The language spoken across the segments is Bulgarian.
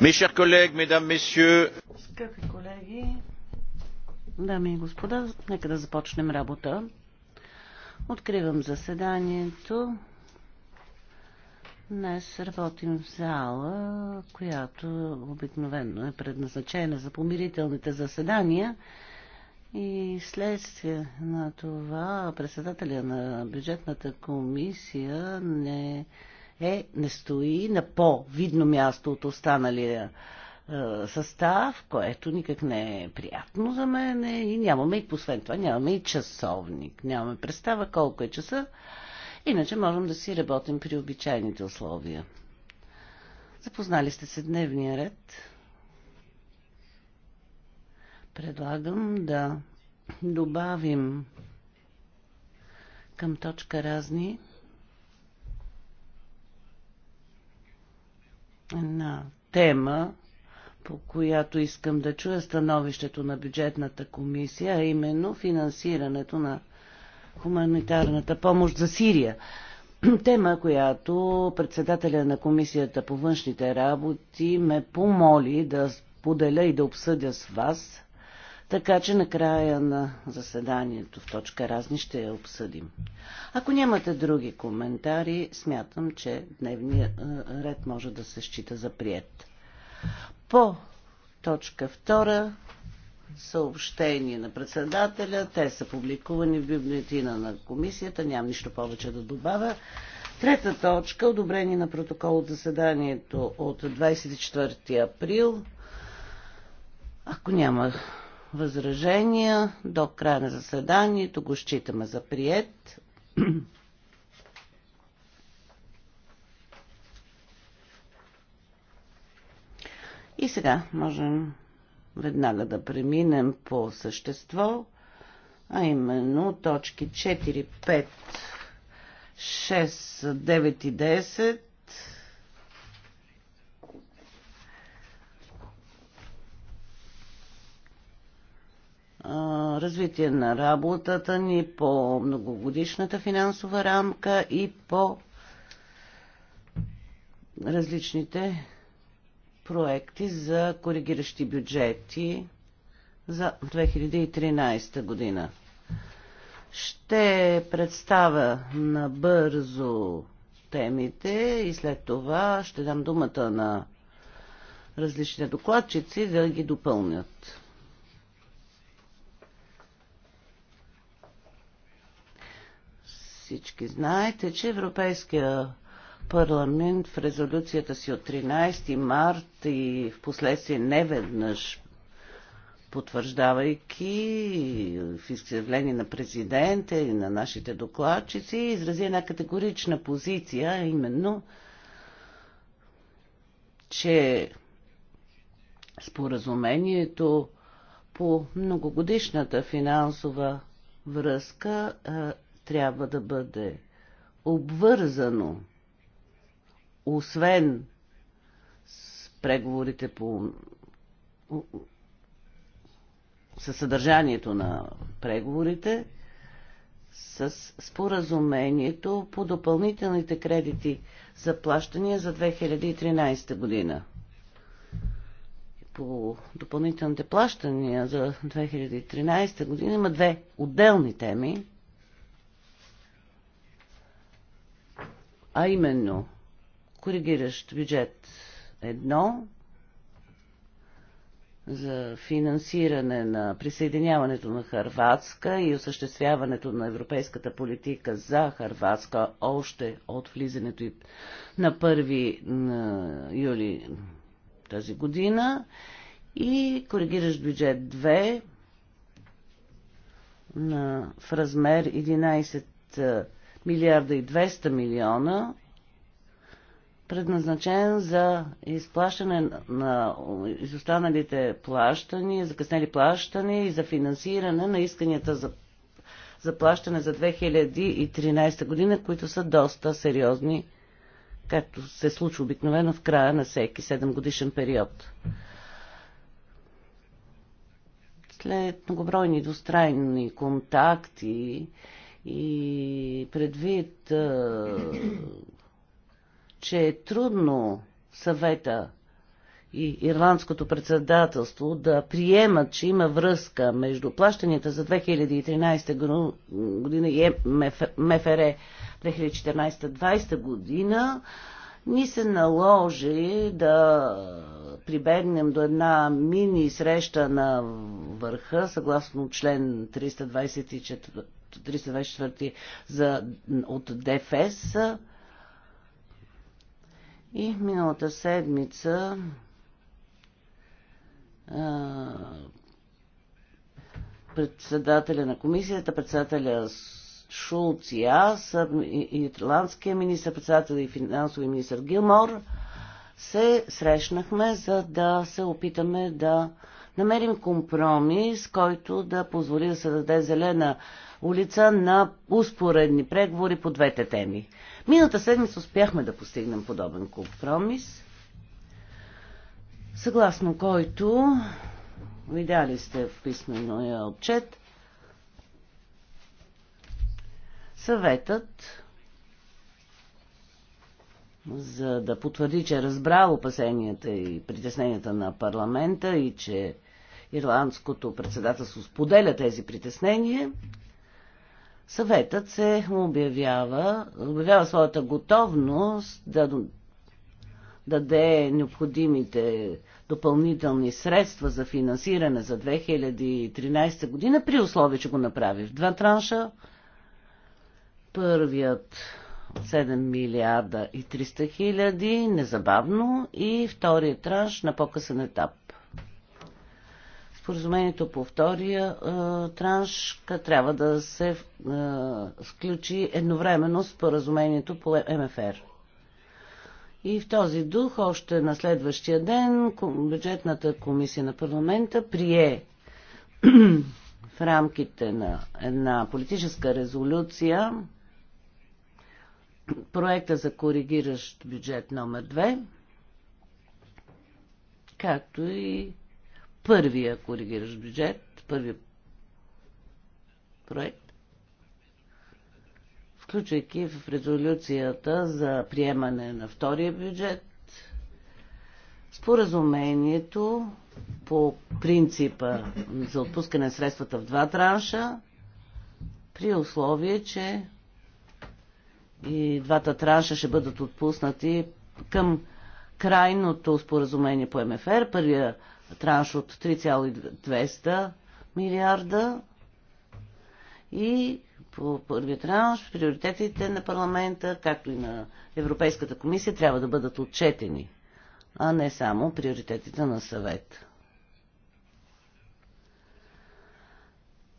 Mes chers collègues, mesdames, messieurs. Скъпи колеги, дами и господа, нека да започнем работа. Откривам заседанието. Днес работим в зала, която обикновено е предназначена за помирителните заседания. И следствие на това председателя на бюджетната комисия не е е, не стои на по-видно място от останалия е, състав, което никак не е приятно за мен е, и нямаме и посвен това нямаме и часовник. Нямаме представа колко е часа, иначе можем да си работим при обичайните условия. Запознали сте се дневния ред. Предлагам да добавим към точка разни една тема, по която искам да чуя становището на бюджетната комисия, а именно финансирането на хуманитарната помощ за Сирия. Тема, която председателя на комисията по външните работи ме помоли да поделя и да обсъдя с вас така че на края на заседанието в точка разни ще я обсъдим. Ако нямате други коментари, смятам, че дневния ред може да се счита за прият. По точка втора съобщения на председателя. Те са публикувани в библиотина на комисията. Нямам нищо повече да добавя. Трета точка – одобрение на протокол от заседанието от 24 април. Ако няма възражения до края на заседанието. Го считаме за прият. И сега можем веднага да преминем по същество, а именно точки 4, 5, 6, 9 и 10 развитие на работата ни по многогодишната финансова рамка и по различните проекти за коригиращи бюджети за 2013 година. Ще представя набързо темите и след това ще дам думата на различните докладчици да ги допълнят. Всички знаете, че Европейския парламент в резолюцията си от 13 март и в последствие неведнъж потвърждавайки в изявление на президента и на нашите докладчици, изрази една категорична позиция, именно, че споразумението по многогодишната финансова връзка трябва да бъде обвързано, освен с преговорите по със съдържанието на преговорите, с споразумението по допълнителните кредити за плащания за 2013 година. По допълнителните плащания за 2013 година има две отделни теми. А именно, коригиращ бюджет 1 за финансиране на присъединяването на Харватска и осъществяването на европейската политика за Харватска още от влизането на 1 юли тази година и коригиращ бюджет 2 на, в размер 11 милиарда и 200 милиона, предназначен за изплащане на изостаналите плащания, закъснели плащания и за финансиране на исканията за, за плащане за 2013 година, които са доста сериозни, както се случва обикновено в края на всеки 7 годишен период. След многобройни двустрайни контакти, и предвид, че е трудно съвета и ирландското председателство да приемат, че има връзка между плащанията за 2013 година и МФР 2014-2020 година, ни се наложи да прибегнем до една мини среща на върха, съгласно член 324 324 за, от ДФС. И миналата седмица а, председателя на комисията, председателя Шулц и аз, ирландския министр, председател и финансови министр Гилмор, се срещнахме, за да се опитаме да намерим компромис, който да позволи да се даде зелена улица на успоредни преговори по двете теми. Миналата седмица успяхме да постигнем подобен компромис, съгласно който видяли сте в писмения отчет, съветът за да потвърди, че е разбрал опасенията и притесненията на парламента и че ирландското председателство споделя тези притеснения, Съветът се обявява, обявява своята готовност да даде необходимите допълнителни средства за финансиране за 2013 година, при условие, че го направи в два транша. Първият 7 милиарда и 300 хиляди незабавно и вторият транш на по-късен етап споразумението по втория транш трябва да се сключи едновременно с споразумението по МФР. И в този дух, още на следващия ден, бюджетната комисия на парламента прие в рамките на една политическа резолюция проекта за коригиращ бюджет номер 2, както и първия коригираш бюджет, първия проект, включвайки в резолюцията за приемане на втория бюджет, споразумението по принципа за отпускане на средствата в два транша, при условие, че и двата транша ще бъдат отпуснати към крайното споразумение по МФР. Първия транш от 3,200 милиарда и по първият транш приоритетите на парламента, както и на Европейската комисия, трябва да бъдат отчетени, а не само приоритетите на съвет.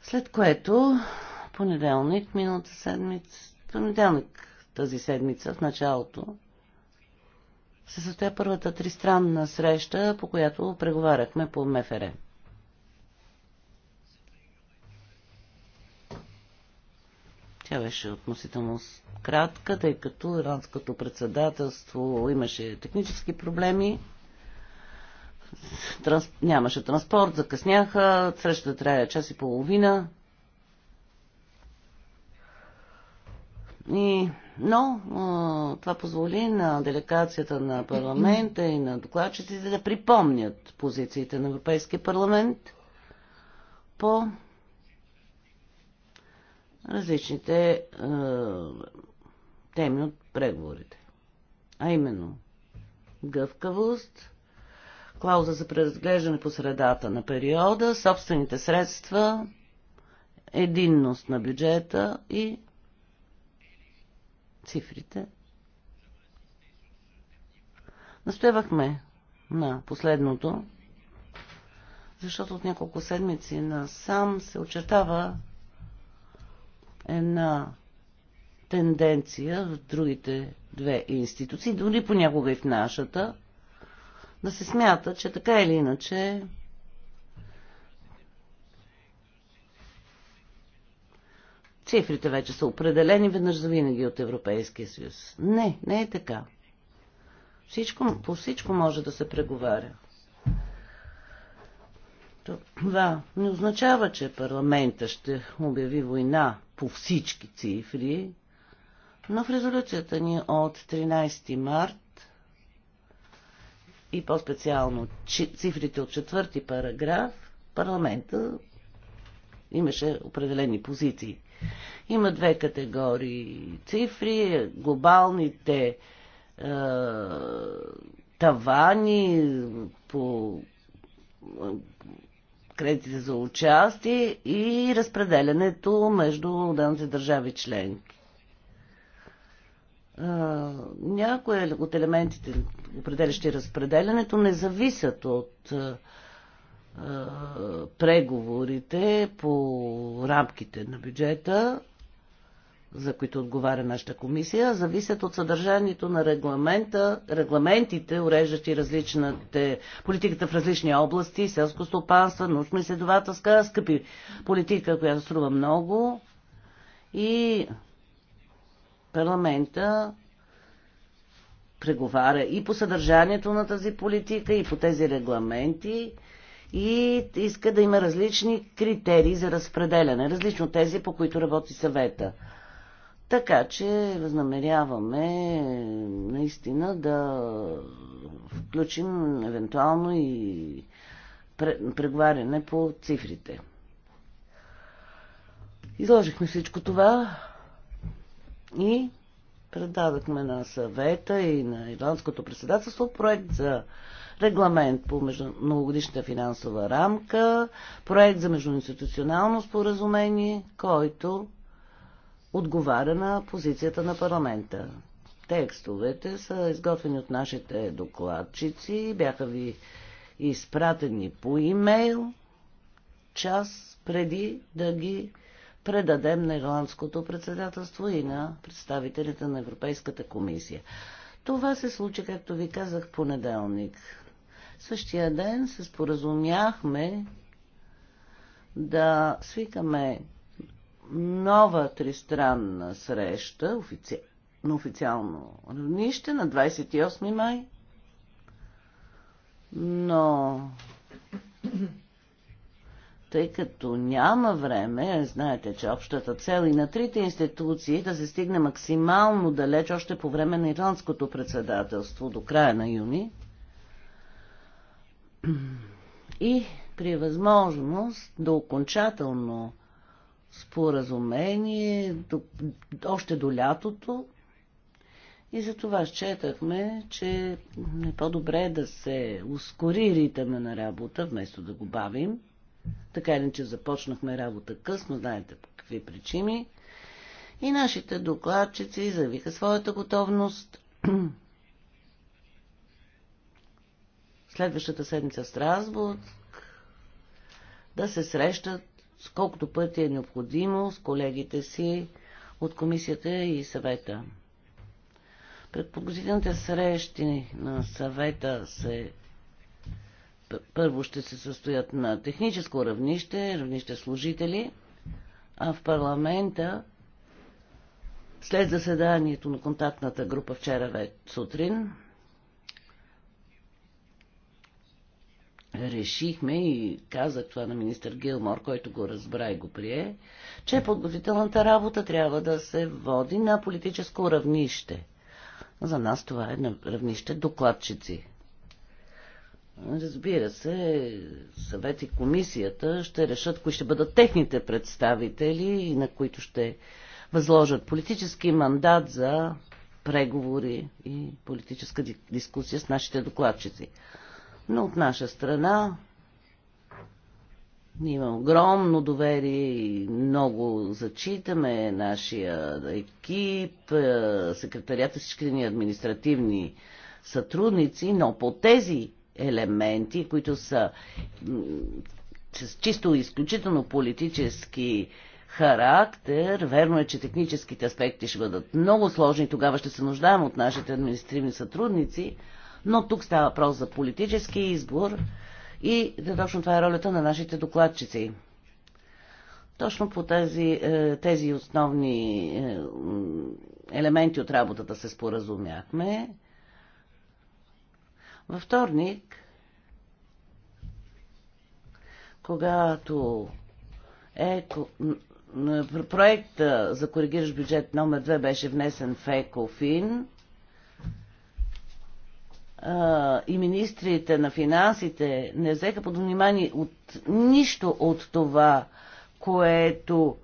След което понеделник, миналата седмица, понеделник тази седмица, в началото, се състоя първата тристранна среща, по която преговаряхме по МФР. Тя беше относително кратка, тъй като иранското председателство имаше технически проблеми. Транс... Нямаше транспорт, закъсняха, срещата трябва час и половина. И, но това позволи на делегацията на парламента и на докладчиците да припомнят позициите на Европейския парламент по различните а, теми от преговорите. А именно гъвкавост, клауза за преразглеждане по средата на периода, собствените средства, единност на бюджета и цифрите. Настоявахме на последното, защото от няколко седмици насам се очертава една тенденция в другите две институции, дори понякога и в нашата, да се смята, че така или иначе Цифрите вече са определени веднъж за винаги от Европейския съюз. Не, не е така. Всичко, по всичко може да се преговаря. Това не означава, че парламента ще обяви война по всички цифри, но в резолюцията ни от 13 март и по-специално цифрите от четвърти параграф, парламента имаше определени позиции. Има две категории цифри. Глобалните е, тавани по е, кредитите за участие и разпределянето между отделните държави членки. Е, някои от елементите, определящи разпределянето, не зависят от е, преговорите по рамките на бюджета, за които отговаря нашата комисия, зависят от съдържанието на регламента, регламентите, уреждащи различните политиката в различни области, селско стопанство, научно-изследователска, скъпи политика, която струва много и парламента преговаря и по съдържанието на тази политика, и по тези регламенти и иска да има различни критерии за разпределяне, различно тези, по които работи съвета. Така че възнамеряваме наистина да включим евентуално и преговаряне по цифрите. Изложихме всичко това и предадахме на съвета и на ирландското председателство проект за регламент по между... многогодишната финансова рамка, проект за междуинституционално споразумение, който отговаря на позицията на парламента. Текстовете са изготвени от нашите докладчици, бяха ви изпратени по имейл час преди да ги предадем на Ирландското председателство и на представителите на Европейската комисия. Това се случи, както ви казах, понеделник. Същия ден се споразумяхме да свикаме нова тристранна среща офици... на официално равнище на 28 май. Но тъй като няма време, знаете, че общата цел и на трите институции е да се стигне максимално далеч още по време на ирландското председателство до края на юни, и при възможност до окончателно споразумение до, още до лятото. И за това счетахме, че е по-добре да се ускори ритъма на работа, вместо да го бавим. Така или че започнахме работа късно, знаете по какви причини. И нашите докладчици заявиха своята готовност следващата седмица в Страсбург да се срещат с колкото пъти е необходимо с колегите си от комисията и съвета. Предпогледните срещи на съвета се първо ще се състоят на техническо равнище, равнище служители, а в парламента след заседанието на контактната група вчера вече сутрин решихме и казах това на министър Гилмор, който го разбра и го прие, че подготвителната работа трябва да се води на политическо равнище. За нас това е на равнище докладчици. Разбира се, съвет и комисията ще решат кои ще бъдат техните представители, и на които ще възложат политически мандат за преговори и политическа дискусия с нашите докладчици. Но от наша страна има огромно доверие и много зачитаме нашия екип, е, секретарията, всички ни административни сътрудници, но по тези елементи, които са с чисто изключително политически характер. Верно е, че техническите аспекти ще бъдат много сложни, тогава ще се нуждаем от нашите административни сътрудници, но тук става въпрос за политически избор и да точно това е ролята на нашите докладчици. Точно по тези, е, тези основни е, елементи от работата се споразумяхме. Във вторник, когато е проекта за коригираш бюджет номер 2 беше внесен в ЕКОФИН, а, и министрите на финансите не взеха под внимание от нищо от това, което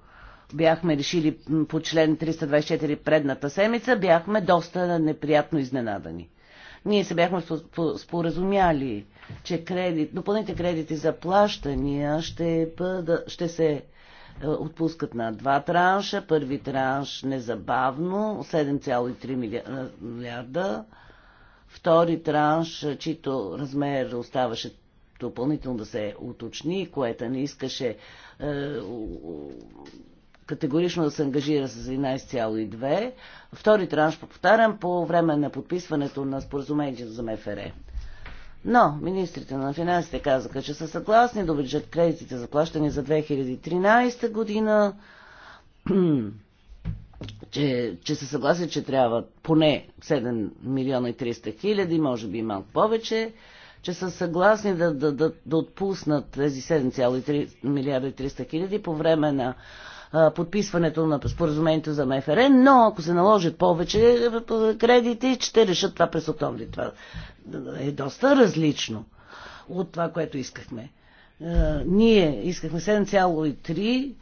бяхме решили по член 324 предната седмица, бяхме доста неприятно изненадани. Ние се бяхме споразумяли, че кредит, допълните кредити за плащания ще, бъда, ще се е, отпускат на два транша. Първи транш незабавно, 7,3 милиарда втори транш, чийто размер оставаше допълнително да се уточни, което не искаше е, категорично да се ангажира с 11,2. Втори транш, повтарям, по време на подписването на споразумението за МФР. Но министрите на финансите казаха, че са съгласни да увеличат кредитите плащане за 2013 година че, че се съгласи, че трябва поне 7 милиона и 300 хиляди, може би и малко повече, че са съгласни да, да, да, да отпуснат тези 7,3 милиарда и 300 хиляди по време на а, подписването на споразумението за МФР, но ако се наложат повече кредити, ще решат това през октомври. Това е доста различно от това, което искахме. ние искахме 7,3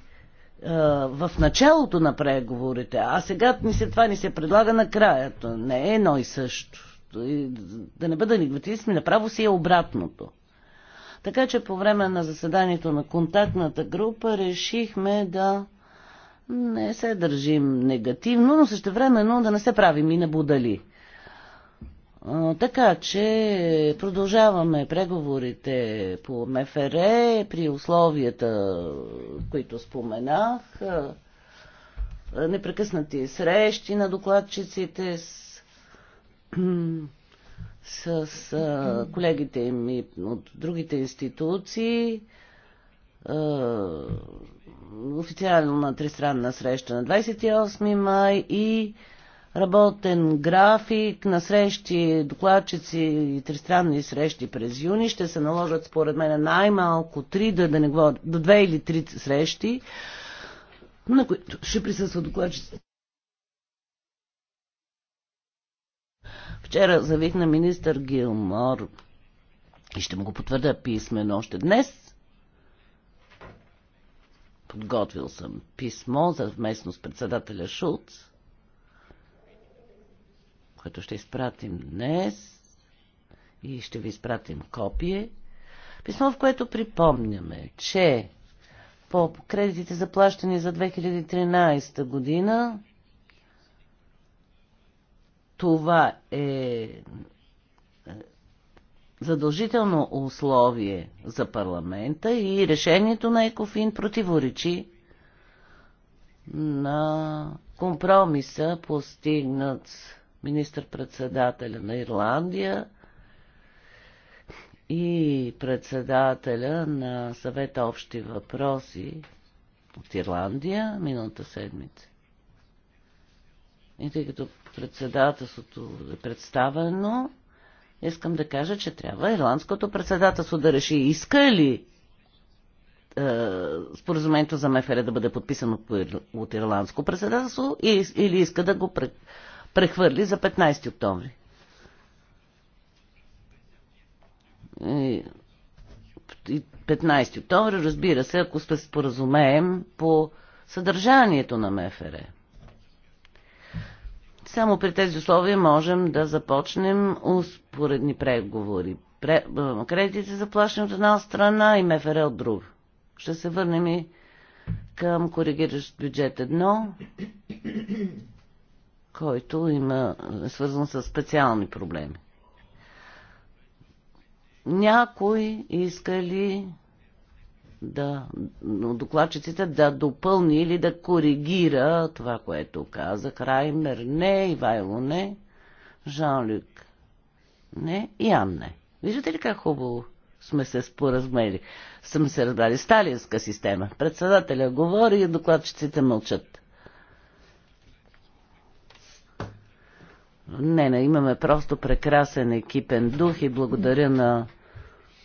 в началото на преговорите, а сега ни се, това ни се предлага на краята. Не е едно и също. Да не бъда негативист, ми направо си е обратното. Така че по време на заседанието на контактната група решихме да не се държим негативно, но същевременно да не се правим и на будали така че продължаваме преговорите по МФР при условията, които споменах. Непрекъснати срещи на докладчиците с, с, с колегите им и от другите институции. официално на тристранна среща на 28 май и работен график на срещи, докладчици и тристранни срещи през юни. Ще се наложат според мен най-малко три, да, да не говоря, до две или три срещи, на които ще присъстват докладчици. Вчера завих на министър Гилмор и ще му го потвърда писмено още днес. Подготвил съм писмо за с председателя Шулц което ще изпратим днес и ще ви изпратим копие. Писмо, в което припомняме, че по кредитите за плащане за 2013 година това е, е задължително условие за парламента и решението на Екофин противоречи на компромиса постигнат министър-председателя на Ирландия и председателя на съвета Общи въпроси от Ирландия миналата седмица. И тъй като председателството е представено, искам да кажа, че трябва ирландското председателство да реши иска ли е, споразумението за МФР да бъде подписано от ирландско председателство или иска да го прехвърли за 15 октомври. И 15 октомври, разбира се, ако се споразумеем по съдържанието на МФР. Само при тези условия можем да започнем успоредни преговори. Пре... Кредитите заплащани от една страна и МФР от друга. Ще се върнем и към коригиращ бюджет едно който има, е свързан с специални проблеми. Някой искали да, докладчиците да допълни или да коригира това, което каза Краймер не, Ивайло не, Жан-Люк не и Анне. Виждате ли как хубаво сме се споразмели? Съм се разбрали. Сталинска система. Председателя говори и докладчиците мълчат. Не, не, имаме просто прекрасен екипен дух и благодаря на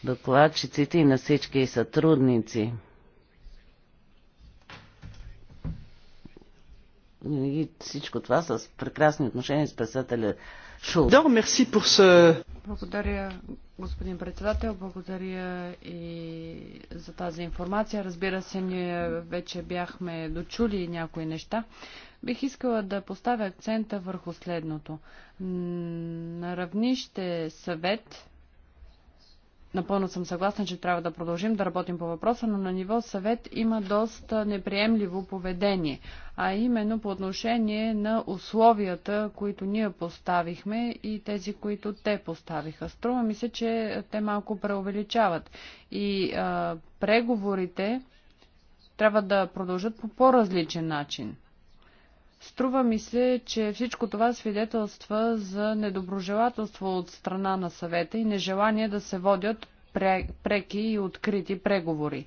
докладчиците и на всички сътрудници. И всичко това с прекрасни отношения с председателя Шул. Да, мерси Благодаря, господин председател. Благодаря и за тази информация. Разбира се, ние вече бяхме дочули някои неща. Бих искала да поставя акцента върху следното. На равнище съвет, напълно съм съгласна, че трябва да продължим да работим по въпроса, но на ниво съвет има доста неприемливо поведение, а именно по отношение на условията, които ние поставихме и тези, които те поставиха. Струва ми се, че те малко преувеличават. И а, преговорите трябва да продължат по по-различен начин. Струва ми се, че всичко това свидетелства за недоброжелателство от страна на съвета и нежелание да се водят преки и открити преговори.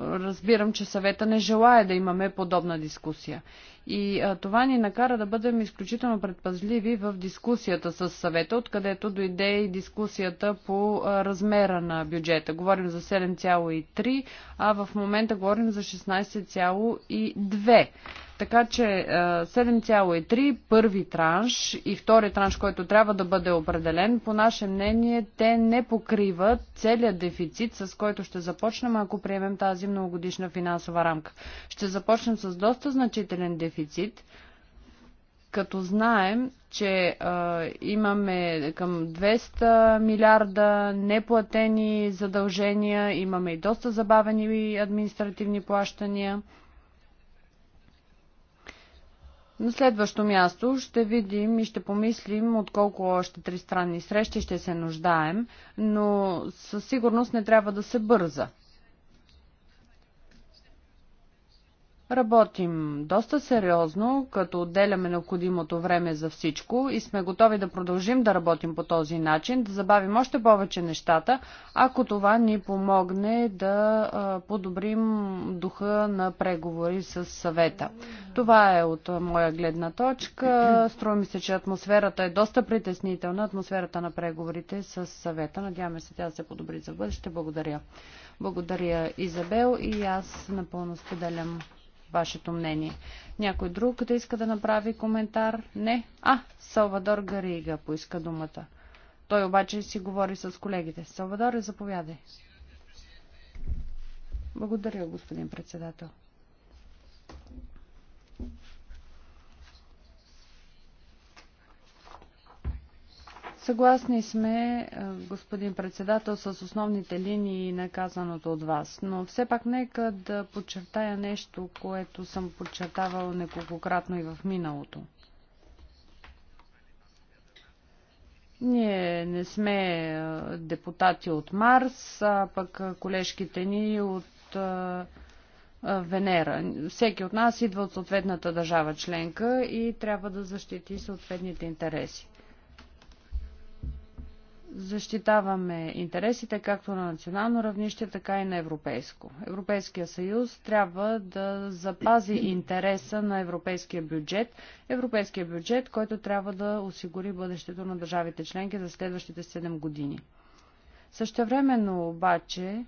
Разбирам, че съвета не желая да имаме подобна дискусия. И това ни накара да бъдем изключително предпазливи в дискусията с съвета, откъдето дойде и дискусията по размера на бюджета. Говорим за 7,3, а в момента говорим за 16,2. Така че 7,3 е, първи транш и втори транш, който трябва да бъде определен, по наше мнение, те не покриват целият дефицит, с който ще започнем, ако приемем тази многогодишна финансова рамка. Ще започнем с доста значителен дефицит, като знаем, че а, е, имаме към 200 милиарда неплатени задължения, имаме и доста забавени административни плащания. На следващо място ще видим и ще помислим от колко още странни срещи ще се нуждаем, но със сигурност не трябва да се бърза. Работим доста сериозно, като отделяме необходимото време за всичко и сме готови да продължим да работим по този начин, да забавим още повече нещата, ако това ни помогне да подобрим духа на преговори с съвета. Това е от моя гледна точка. Струва ми се, че атмосферата е доста притеснителна, атмосферата на преговорите с съвета. Надяваме се тя да се подобри за бъдеще. Благодаря. Благодаря, Изабел, и аз напълно споделям вашето мнение. Някой друг да иска да направи коментар? Не. А, Салвадор Гарига поиска думата. Той обаче си говори с колегите. Салвадор, заповядай. Благодаря, господин председател. Съгласни сме, е, господин председател, с основните линии на казаното от вас, но все пак нека да подчертая нещо, което съм подчертавал неколкократно и в миналото. Ние не сме е, депутати от Марс, а пък колежките ни от е, Венера. Всеки от нас идва от съответната държава членка и трябва да защити съответните интереси защитаваме интересите както на национално равнище, така и на европейско. Европейския съюз трябва да запази интереса на европейския бюджет, европейския бюджет, който трябва да осигури бъдещето на държавите членки за следващите 7 години. Същевременно обаче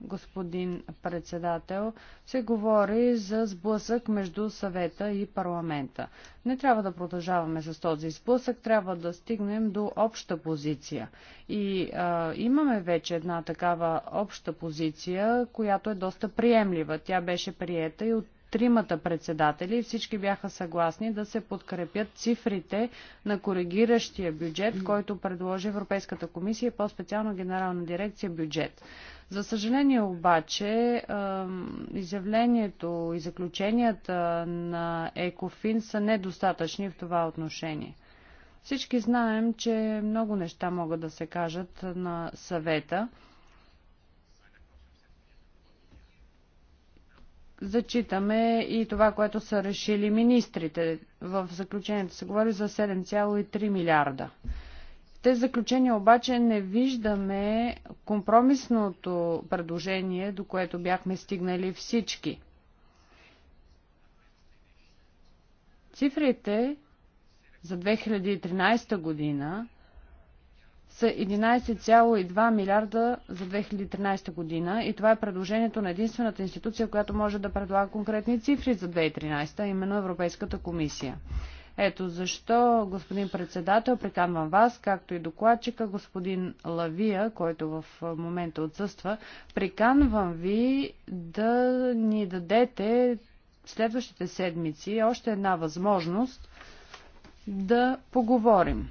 господин председател, се говори за сблъсък между съвета и парламента. Не трябва да продължаваме с този сблъсък, трябва да стигнем до обща позиция. И а, имаме вече една такава обща позиция, която е доста приемлива. Тя беше приета и от тримата председатели и всички бяха съгласни да се подкрепят цифрите на коригиращия бюджет, който предложи Европейската комисия, по-специално Генерална дирекция бюджет. За съжаление обаче, изявлението и заключенията на Екофин са недостатъчни в това отношение. Всички знаем, че много неща могат да се кажат на съвета. Зачитаме и това, което са решили министрите. В заключението се говори за 7,3 милиарда тези заключения обаче не виждаме компромисното предложение, до което бяхме стигнали всички. Цифрите за 2013 година са 11,2 милиарда за 2013 година и това е предложението на единствената институция, която може да предлага конкретни цифри за 2013, а именно Европейската комисия. Ето защо, господин председател, приканвам вас, както и докладчика, господин Лавия, който в момента отсъства, приканвам ви да ни дадете следващите седмици още една възможност да поговорим.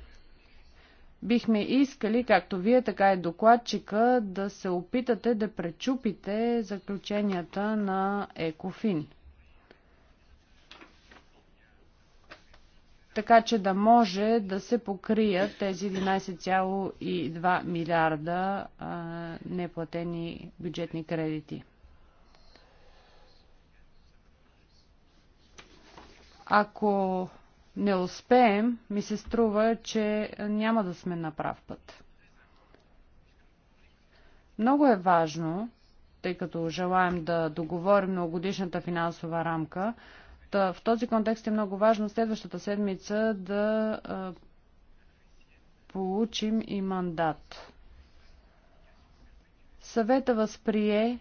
Бихме искали, както вие, така и докладчика, да се опитате да пречупите заключенията на Екофин. така че да може да се покрият тези 11,2 милиарда неплатени бюджетни кредити. Ако не успеем, ми се струва, че няма да сме на прав път. Много е важно, тъй като желаем да договорим многогодишната финансова рамка, Та, в този контекст е много важно следващата седмица да а, получим и мандат. Съвета възприе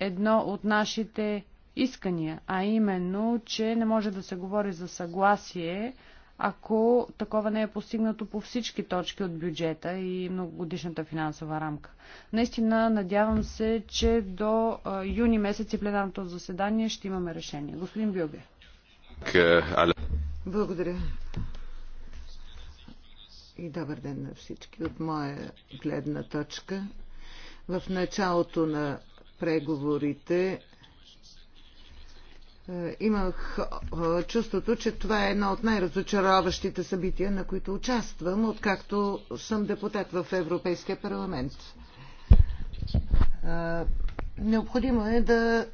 едно от нашите искания, а именно, че не може да се говори за съгласие, ако такова не е постигнато по всички точки от бюджета и многогодишната финансова рамка. Наистина надявам се, че до юни месец и пленарното заседание ще имаме решение. Господин Бюбе. Благодаря. И добър ден на всички от моя гледна точка. В началото на преговорите е, имах е, чувството, че това е едно от най-разочароващите събития, на които участвам, откакто съм депутат в Европейския парламент. Е, необходимо е да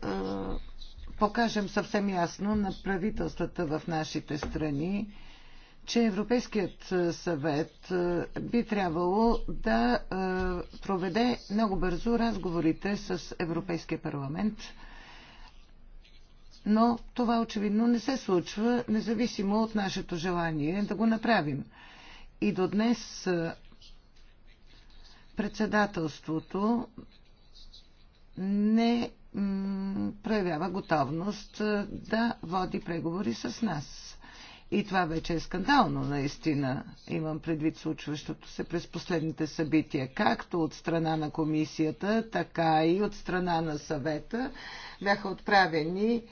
покажем съвсем ясно на правителствата в нашите страни, че Европейският съвет би трябвало да проведе много бързо разговорите с Европейския парламент – но това очевидно не се случва, независимо от нашето желание да го направим. И до днес председателството не проявява готовност да води преговори с нас. И това вече е скандално, наистина. Имам предвид случващото се през последните събития, както от страна на комисията, така и от страна на съвета бяха отправени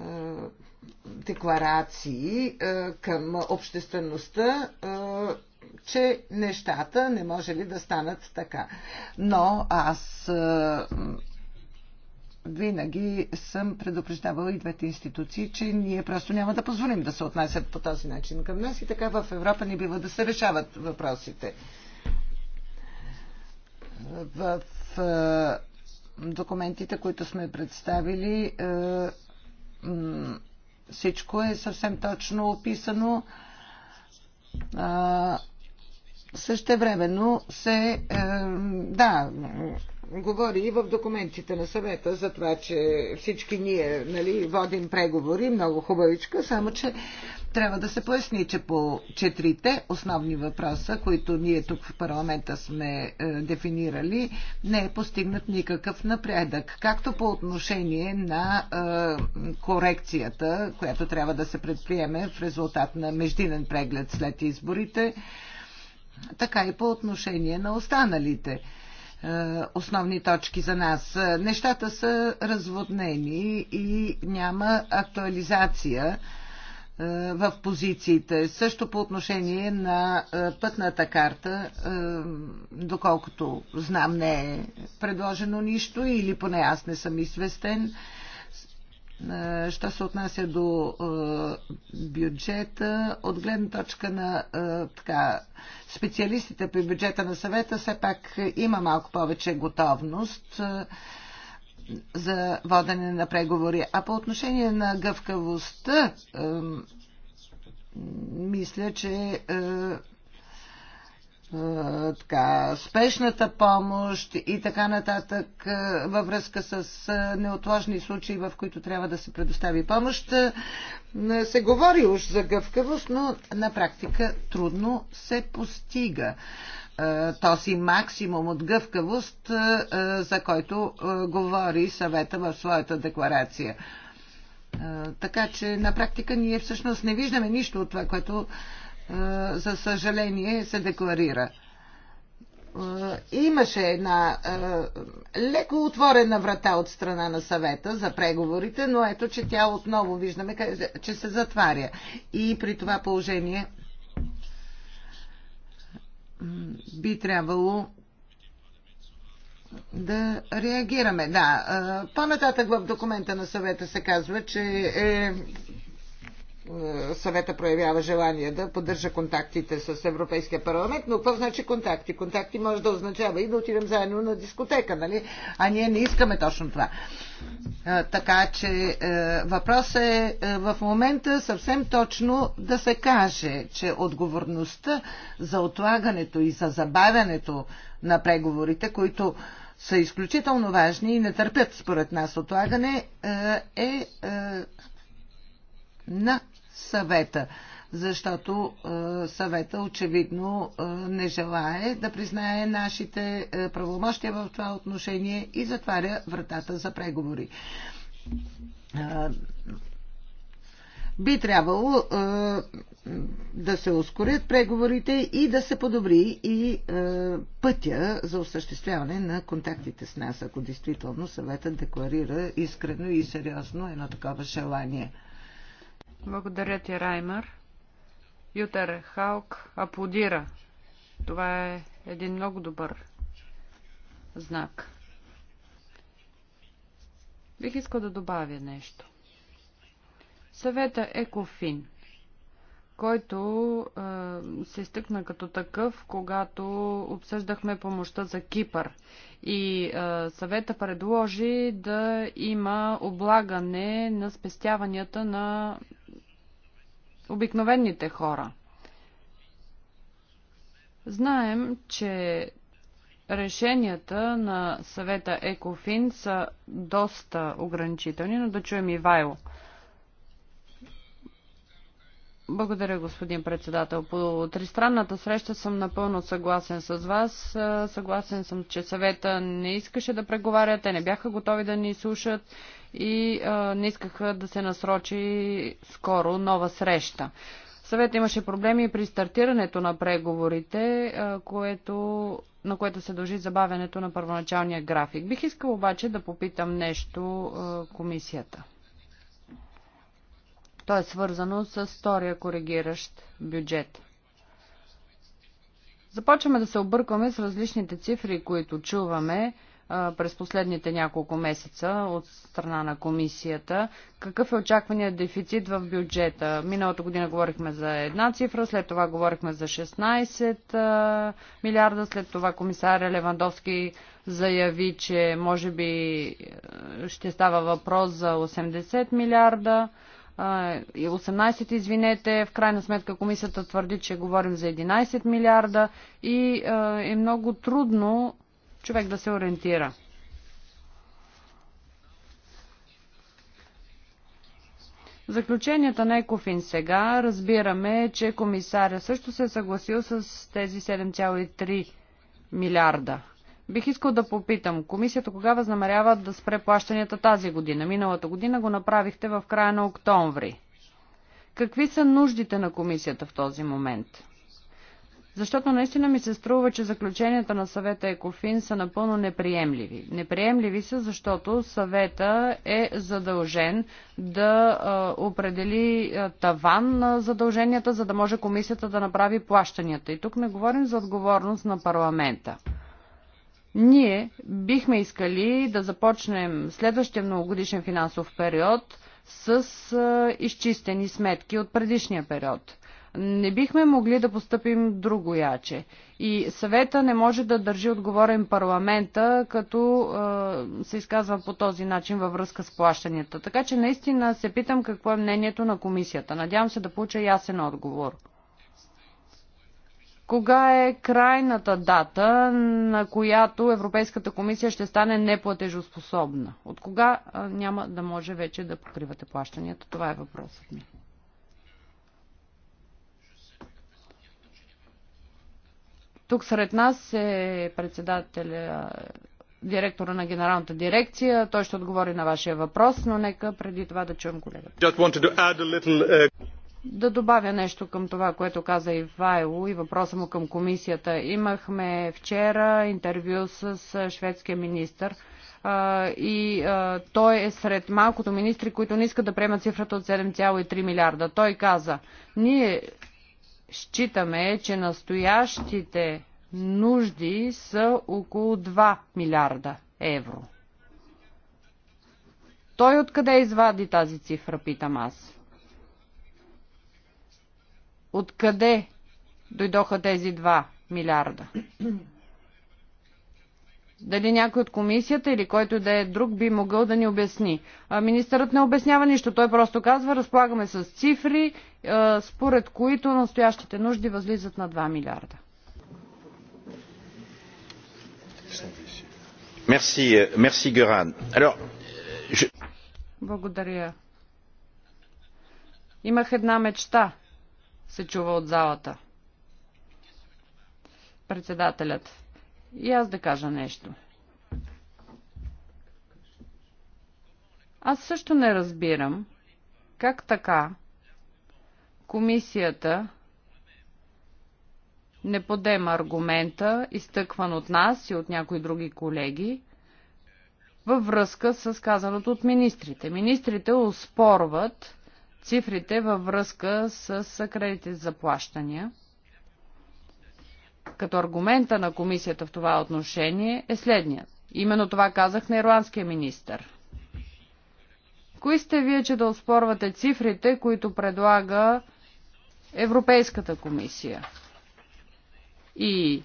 е, декларации е, към обществеността, е, че нещата не може ли да станат така. Но аз винаги съм предупреждавала и двете институции, че ние просто няма да позволим да се отнасят по този начин към нас и така в Европа не бива да се решават въпросите. В документите, които сме представили, всичко е съвсем точно описано. Същевременно се, да, говори и в документите на съвета за това, че всички ние нали, водим преговори, много хубавичка, само че трябва да се поясни, че по четирите основни въпроса, които ние тук в парламента сме е, дефинирали, не е постигнат никакъв напредък. Както по отношение на е, корекцията, която трябва да се предприеме в резултат на междинен преглед след изборите, така и по отношение на останалите е, основни точки за нас. Нещата са разводнени и няма актуализация е, в позициите. Също по отношение на е, пътната карта, доколкото знам, не е предложено нищо или поне аз не съм известен. Е, що се отнася до е, бюджета, от гледна точка на е, така, специалистите при бюджета на съвета, все пак има малко повече готовност за водене на преговори. А по отношение на гъвкавостта, мисля, че така, спешната помощ и така нататък във връзка с неотложни случаи, в които трябва да се предостави помощ. Се говори уж за гъвкавост, но на практика трудно се постига този максимум от гъвкавост, за който говори съвета в своята декларация. Така че на практика ние всъщност не виждаме нищо от това, което за съжаление, се декларира. Имаше една леко отворена врата от страна на съвета за преговорите, но ето, че тя отново виждаме, че се затваря. И при това положение би трябвало да реагираме. Да, по-нататък в документа на съвета се казва, че е е, съвета проявява желание да поддържа контактите с Европейския парламент, но какво значи контакти? Контакти може да означава и да отидем заедно на дискотека, нали? А ние не искаме точно това. Е, така че е, въпросът е в момента съвсем точно да се каже, че отговорността за отлагането и за забавянето на преговорите, които са изключително важни и не търпят според нас отлагане, е на съвета, защото е, съвета очевидно е, не желае да признае нашите е, правомощия в това отношение и затваря вратата за преговори би трябвало е, да се ускорят преговорите и да се подобри и е, пътя за осъществяване на контактите с нас, ако действително съветът декларира искрено и сериозно едно такова желание. Благодаря ти, Раймър. Ютер Халк аплодира. Това е един много добър знак. Бих искал да добавя нещо. Съвета Екофин, който е, се изтъкна като такъв, когато обсъждахме помощта за Кипър. И е, съвета предложи да има облагане на спестяванията на обикновените хора. Знаем, че решенията на съвета ЕКОФИН са доста ограничителни, но да чуем и Вайло. Благодаря, господин председател. По тристранната среща съм напълно съгласен с вас. Съгласен съм, че съвета не искаше да преговаря, те не бяха готови да ни слушат и а, не искаха да се насрочи скоро нова среща. Съвет имаше проблеми и при стартирането на преговорите, а, което, на което се дължи забавянето на първоначалния график. Бих искал обаче да попитам нещо а, комисията. То е свързано с втория коригиращ бюджет. Започваме да се объркваме с различните цифри, които чуваме през последните няколко месеца от страна на комисията. Какъв е очакваният дефицит в бюджета? Миналата година говорихме за една цифра, след това говорихме за 16 милиарда, след това комисаря Левандовски заяви, че може би ще става въпрос за 80 милиарда. 18, извинете, в крайна сметка комисията твърди, че говорим за 11 милиарда и е много трудно човек да се ориентира. Заключенията на Екофин сега разбираме, че комисаря също се е съгласил с тези 7,3 милиарда. Бих искал да попитам, комисията кога възнамерява да спре плащанията тази година? Миналата година го направихте в края на октомври. Какви са нуждите на комисията в този момент? Защото наистина ми се струва, че заключенията на съвета ЕКОФИН са напълно неприемливи. Неприемливи са, защото съвета е задължен да а, определи а, таван на задълженията, за да може комисията да направи плащанията. И тук не говорим за отговорност на парламента. Ние бихме искали да започнем следващия многогодишен финансов период с а, изчистени сметки от предишния период. Не бихме могли да поступим другояче. И съвета не може да държи отговорен парламента, като е, се изказва по този начин във връзка с плащанията. Така че наистина се питам какво е мнението на комисията. Надявам се да получа ясен отговор. Кога е крайната дата, на която Европейската комисия ще стане неплатежоспособна? От кога няма да може вече да покривате плащанията? Това е въпросът ми. Тук сред нас е председателя директора на генералната дирекция. Той ще отговори на вашия въпрос, но нека преди това да чуем колегата. Little... Uh, да добавя нещо към това, което каза и Вайло и въпроса му към комисията. Имахме вчера интервю с шведския министр и той е сред малкото министри, които не искат да приемат цифрата от 7,3 милиарда. Той каза, ние Считаме, че настоящите нужди са около 2 милиарда евро. Той откъде извади тази цифра, питам аз? Откъде дойдоха тези 2 милиарда? Дали някой от комисията или който да е друг би могъл да ни обясни. Министърът не обяснява нищо. Той просто казва, разполагаме с цифри, според които настоящите нужди възлизат на 2 милиарда. Euh, Благодаря. Имах една мечта, се чува от залата. Председателят и аз да кажа нещо. Аз също не разбирам как така комисията не подема аргумента, изтъкван от нас и от някои други колеги, във връзка с казаното от министрите. Министрите оспорват цифрите във връзка с кредитите за плащания – като аргумента на комисията в това отношение е следният. Именно това казах на ирландския министр. Кои сте вие, че да оспорвате цифрите, които предлага Европейската комисия? И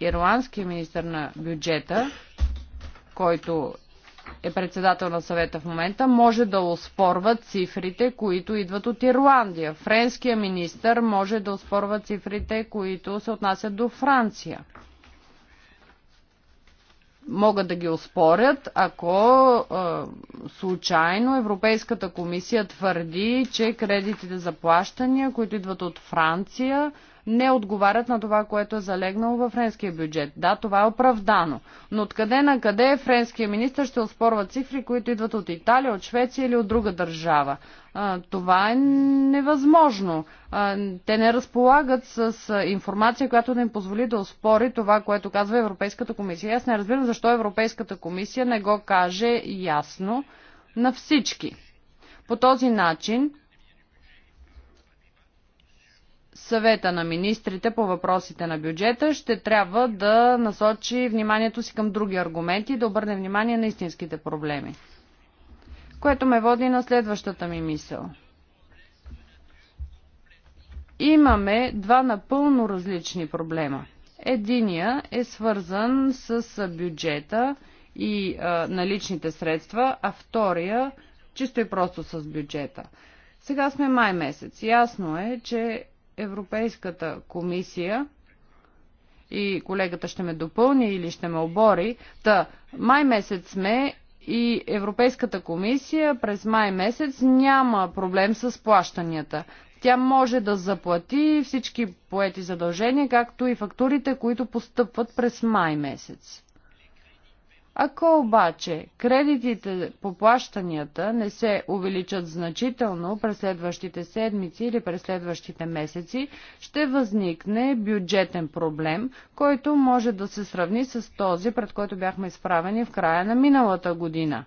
ирландския министр на бюджета, който е председател на съвета в момента, може да оспорва цифрите, които идват от Ирландия. Френския министр може да оспорва цифрите, които се отнасят до Франция. Могат да ги оспорят, ако е, случайно Европейската комисия твърди, че кредитите за плащания, които идват от Франция, не отговарят на това, което е залегнало във френския бюджет. Да, това е оправдано. Но откъде на къде френския министр ще оспорва цифри, които идват от Италия, от Швеция или от друга държава? това е невъзможно. те не разполагат с информация, която да им позволи да оспори това, което казва Европейската комисия. Аз не разбирам защо Европейската комисия не го каже ясно на всички. По този начин съвета на министрите по въпросите на бюджета ще трябва да насочи вниманието си към други аргументи и да обърне внимание на истинските проблеми. Което ме води на следващата ми мисъл. Имаме два напълно различни проблема. Единия е свързан с бюджета и а, наличните средства, а втория чисто и просто с бюджета. Сега сме май месец. Ясно е, че Европейската комисия и колегата ще ме допълни или ще ме обори. Та, май месец сме и Европейската комисия през май месец няма проблем с плащанията. Тя може да заплати всички поети задължения, както и фактурите, които постъпват през май месец. Ако обаче кредитите по плащанията не се увеличат значително през следващите седмици или през следващите месеци, ще възникне бюджетен проблем, който може да се сравни с този, пред който бяхме изправени в края на миналата година.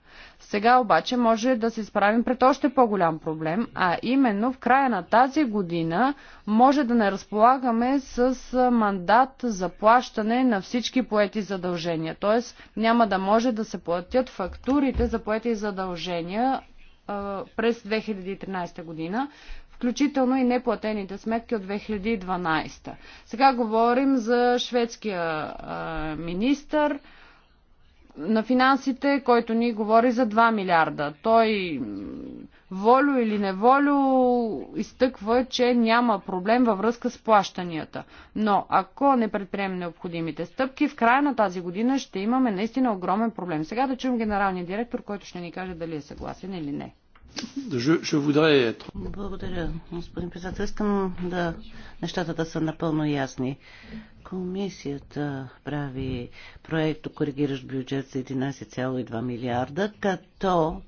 Сега обаче може да се справим пред още по-голям проблем, а именно в края на тази година може да не разполагаме с мандат за плащане на всички поети задължения. Т.е. няма да може да се платят фактурите за поети задължения през 2013 година, включително и неплатените сметки от 2012. Сега говорим за шведския министър на финансите, който ни говори за 2 милиарда. Той волю или неволю изтъква, че няма проблем във връзка с плащанията. Но ако не предприемем необходимите стъпки, в края на тази година ще имаме наистина огромен проблем. Сега да чуем генералния директор, който ще ни каже дали е съгласен или не. Благодаря, господин председател. Искам да нещата да са напълно ясни. Комисията прави проект коригиращ бюджет за 11,2 милиарда, като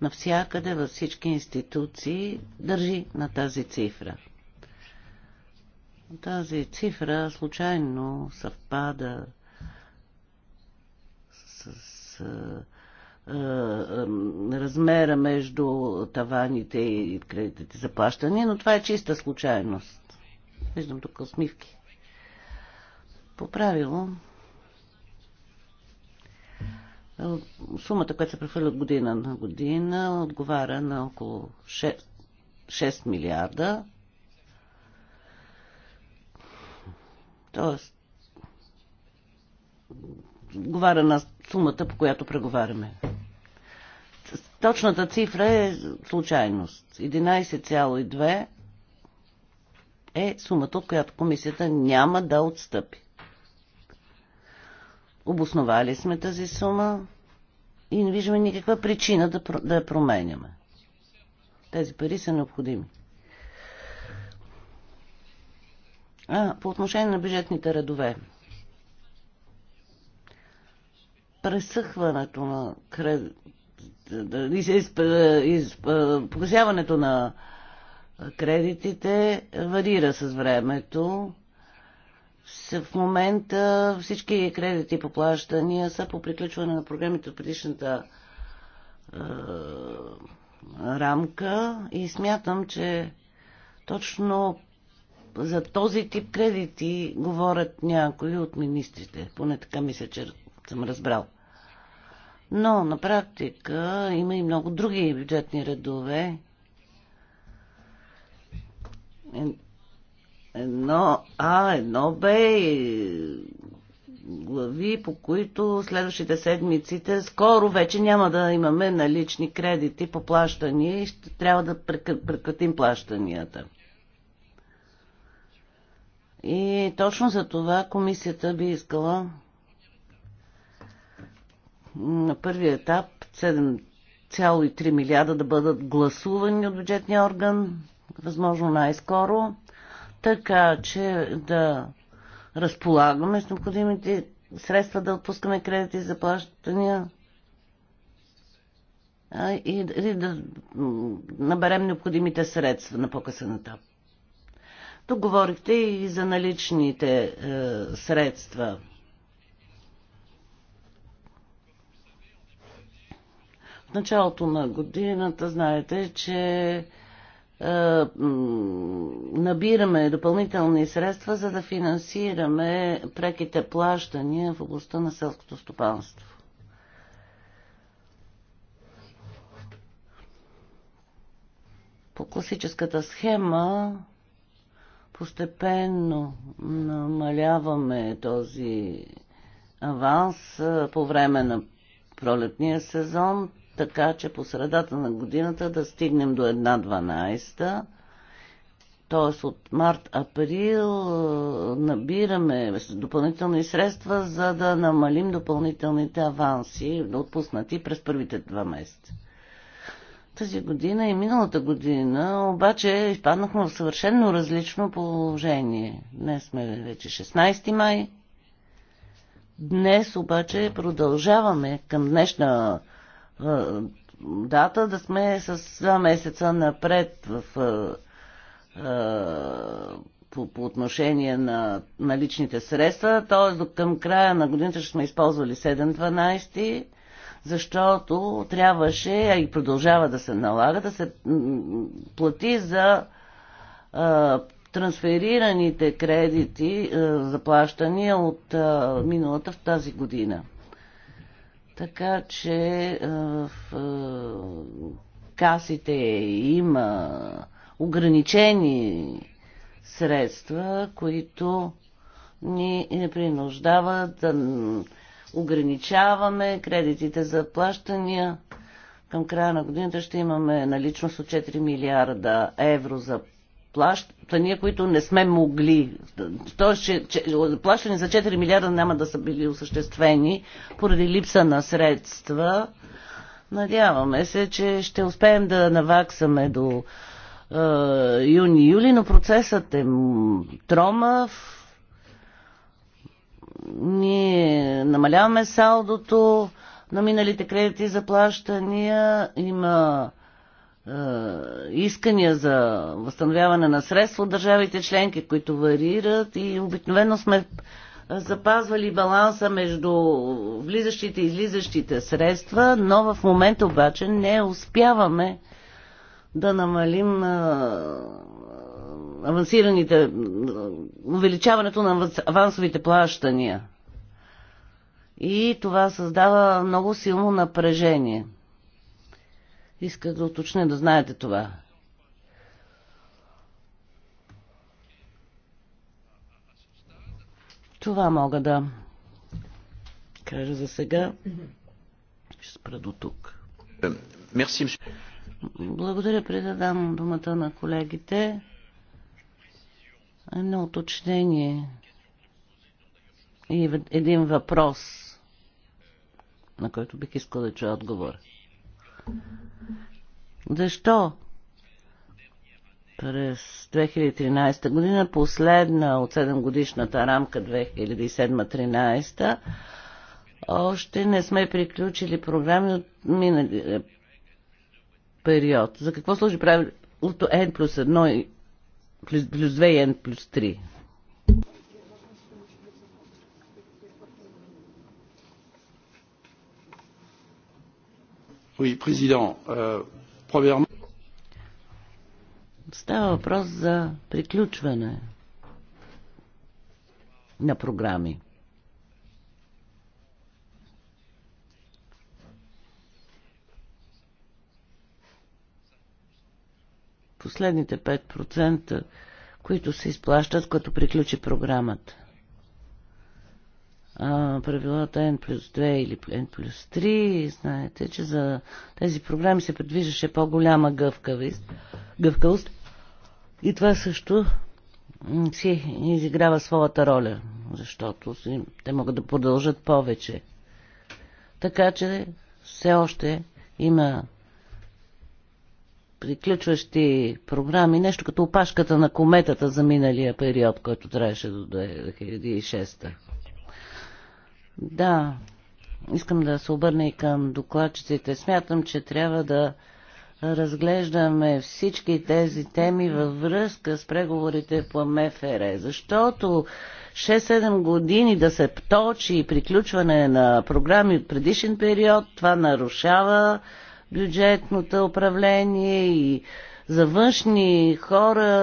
навсякъде във всички институции държи на тази цифра. Тази цифра случайно съвпада с размера между таваните и кредитите за плащане, но това е чиста случайност. Виждам тук усмивки. По правило, сумата, която се прехвърля от година на година, отговаря на около 6, 6 милиарда. Тоест, отговаря на сумата, по която преговаряме. Точната цифра е случайност. 11,2 е сумата, от която комисията няма да отстъпи. Обосновали сме тази сума и не виждаме никаква причина да, да я променяме. Тези пари са необходими. А, по отношение на бюджетните редове. пресъхването на из... Из... погасяването на кредитите варира с времето. В момента всички кредити по плащания са по приключване на програмите от предишната е, рамка и смятам, че точно за този тип кредити говорят някои от министрите. Поне така мисля, че съм разбрал. Но на практика има и много други бюджетни редове. Едно А, едно Б глави, по които следващите седмиците скоро вече няма да имаме налични кредити по плащания и ще трябва да прекратим плащанията. И точно за това комисията би искала на първи етап 7,3 милиарда да бъдат гласувани от бюджетния орган, възможно най-скоро, така че да разполагаме с необходимите средства да отпускаме кредити за плащания и, и да наберем необходимите средства на по-късен етап. Тук говорихте и за наличните е, средства. началото на годината знаете, че е, набираме допълнителни средства, за да финансираме преките плащания в областта на селското стопанство. По класическата схема постепенно намаляваме този аванс е, по време на пролетния сезон така че по средата на годината да стигнем до една 12 т.е. от март-април набираме допълнителни средства, за да намалим допълнителните аванси, отпуснати през първите два месеца. Тази година и миналата година обаче изпаднахме в съвършенно различно положение. Днес сме вече 16 май. Днес обаче продължаваме към днешна е, дата, да сме с два месеца напред в, е, е, по, по отношение на наличните средства, т.е. към края на годината ще сме използвали 7-12 защото трябваше, а и продължава да се налага, да се плати за а, трансферираните кредити а, заплащания от а, миналата в тази година. Така че в касите има ограничени средства, които ни принуждават да ограничаваме кредитите за плащания. Към края на годината ще имаме наличност от 4 милиарда евро за плащания, които не сме могли. Тоест, че, че плащания за 4 милиарда няма да са били осъществени поради липса на средства. Надяваме се, че ще успеем да наваксаме до е, юни-юли, но процесът е тромав. Ние намаляваме салдото на миналите кредити за плащания. Има е, искания за възстановяване на средства от държавите членки, които варират и обикновено сме запазвали баланса между влизащите и излизащите средства, но в момента обаче не успяваме да намалим е, авансираните, увеличаването на авансовите плащания. И това създава много силно напрежение. Иска да уточня да знаете това. Това мога да кажа за сега. Ще спра до тук. Благодаря, предадам думата на колегите. Едно уточнение и един въпрос, на който бих искал да чуя отговор. Защо през 2013 година, последна от 7 годишната рамка 2007 2013 още не сме приключили програми от миналия период. За какво служи правилото N плюс 1 и плюс, плюс 2 и N плюс 3? Oui, président, euh, Става въпрос за приключване на програми. Последните 5%, които се изплащат, като приключи програмата а, правилата N плюс 2 или N плюс 3. Знаете, че за тези програми се предвиждаше по-голяма гъвкавост. И това също си изиграва своята роля, защото те могат да продължат повече. Така че все още има приключващи програми, нещо като опашката на кометата за миналия период, който трябваше до 2006. Е да, искам да се обърна и към докладчиците. Смятам, че трябва да разглеждаме всички тези теми във връзка с преговорите по МФР, защото 6-7 години да се точи приключване на програми от предишен период, това нарушава бюджетното управление и за външни хора,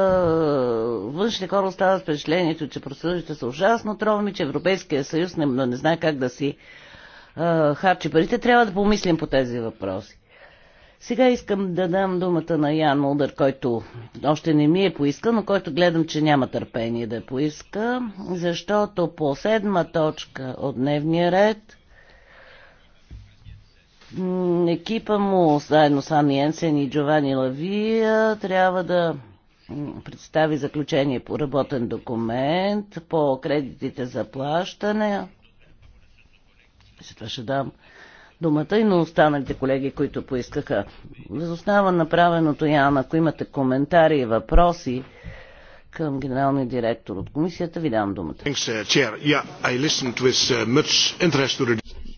външни хора остават впечатлението, че процедурите са ужасно тровни, че Европейския съюз не, не знае как да си а, харчи парите. Трябва да помислим по тези въпроси. Сега искам да дам думата на Ян Мулдър, който още не ми е поискал, но който гледам, че няма търпение да поиска, защото по седма точка от дневния ред – екипа му, заедно с Анни Енсен и Джовани Лавия, трябва да представи заключение по работен документ, по кредитите за плащане. След това ще дам думата и на останалите колеги, които поискаха. Възоснава направеното, Яна, ако имате коментари и въпроси към генералния директор от комисията, ви дам думата. Uh,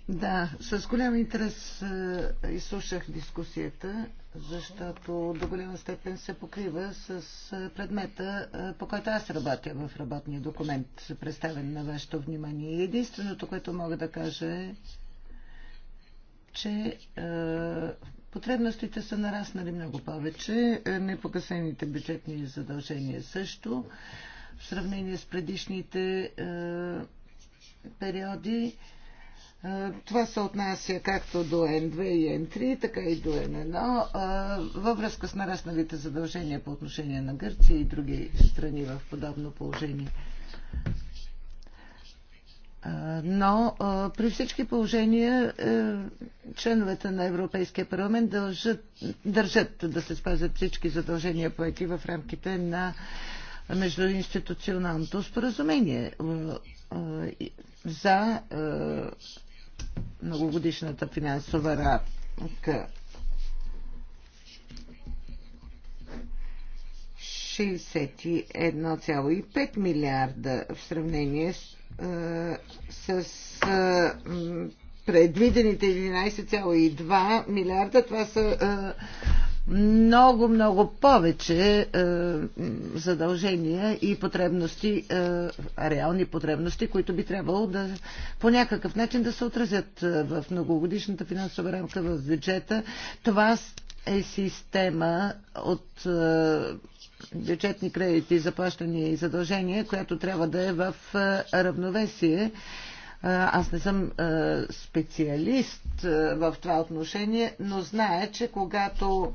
да, с голям интерес е, изслушах дискусията, защото до голяма степен се покрива с е, предмета, е, по който аз работя в работния документ, представен на вашето внимание. Единственото, което мога да кажа е, че е, потребностите са нараснали много повече, непогасените бюджетни задължения също, в сравнение с предишните е, периоди. Това се отнася както до N2 и N3, така и до N1 във връзка с нарасналите задължения по отношение на Гърция и други страни в подобно положение. Но при всички положения е, членовете на Европейския парламент дължат, държат да се спазят всички задължения поети в рамките на междуинституционалното споразумение е, е, за многогодишната финансова рамка. 61,5 милиарда в сравнение с, а, с а, предвидените 11,2 милиарда. Това са а, много, много повече е, задължения и потребности, е, реални потребности, които би трябвало да по някакъв начин да се отразят е, в многогодишната финансова рамка в бюджета. Това е система от е, бюджетни кредити, заплащания и задължения, която трябва да е в е, равновесие. Е, аз не съм специалист в това отношение, но зная, че когато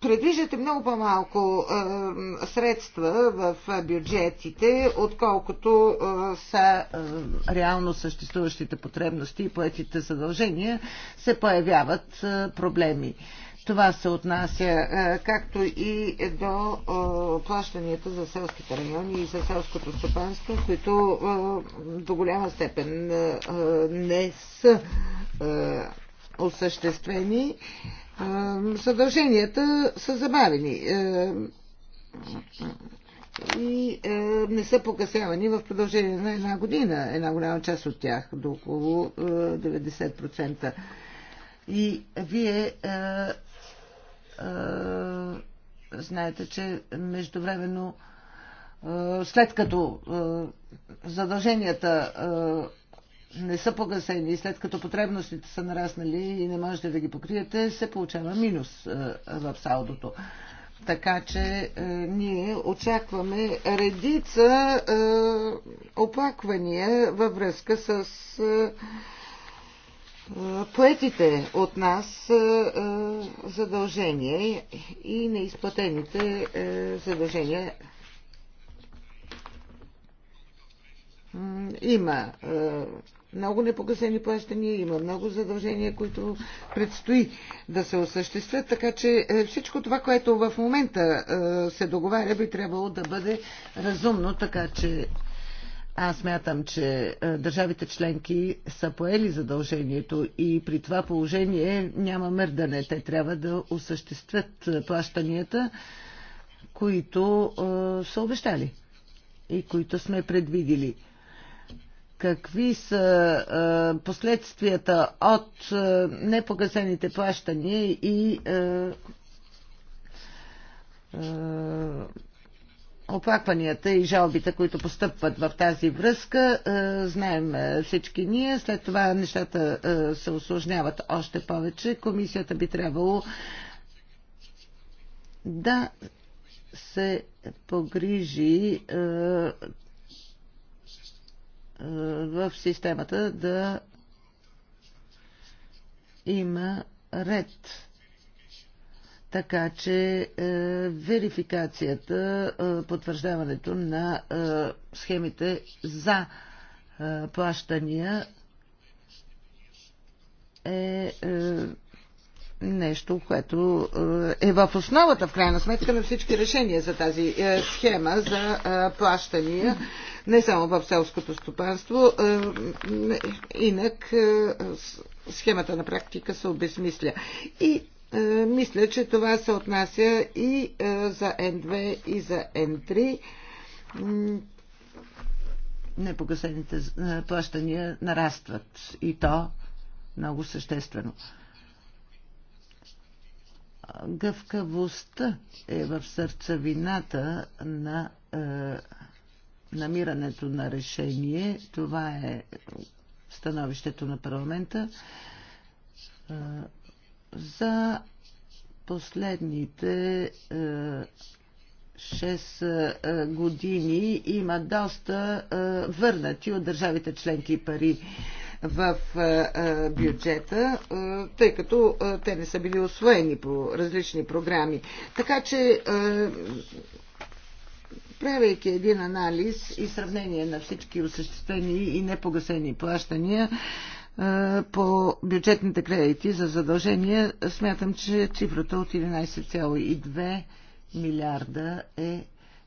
предвиждате много по-малко средства в бюджетите, отколкото са реално съществуващите потребности и поетите задължения, се появяват проблеми. Това се отнася както и до плащанията за селските райони и за селското стопанство, които до голяма степен не са осъществени задълженията са забавени и не са погасявани в продължение на една година, една голяма част от тях, до около 90%. И вие знаете, че междувременно, след като задълженията не са погасени, след като потребностите са нараснали и не можете да ги покриете, се получава минус е, в салдото. Така че е, ние очакваме редица е, оплаквания във връзка с е, поетите от нас е, е задължения и неизплатените е, задължения Има е, много непогасени плащания, има много задължения, които предстои да се осъществят, така че е, всичко това, което в момента е, се договаря, би трябвало да бъде разумно, така че аз мятам, че държавите членки са поели задължението и при това положение няма мърдане. Те трябва да осъществят плащанията, които са обещали и които сме предвидили какви са а, последствията от а, непогасените плащания и оплакванията и жалбите, които постъпват в тази връзка, знаем всички ние. След това нещата се осложняват още повече. Комисията би трябвало да се погрижи в системата да има ред. Така че е, верификацията, е, потвърждаването на е, схемите за е, плащания е, е нещо, което е, е в основата, в крайна сметка, на всички решения за тази е, схема за е, плащания, не само в селското стопанство. Инак схемата на практика се обезмисля. И мисля, че това се отнася и за н 2 и за н 3 непогасените плащания нарастват и то много съществено гъвкавостта е в сърцевината на е, намирането на решение. Това е становището на парламента. Е, за последните е, 6 е, години има доста е, върнати от държавите членки пари. Е, в бюджета, тъй като те не са били освоени по различни програми. Така че правейки един анализ и сравнение на всички осъществени и непогасени плащания по бюджетните кредити за задължения, смятам, че цифрата от 11,2 милиарда е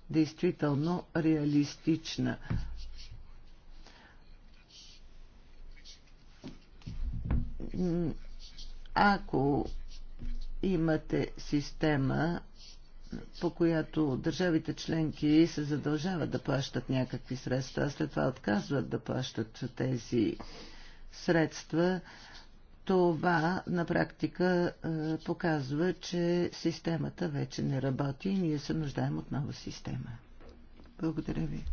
действително реалистична. ако имате система, по която държавите членки се задължават да плащат някакви средства, а след това отказват да плащат тези средства, това на практика е, показва, че системата вече не работи и ние се нуждаем от нова система. Благодаря ви.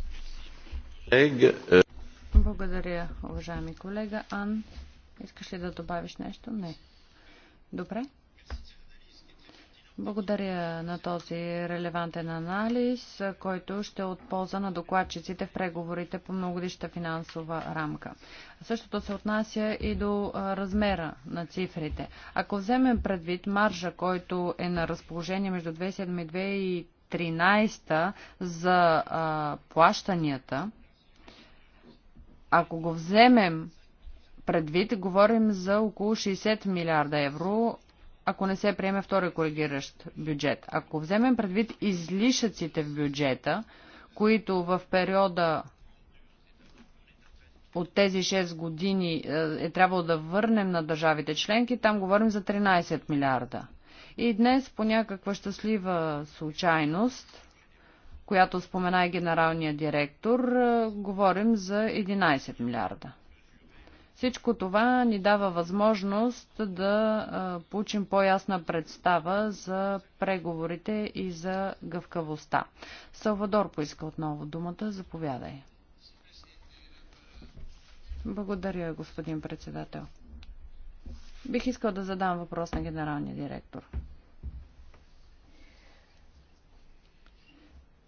Е. Благодаря, уважаеми колега Ан. Искаш ли да добавиш нещо? Не. Добре. Благодаря на този релевантен анализ, който ще е от полза на докладчиците в преговорите по многодища финансова рамка. Същото се отнася и до размера на цифрите. Ако вземем предвид маржа, който е на разположение между 2007 и 2013 за а, плащанията, ако го вземем предвид, говорим за около 60 милиарда евро, ако не се приеме втори коригиращ бюджет. Ако вземем предвид излишъците в бюджета, които в периода от тези 6 години е, е трябвало да върнем на държавите членки, там говорим за 13 милиарда. И днес по някаква щастлива случайност, която спомена и генералния директор, е, говорим за 11 милиарда. Всичко това ни дава възможност да получим по-ясна представа за преговорите и за гъвкавостта. Салвадор поиска отново думата. Заповядай. Благодаря, господин председател. Бих искал да задам въпрос на генералния директор.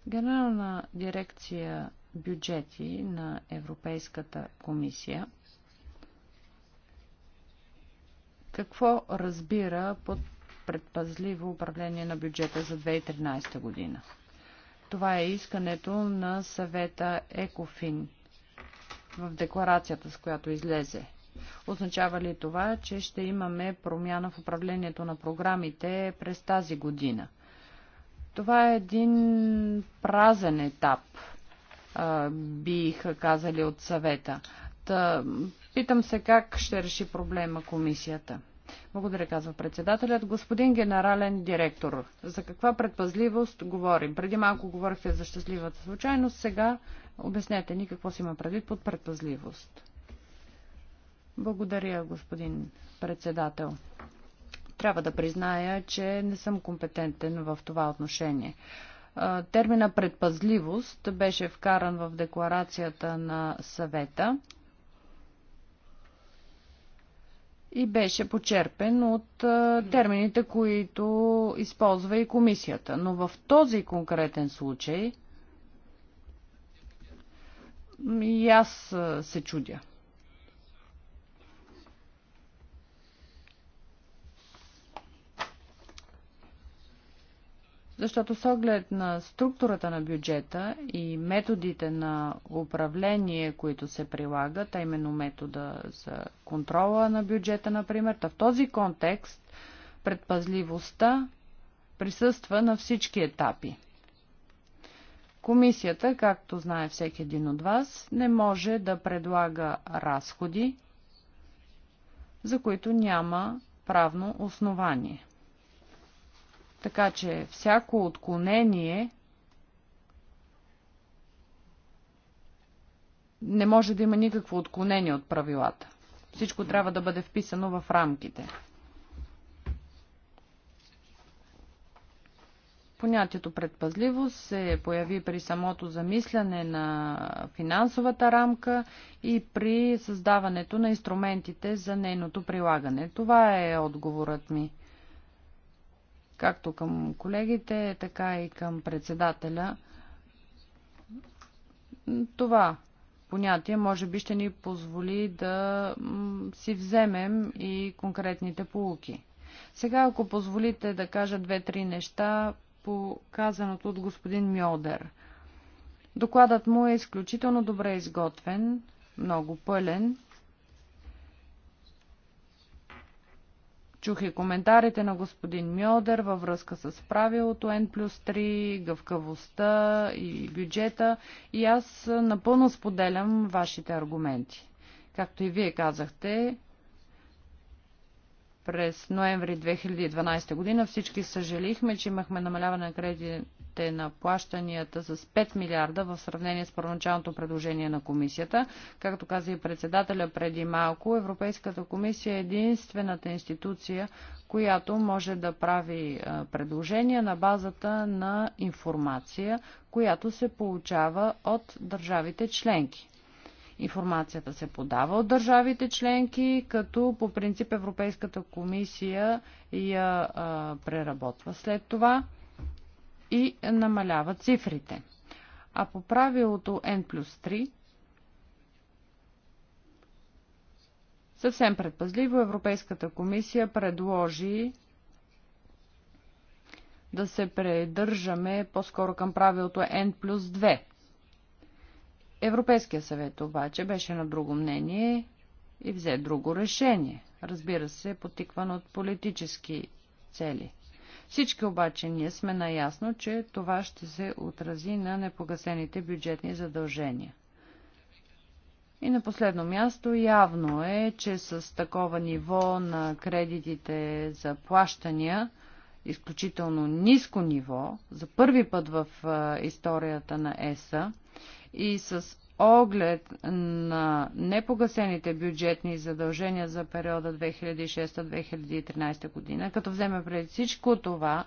Генерална дирекция бюджети на Европейската комисия – Какво разбира под предпазливо управление на бюджета за 2013 година? Това е искането на съвета ЕКОФИН в декларацията, с която излезе. Означава ли това, че ще имаме промяна в управлението на програмите през тази година? Това е един празен етап, биха казали от съвета питам се как ще реши проблема комисията. Благодаря, казва председателят. Господин генерален директор, за каква предпазливост говорим? Преди малко говорихте за щастливата случайност, сега обяснете ни какво си има предвид под предпазливост. Благодаря, господин председател. Трябва да призная, че не съм компетентен в това отношение. Термина предпазливост беше вкаран в декларацията на съвета и беше почерпен от термините, които използва и комисията. Но в този конкретен случай и аз се чудя. Защото с оглед на структурата на бюджета и методите на управление, които се прилагат, а именно метода за контрола на бюджета, например, в този контекст предпазливостта присъства на всички етапи. Комисията, както знае всеки един от вас, не може да предлага разходи, за които няма правно основание. Така че всяко отклонение не може да има никакво отклонение от правилата. Всичко трябва да бъде вписано в рамките. Понятието предпазливост се появи при самото замисляне на финансовата рамка и при създаването на инструментите за нейното прилагане. Това е отговорът ми както към колегите, така и към председателя. Това понятие може би ще ни позволи да си вземем и конкретните полуки. Сега, ако позволите да кажа две-три неща по казаното от господин Мьодер. Докладът му е изключително добре изготвен, много пълен Чух и коментарите на господин Мьодер във връзка с правилото N плюс 3, гъвкавостта и бюджета и аз напълно споделям вашите аргументи. Както и вие казахте, през ноември 2012 година всички съжалихме, че имахме намаляване на кредит размерите на плащанията с 5 милиарда в сравнение с първоначалното предложение на комисията. Както каза и председателя преди малко, Европейската комисия е единствената институция, която може да прави е, предложения на базата на информация, която се получава от държавите членки. Информацията се подава от държавите членки, като по принцип Европейската комисия я а, е, преработва след това и намалява цифрите. А по правилото N плюс 3, съвсем предпазливо Европейската комисия предложи да се придържаме по-скоро към правилото N плюс 2. Европейския съвет обаче беше на друго мнение и взе друго решение, разбира се, потикван от политически цели. Всички обаче ние сме наясно, че това ще се отрази на непогасените бюджетни задължения. И на последно място явно е, че с такова ниво на кредитите за плащания, изключително ниско ниво, за първи път в историята на ЕСА и с оглед на непогасените бюджетни задължения за периода 2006-2013 година, като вземе пред всичко това,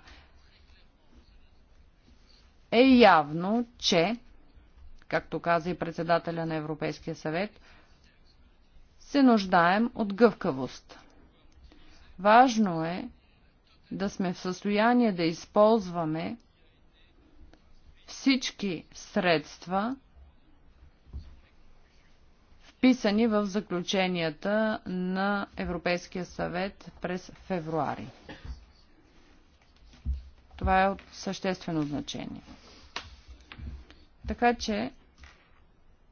е явно, че, както каза и председателя на Европейския съвет, се нуждаем от гъвкавост. Важно е да сме в състояние да използваме всички средства, вписани в заключенията на Европейския съвет през февруари. Това е от съществено значение. Така че,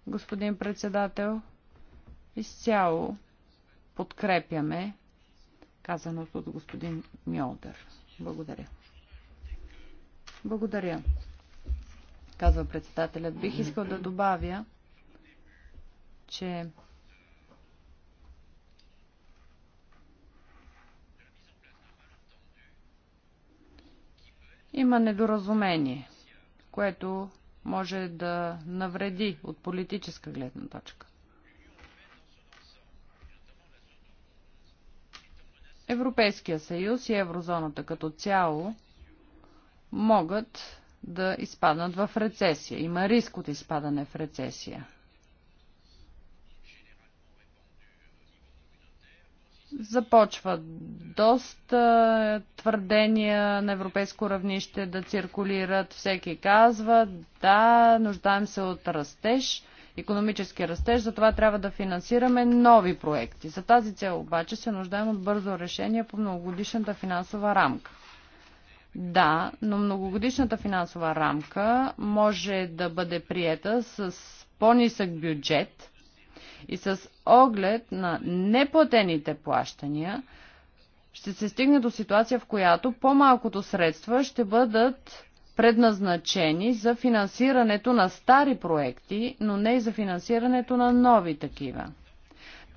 господин председател, изцяло подкрепяме казаното от господин Мьолдър. Благодаря. Благодаря, казва председателят. Бих искал да добавя, че има недоразумение, което може да навреди от политическа гледна точка. Европейския съюз и еврозоната като цяло могат да изпаднат в рецесия. Има риск от изпадане в рецесия. Започва доста е, твърдения на европейско равнище да циркулират. Всеки казва, да, нуждаем се от растеж, економически растеж, затова трябва да финансираме нови проекти. За тази цел обаче се нуждаем от бързо решение по многогодишната финансова рамка. Да, но многогодишната финансова рамка може да бъде приета с по-нисък бюджет – и с оглед на неплатените плащания ще се стигне до ситуация, в която по-малкото средства ще бъдат предназначени за финансирането на стари проекти, но не и за финансирането на нови такива.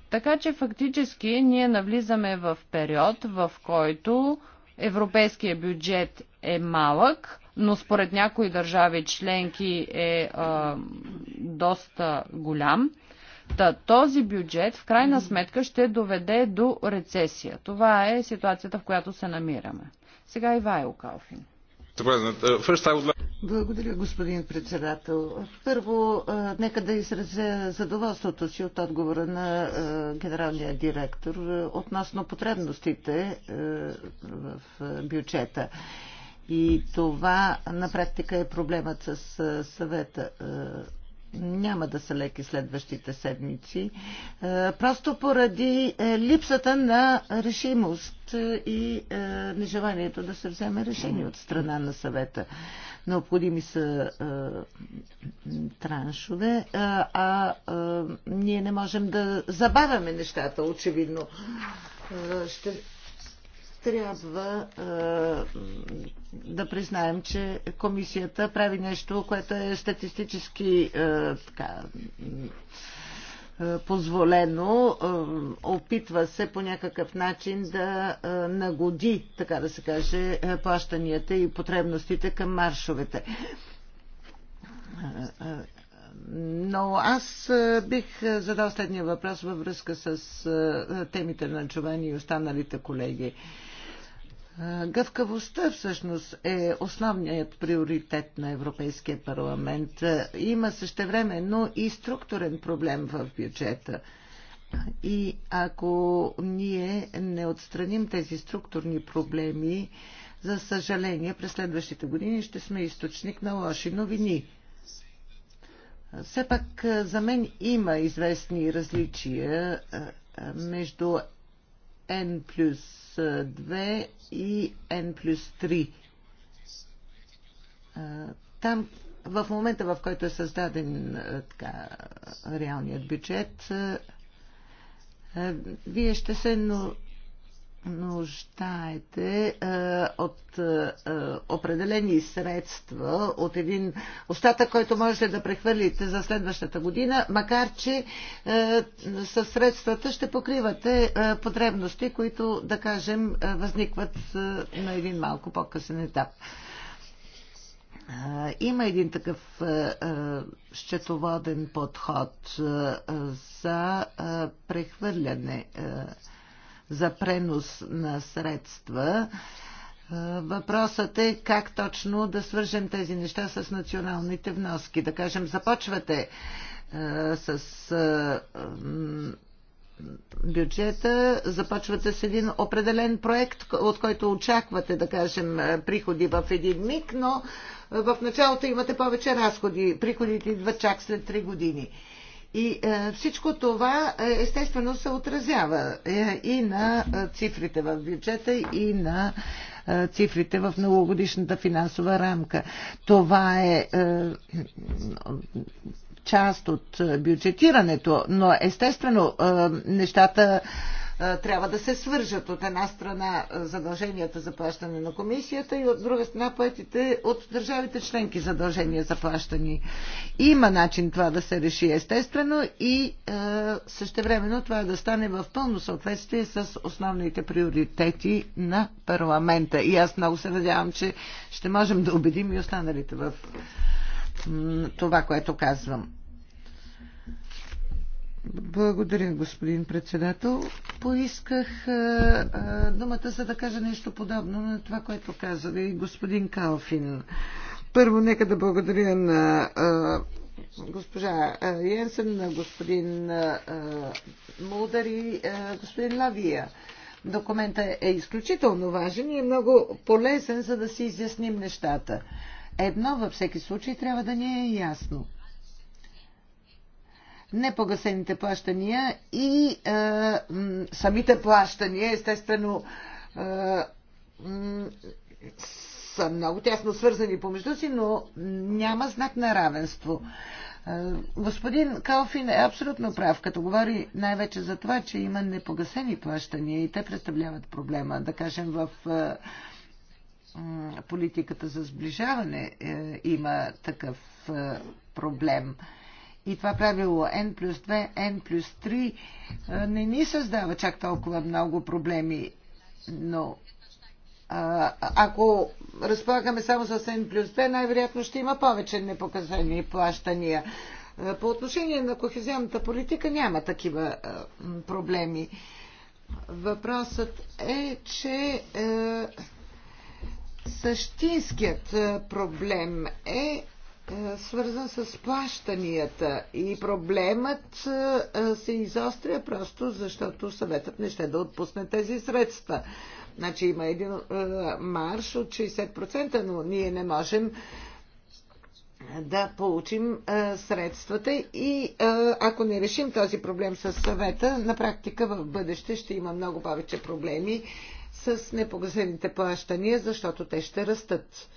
Така че фактически ние навлизаме в период, в който европейския бюджет е малък, но според някои държави членки е а, доста голям Та, този бюджет в крайна сметка ще доведе до рецесия. Това е ситуацията, в която се намираме. Сега и Вайл Калфин. Благодаря, господин председател. Първо, нека да изразя задоволството си от отговора на генералния директор относно потребностите в бюджета. И това на практика е проблемът с съвета няма да са леки следващите седмици, е, просто поради е, липсата на решимост е, и нежеланието да се вземе решение от страна на съвета. Необходими са траншове, а ние не можем да забавяме нещата, очевидно. Ще трябва а, е, да признаем, че комисията прави нещо, което е статистически а, е, така, а, е, позволено. А, опитва се по някакъв начин да а, нагоди, така да се каже, плащанията и потребностите към маршовете. Но аз бих задал следния въпрос във връзка с темите на Джовани и останалите колеги. Гъвкавостта всъщност е основният приоритет на Европейския парламент. Има същевременно и структурен проблем в бюджета. И ако ние не отстраним тези структурни проблеми, за съжаление, през следващите години ще сме източник на лоши новини. Все пак за мен има известни различия между N плюс 2 и N плюс 3. Там, в момента, в който е създаден така, реалният бюджет, вие ще се нуждаете е, от е, определени средства, от един остатък, който можете да прехвърлите за следващата година, макар че е, със средствата ще покривате потребности, които, да кажем, възникват на един малко по-късен етап. Има един такъв счетоводен подход за прехвърляне за пренос на средства. Въпросът е как точно да свържем тези неща с националните вноски. Да кажем, започвате с бюджета, започвате с един определен проект, от който очаквате, да кажем, приходи в един миг, но в началото имате повече разходи. Приходите идват чак след 3 години. И е, всичко това е, естествено се отразява е, и на цифрите в бюджета, и на цифрите в многогодишната финансова рамка. Това е част от бюджетирането, но естествено нещата трябва да се свържат от една страна задълженията за плащане на комисията и от друга страна поетите от държавите членки задължения за плащане. Има начин това да се реши естествено и е, същевременно това да стане в пълно съответствие с основните приоритети на парламента. И аз много се надявам, че ще можем да убедим и останалите в това, което казвам. Благодаря, господин председател. Поисках а, думата, за да кажа нещо подобно на това, което каза и господин Калфин. Първо, нека да благодаря на а, госпожа Йенсен, на господин а, Мулдър и а, господин Лавия. Документа е изключително важен и е много полезен, за да си изясним нещата. Едно във всеки случай трябва да ни е ясно непогасените плащания и е, м, самите плащания, естествено, е, м, са много тясно свързани помежду си, но няма знак на равенство. Е, господин Калфин е абсолютно прав, като говори най-вече за това, че има непогасени плащания и те представляват проблема, да кажем, в. Е, политиката за сближаване е, има такъв е, проблем. Е, и това правило N плюс 2, N плюс 3 не ни създава чак толкова много проблеми, но а, ако разполагаме само с N плюс 2, най-вероятно ще има повече непоказани плащания. По отношение на кохезионната политика няма такива проблеми. Въпросът е, че а, същинският проблем е е, свързан с плащанията и проблемът е, е, се изостря просто защото съветът не ще да отпусне тези средства. Значи има един марш от 60%, но ние не можем да получим средствата и ако не решим този проблем с съвета, на практика в бъдеще ще има много повече проблеми с непогасените плащания, защото те ще растат.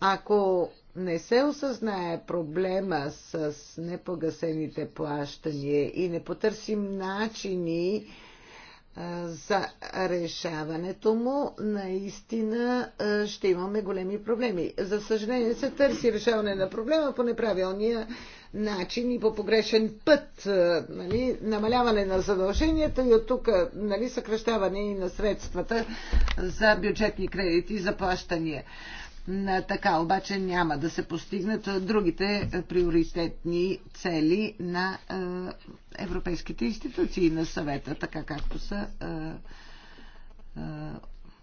Ако не се осъзнае проблема с непогасените плащания и не потърсим начини за решаването му, наистина ще имаме големи проблеми. За съжаление се търси решаване на проблема по неправилния начин и по погрешен път. Нали? Намаляване на задълженията и от тук нали, съкръщаване и на средствата за бюджетни кредити за плащания. Така обаче няма да се постигнат другите приоритетни цели на европейските институции на съвета, така както са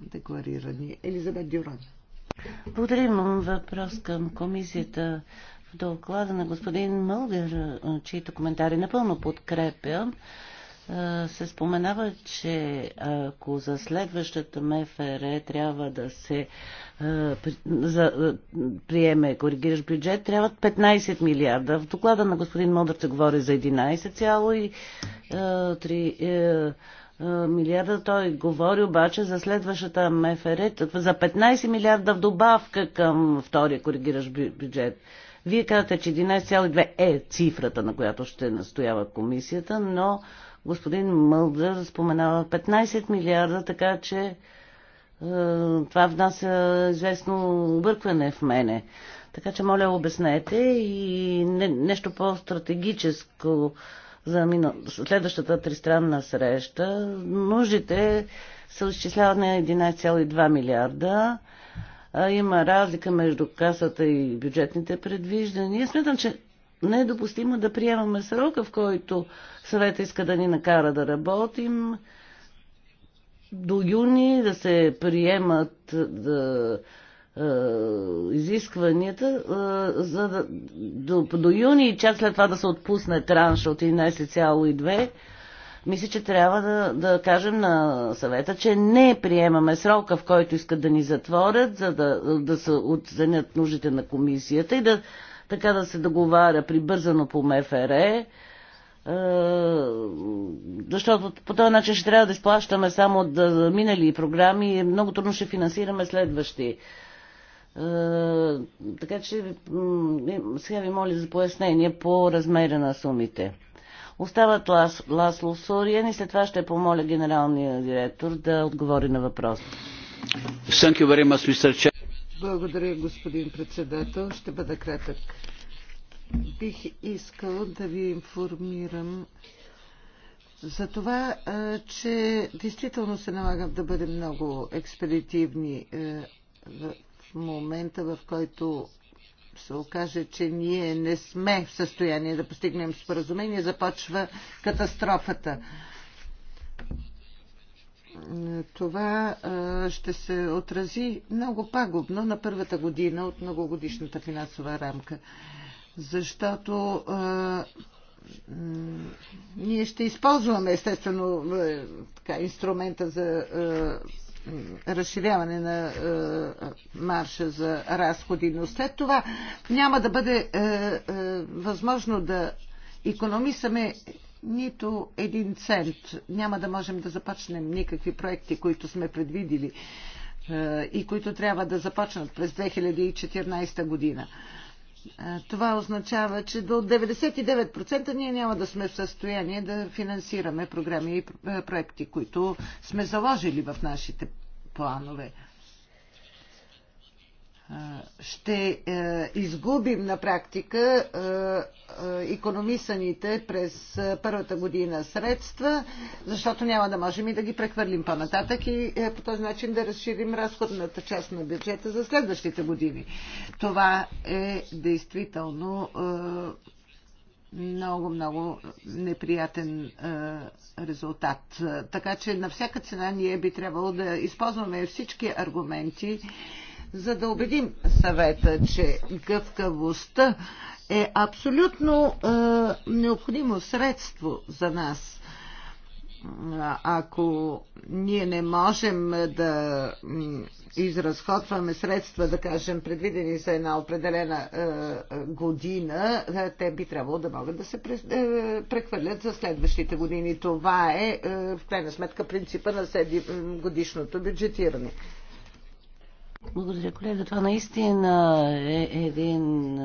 декларирани. Елизабет Дюран. Благодаря. Имам въпрос към комисията в доклада на господин Мългер, чието коментари напълно подкрепям се споменава, че ако за следващата МФР трябва да се за, приеме коригираш бюджет, трябват 15 милиарда. В доклада на господин Модър се говори за 11,3 милиарда. Той говори обаче за следващата МФР за 15 милиарда в добавка към втория коригираш бюджет. Вие казвате, че 11,2 е цифрата, на която ще настоява комисията, но господин Мълдър споменава 15 милиарда, така че е, това внася известно объркване в мене. Така че моля обяснете и не, нещо по-стратегическо за мина... следващата тристранна среща. Нуждите се изчисляват на 11,2 милиарда. Е, има разлика между касата и бюджетните предвиждания. Смятам, че не е допустимо да приемаме срока, в който съвета иска да ни накара да работим. До юни да се приемат да, изискванията за да, до, до юни и чак след това да се отпусне транш от 11,2, мисля, че трябва да, да кажем на съвета, че не приемаме срока, в който искат да ни затворят, за да, да се оценят нуждите на комисията и да така да се договаря прибързано по МФР, е, защото по този начин ще трябва да изплащаме само от минали програми и много трудно ще финансираме следващи. Е, така че сега ви моля за пояснение по размера на сумите. Остават Лас, Ласло Сориен и след това ще помоля генералния директор да отговори на въпроса. Благодаря, господин председател. Ще бъда кратък. Бих искал да ви информирам за това, че действително се налага да бъдем много експедитивни в момента, в който се окаже, че ние не сме в състояние да постигнем споразумение, започва катастрофата това ще се отрази много пагубно на първата година от многогодишната финансова рамка. Защото ние ще използваме естествено така, инструмента за разширяване на е, марша за разходи, но след това няма да бъде е, е, възможно да економисаме нито един цент. Няма да можем да започнем никакви проекти, които сме предвидили е, и които трябва да започнат през 2014 година. Е, това означава, че до 99% ние няма да сме в състояние да финансираме програми и е, проекти, които сме заложили в нашите планове ще е, изгубим на практика економисаните е, през е, първата година средства, защото няма да можем и да ги прехвърлим по-нататък и по този начин да разширим разходната част на бюджета за следващите години. Това е действително много, много неприятен е, резултат. Така че на всяка цена ние би трябвало да използваме всички аргументи за да убедим съвета, че гъвкавостта е абсолютно е, необходимо средство за нас. Ако ние не можем да изразходваме средства, да кажем, предвидени за една определена е, година, е, те би трябвало да могат да се е, прехвърлят за следващите години. Това е, е в крайна сметка, принципа на 7 годишното бюджетиране. Благодаря, колега. Това наистина е един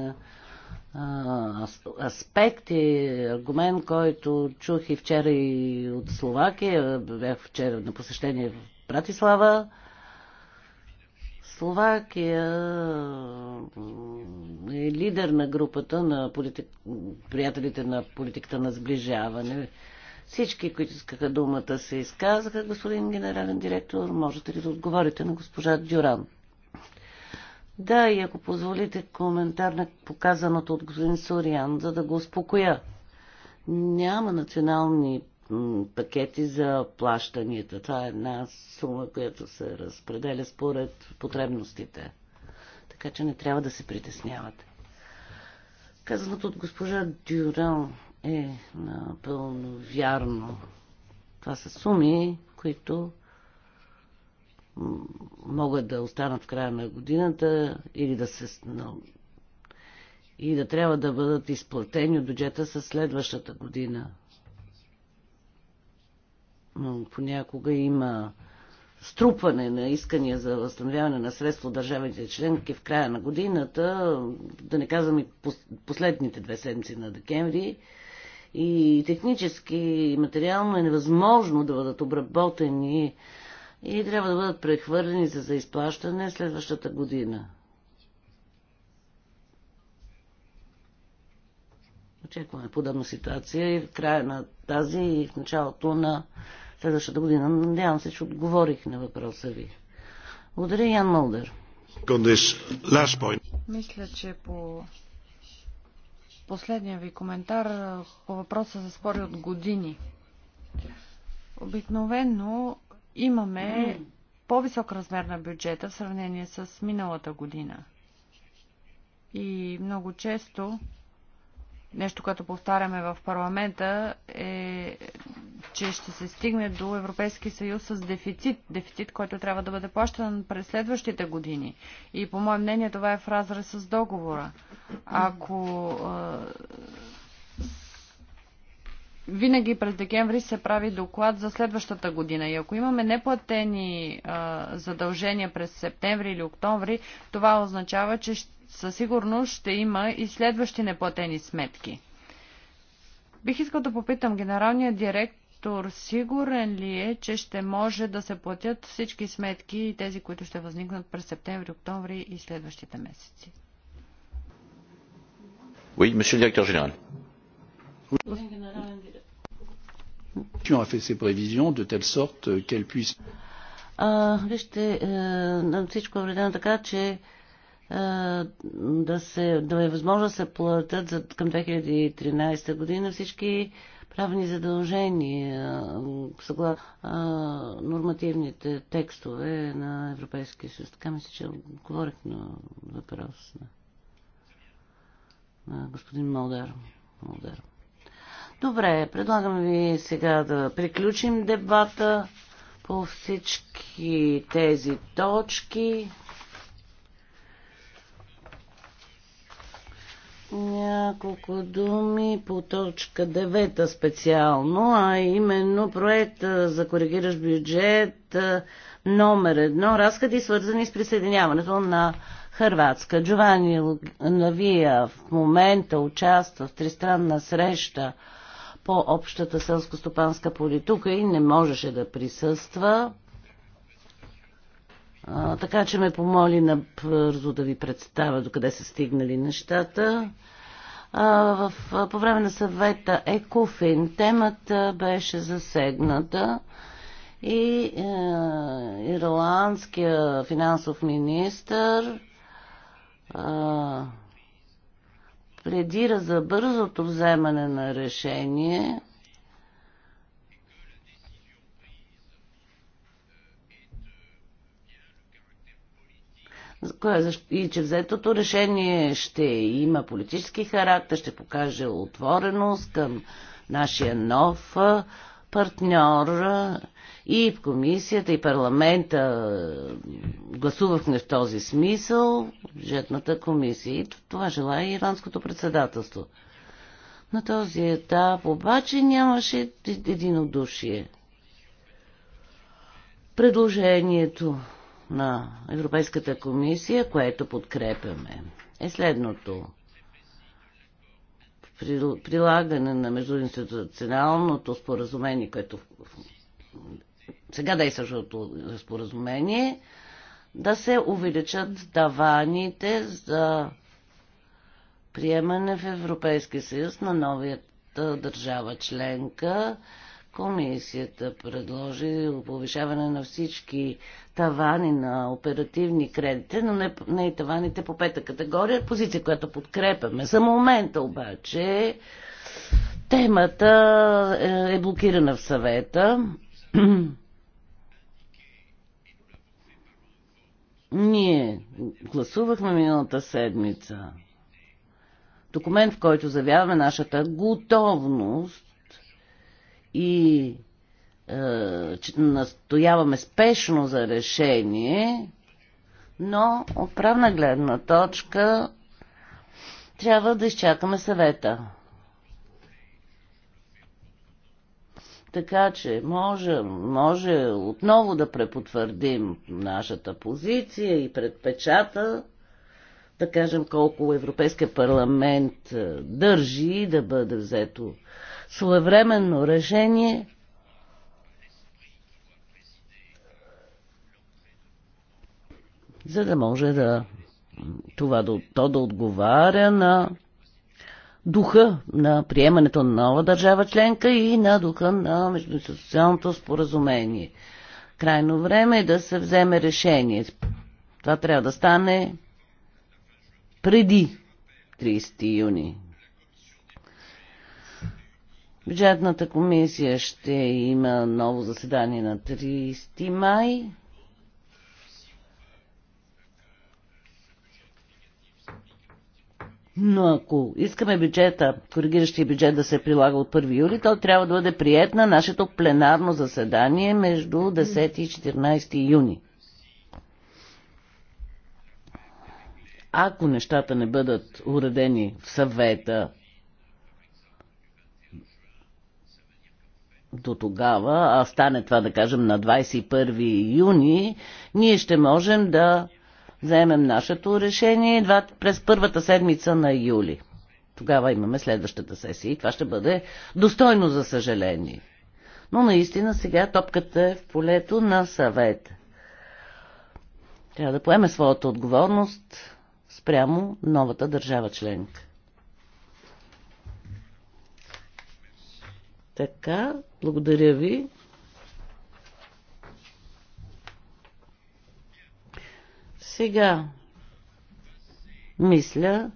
аспект и аргумент, който чух и вчера и от Словакия. Бях вчера на посещение в Братислава. Словакия е лидер на групата на политик... приятелите на политиката на сближаване. Всички, които искаха думата, се изказаха. Господин генерален директор, можете ли да отговорите на госпожа Дюран? Да, и ако позволите коментар на показаното от господин Сориан, за да го успокоя. Няма национални пакети за плащанията. Това е една сума, която се разпределя според потребностите. Така че не трябва да се притеснявате. Казаното от госпожа Дюран е напълно вярно. Това са суми, които могат да останат в края на годината или да се и да трябва да бъдат изплатени от бюджета със следващата година. Но понякога има струпване на искания за възстановяване на средства от държавите членки в края на годината, да не казвам и последните две седмици на декември. И технически и материално е невъзможно да бъдат обработени и трябва да бъдат прехвърлени за, за изплащане следващата година. Очакваме подобна ситуация и в края на тази и в началото на следващата година. Надявам се, че отговорих на въпроса ви. Благодаря, Ян Мълдър. Мисля, че по последния ви коментар по въпроса за спори от години. Обикновено имаме по-висок размер на бюджета в сравнение с миналата година. И много често нещо, което повтаряме в парламента е, че ще се стигне до Европейски съюз с дефицит, дефицит, който трябва да бъде плащан през следващите години. И по мое мнение това е в разрез с договора. Ако винаги през декември се прави доклад за следващата година. И ако имаме неплатени а, задължения през септември или октомври, това означава, че със сигурност ще има и следващи неплатени сметки. Бих искал да попитам генералния директор, сигурен ли е, че ще може да се платят всички сметки и тези, които ще възникнат през септември, октомври и следващите месеци? Oui, monsieur le directeur général. Tu as fait ces prévisions de telle sorte вижте, е, всичко е вредено така, че е, да, се, да е възможно да се платят към 2013 година всички правни задължения е, съгласно нормативните текстове на Европейския съюз. Така мисля, че говорих на въпрос на, на господин Малдаро. Добре, предлагам ви сега да приключим дебата по всички тези точки. Няколко думи по точка 9 специално, а именно проект за коригираш бюджет номер 1, разходи свързани с присъединяването на Хрватска. Джовани Лавия в момента участва в тристранна среща по общата селско-стопанска политика и не можеше да присъства. А, така че ме помоли набързо да ви представя до къде са стигнали нещата. А, в, по време на съвета Екофин темата беше засегната и е, ирландския финансов министр пледира за бързото вземане на решение, е и че взетото решение ще има политически характер, ще покаже отвореност към нашия нов партньор и в комисията, и парламента гласувахме в този смисъл, бюджетната комисия. И това желая и иранското председателство. На този етап обаче нямаше единодушие. Предложението на Европейската комисия, което подкрепяме, е следното. При, прилагане на междуинституционалното споразумение, което сега действащото споразумение, да се увеличат таваните за приемане в Европейския съюз на новията държава членка. Комисията предложи повишаване на всички тавани на оперативни кредити, но не, не и таваните по пета категория. Позиция, която подкрепяме. За момента обаче темата е, е блокирана в съвета. Ние гласувахме миналата седмица документ, в който заявяваме нашата готовност и е, настояваме спешно за решение, но от правна гледна точка трябва да изчакаме съвета. Така че може, може отново да препотвърдим нашата позиция и предпечата, да кажем колко Европейския парламент е, държи да бъде взето своевременно решение. за да може да това да, то да отговаря на духа на приемането на нова държава членка и на духа на междуинституционалното споразумение. Крайно време е да се вземе решение. Това трябва да стане преди 30 юни. Бюджетната комисия ще има ново заседание на 30 май. Но ако искаме бюджета, коригиращия бюджет да се прилага от 1 юли, то трябва да бъде прият на нашето пленарно заседание между 10 и 14 юни. Ако нещата не бъдат уредени в съвета до тогава, а стане това да кажем на 21 юни, ние ще можем да вземем нашето решение два, през първата седмица на юли. Тогава имаме следващата сесия и това ще бъде достойно за съжаление. Но наистина сега топката е в полето на съвет. Трябва да поеме своята отговорност спрямо новата държава членка. Така, благодаря ви. Сега мисля,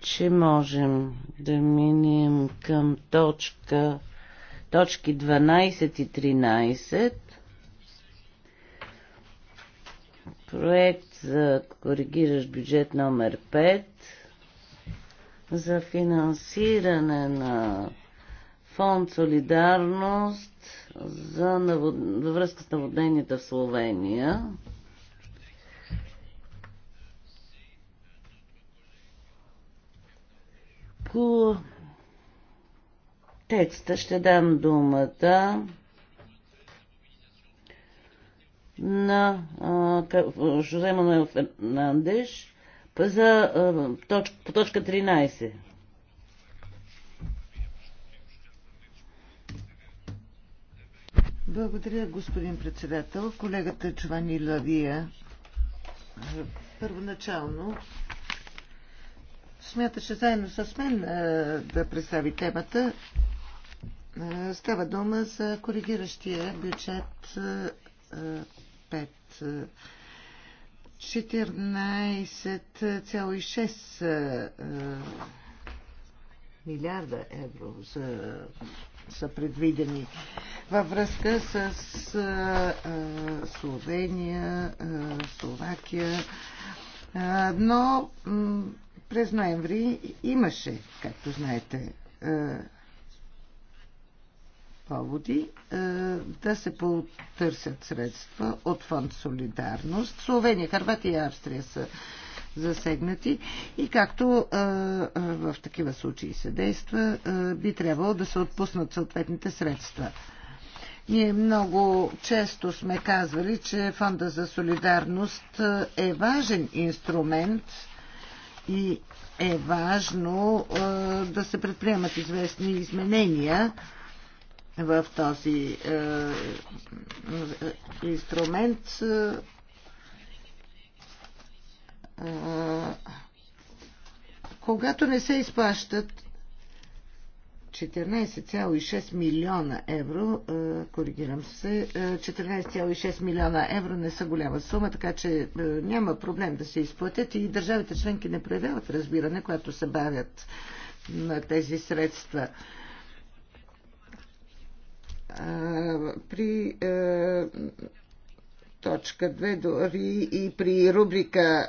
че можем да минем към точка, точки 12 и 13. Проект за коригиращ бюджет номер 5 за финансиране на фонд Солидарност за навод... във връзка с наводненията в Словения. По текста ще дам думата на Жозе Мануел Фернандеш за, точ, по точка 13. Благодаря, господин председател. Колегата Чвани Лавия първоначално смяташе заедно с мен е, да представи темата. Е, става дума за коригиращия бюджет 5. Е, 14,6 милиарда евро са, са предвидени във връзка с а, Словения, а, Словакия. А, но през ноември имаше, както знаете, е, поводи е, да се потърсят средства от фонд Солидарност. Словения, Харватия и Австрия са засегнати и както е, в такива случаи се действа, би трябвало да се отпуснат съответните средства. Ние много често сме казвали, че Фонда за солидарност е важен инструмент и е важно е, да се предприемат известни изменения в този е, е, инструмент когато не се изплащат 14,6 милиона евро, е, коригирам се, 14,6 е, милиона евро не са голяма сума, така че е, няма проблем да се изплатят и държавите членки не проявяват разбиране, когато се бавят на тези средства при точка 2 дори и при рубрика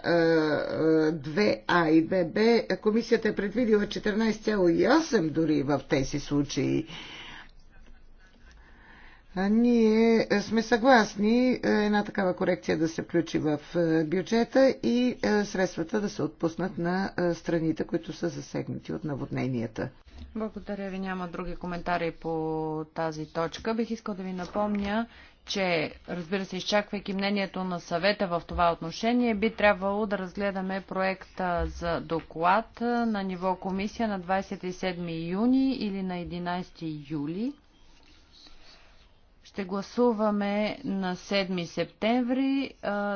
2А и 2Б комисията е предвидила 14,8 дори в тези случаи. Ние сме съгласни една такава корекция да се включи в бюджета и средствата да се отпуснат на страните, които са засегнати от наводненията. Благодаря ви. Няма други коментари по тази точка. Бих искал да ви напомня, че, разбира се, изчаквайки мнението на съвета в това отношение, би трябвало да разгледаме проекта за доклад на ниво комисия на 27 юни или на 11 юли. Ще гласуваме на 7 септември,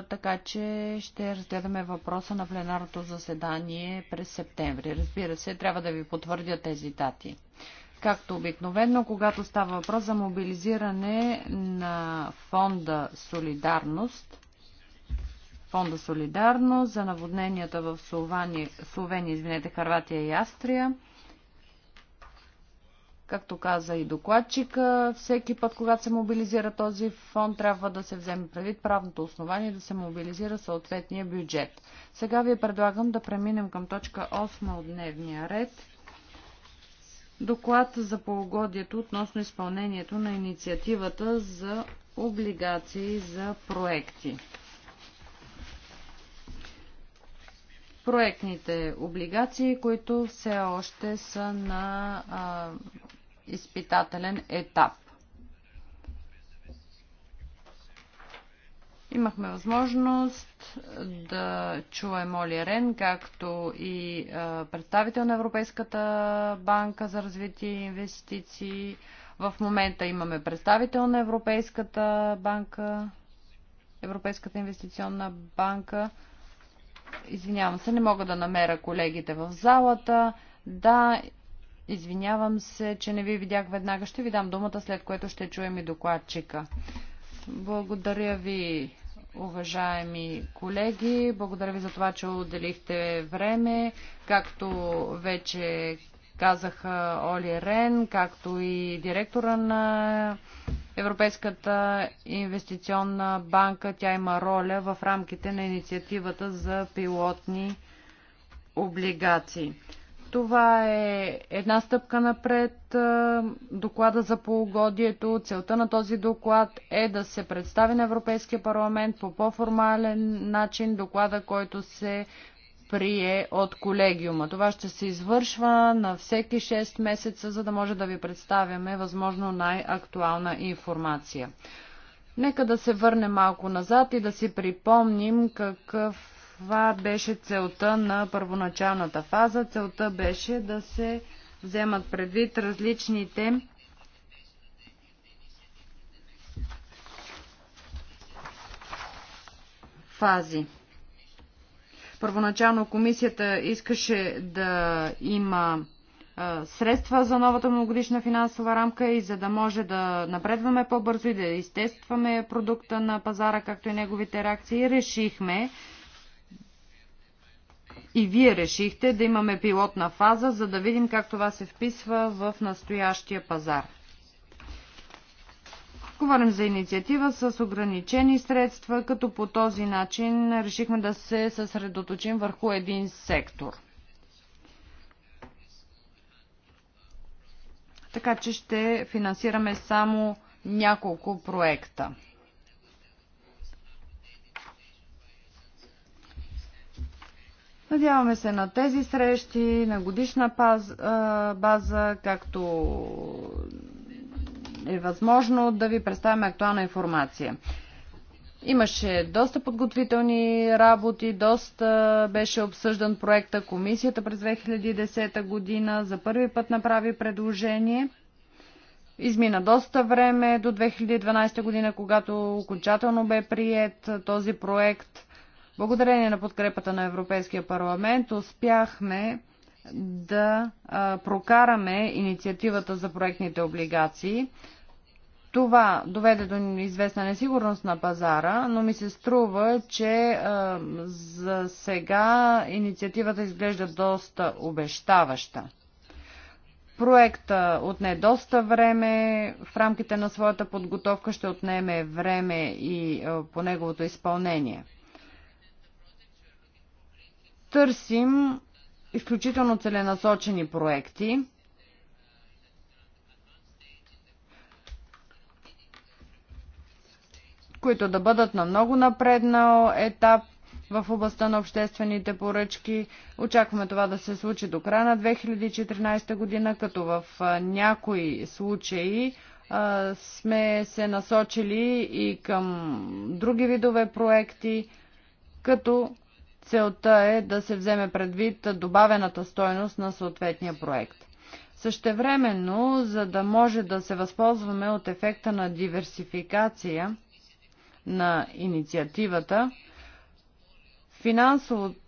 така че ще разгледаме въпроса на пленарното заседание през септември. Разбира се, трябва да ви потвърдя тези дати. Както обикновено, когато става въпрос за мобилизиране на фонда Солидарност, фонда Солидарност за наводненията в Словения, Словения извинете, Харватия и Австрия, Както каза и докладчика, всеки път, когато се мобилизира този фонд, трябва да се вземе предвид правното основание да се мобилизира съответния бюджет. Сега ви предлагам да преминем към точка 8 от дневния ред. Доклад за полугодието относно изпълнението на инициативата за облигации за проекти. Проектните облигации, които все още са на а, изпитателен етап. Имахме възможност да чуем Оли Рен, както и представител на Европейската банка за развитие и инвестиции. В момента имаме представител на Европейската банка, Европейската инвестиционна банка. Извинявам се, не мога да намеря колегите в залата. Да, извинявам се, че не ви видях веднага. Ще ви дам думата, след което ще чуем и докладчика. Благодаря ви, уважаеми колеги. Благодаря ви за това, че отделихте време. Както вече казаха Оли Рен, както и директора на Европейската инвестиционна банка, тя има роля в рамките на инициативата за пилотни облигации. Това е една стъпка напред. Доклада за полугодието. Целта на този доклад е да се представи на Европейския парламент по по-формален начин доклада, който се прие от колегиума. Това ще се извършва на всеки 6 месеца, за да може да ви представяме възможно най-актуална информация. Нека да се върнем малко назад и да си припомним какъв каква беше целта на първоначалната фаза. Целта беше да се вземат предвид различните фази. Първоначално комисията искаше да има средства за новата многогодишна финансова рамка и за да може да напредваме по-бързо и да изтестваме продукта на пазара, както и неговите реакции, решихме, и вие решихте да имаме пилотна фаза, за да видим как това се вписва в настоящия пазар. Говорим за инициатива с ограничени средства, като по този начин решихме да се съсредоточим върху един сектор. Така че ще финансираме само няколко проекта. Надяваме се на тези срещи, на годишна база, както е възможно да ви представим актуална информация. Имаше доста подготвителни работи, доста беше обсъждан проекта. Комисията през 2010 година за първи път направи предложение. Измина доста време до 2012 година, когато окончателно бе прият този проект – Благодарение на подкрепата на Европейския парламент успяхме да прокараме инициативата за проектните облигации. Това доведе до известна несигурност на пазара, но ми се струва, че а, за сега инициативата изглежда доста обещаваща. Проекта отне доста време, в рамките на своята подготовка ще отнеме време и а, по неговото изпълнение търсим изключително целенасочени проекти, които да бъдат на много напреднал етап в областта на обществените поръчки. Очакваме това да се случи до края на 2014 година, като в някои случаи а, сме се насочили и към други видове проекти, като Целта е да се вземе предвид добавената стойност на съответния проект. Същевременно, за да може да се възползваме от ефекта на диверсификация на инициативата, финансовото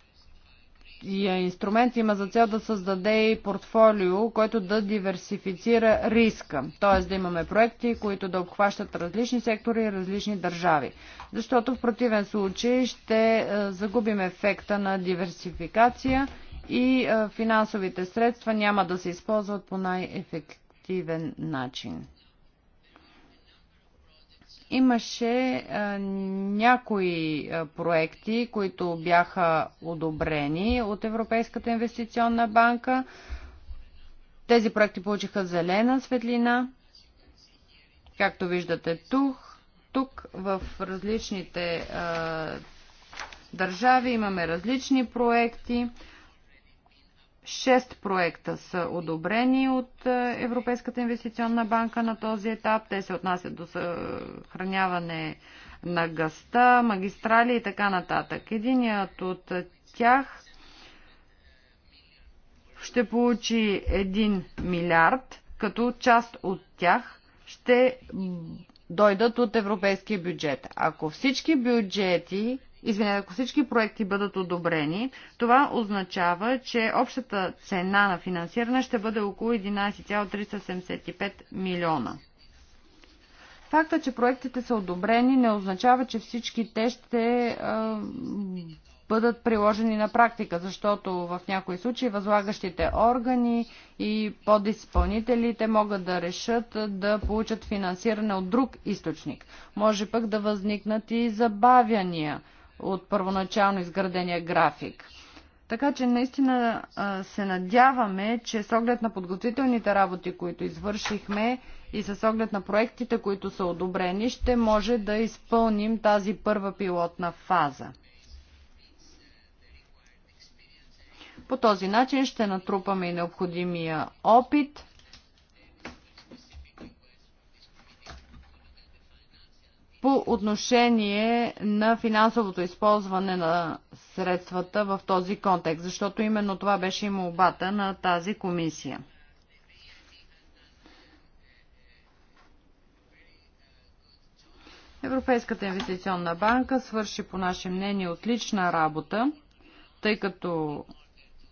инструмент има за цел да създаде и портфолио, което да диверсифицира риска. Т.е. да имаме проекти, които да обхващат различни сектори и различни държави. Защото в противен случай ще е, загубим ефекта на диверсификация и е, финансовите средства няма да се използват по най-ефективен начин. Имаше а, някои а, проекти, които бяха одобрени от Европейската инвестиционна банка. Тези проекти получиха зелена светлина. Както виждате тук, тук в различните а, държави имаме различни проекти. Шест проекта са одобрени от е, Европейската инвестиционна банка на този етап. Те се отнасят до съхраняване на гъста, магистрали и така нататък. Единият от тях ще получи 1 милиард, като част от тях ще дойдат от европейския бюджет. Ако всички бюджети Извинете, ако всички проекти бъдат одобрени, това означава, че общата цена на финансиране ще бъде около 11,375 милиона. Факта, че проектите са одобрени, не означава, че всички те ще а, бъдат приложени на практика, защото в някои случаи възлагащите органи и подизпълнителите могат да решат да получат финансиране от друг източник. Може пък да възникнат и забавяния от първоначално изградения график. Така че наистина се надяваме, че с оглед на подготвителните работи, които извършихме и с оглед на проектите, които са одобрени, ще може да изпълним тази първа пилотна фаза. По този начин ще натрупаме и необходимия опит по отношение на финансовото използване на средствата в този контекст, защото именно това беше и молбата на тази комисия. Европейската инвестиционна банка свърши по наше мнение отлична работа, тъй като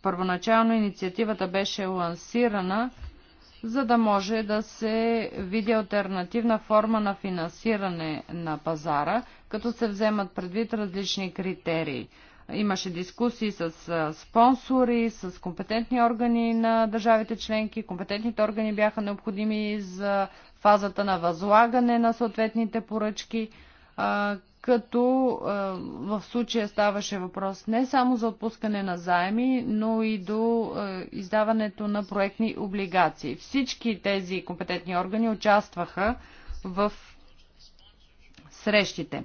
първоначално инициативата беше лансирана за да може да се види альтернативна форма на финансиране на пазара, като се вземат предвид различни критерии. Имаше дискусии с спонсори, с компетентни органи на държавите членки. Компетентните органи бяха необходими за фазата на възлагане на съответните поръчки, като в случая ставаше въпрос не само за отпускане на заеми, но и до издаването на проектни облигации. Всички тези компетентни органи участваха в срещите.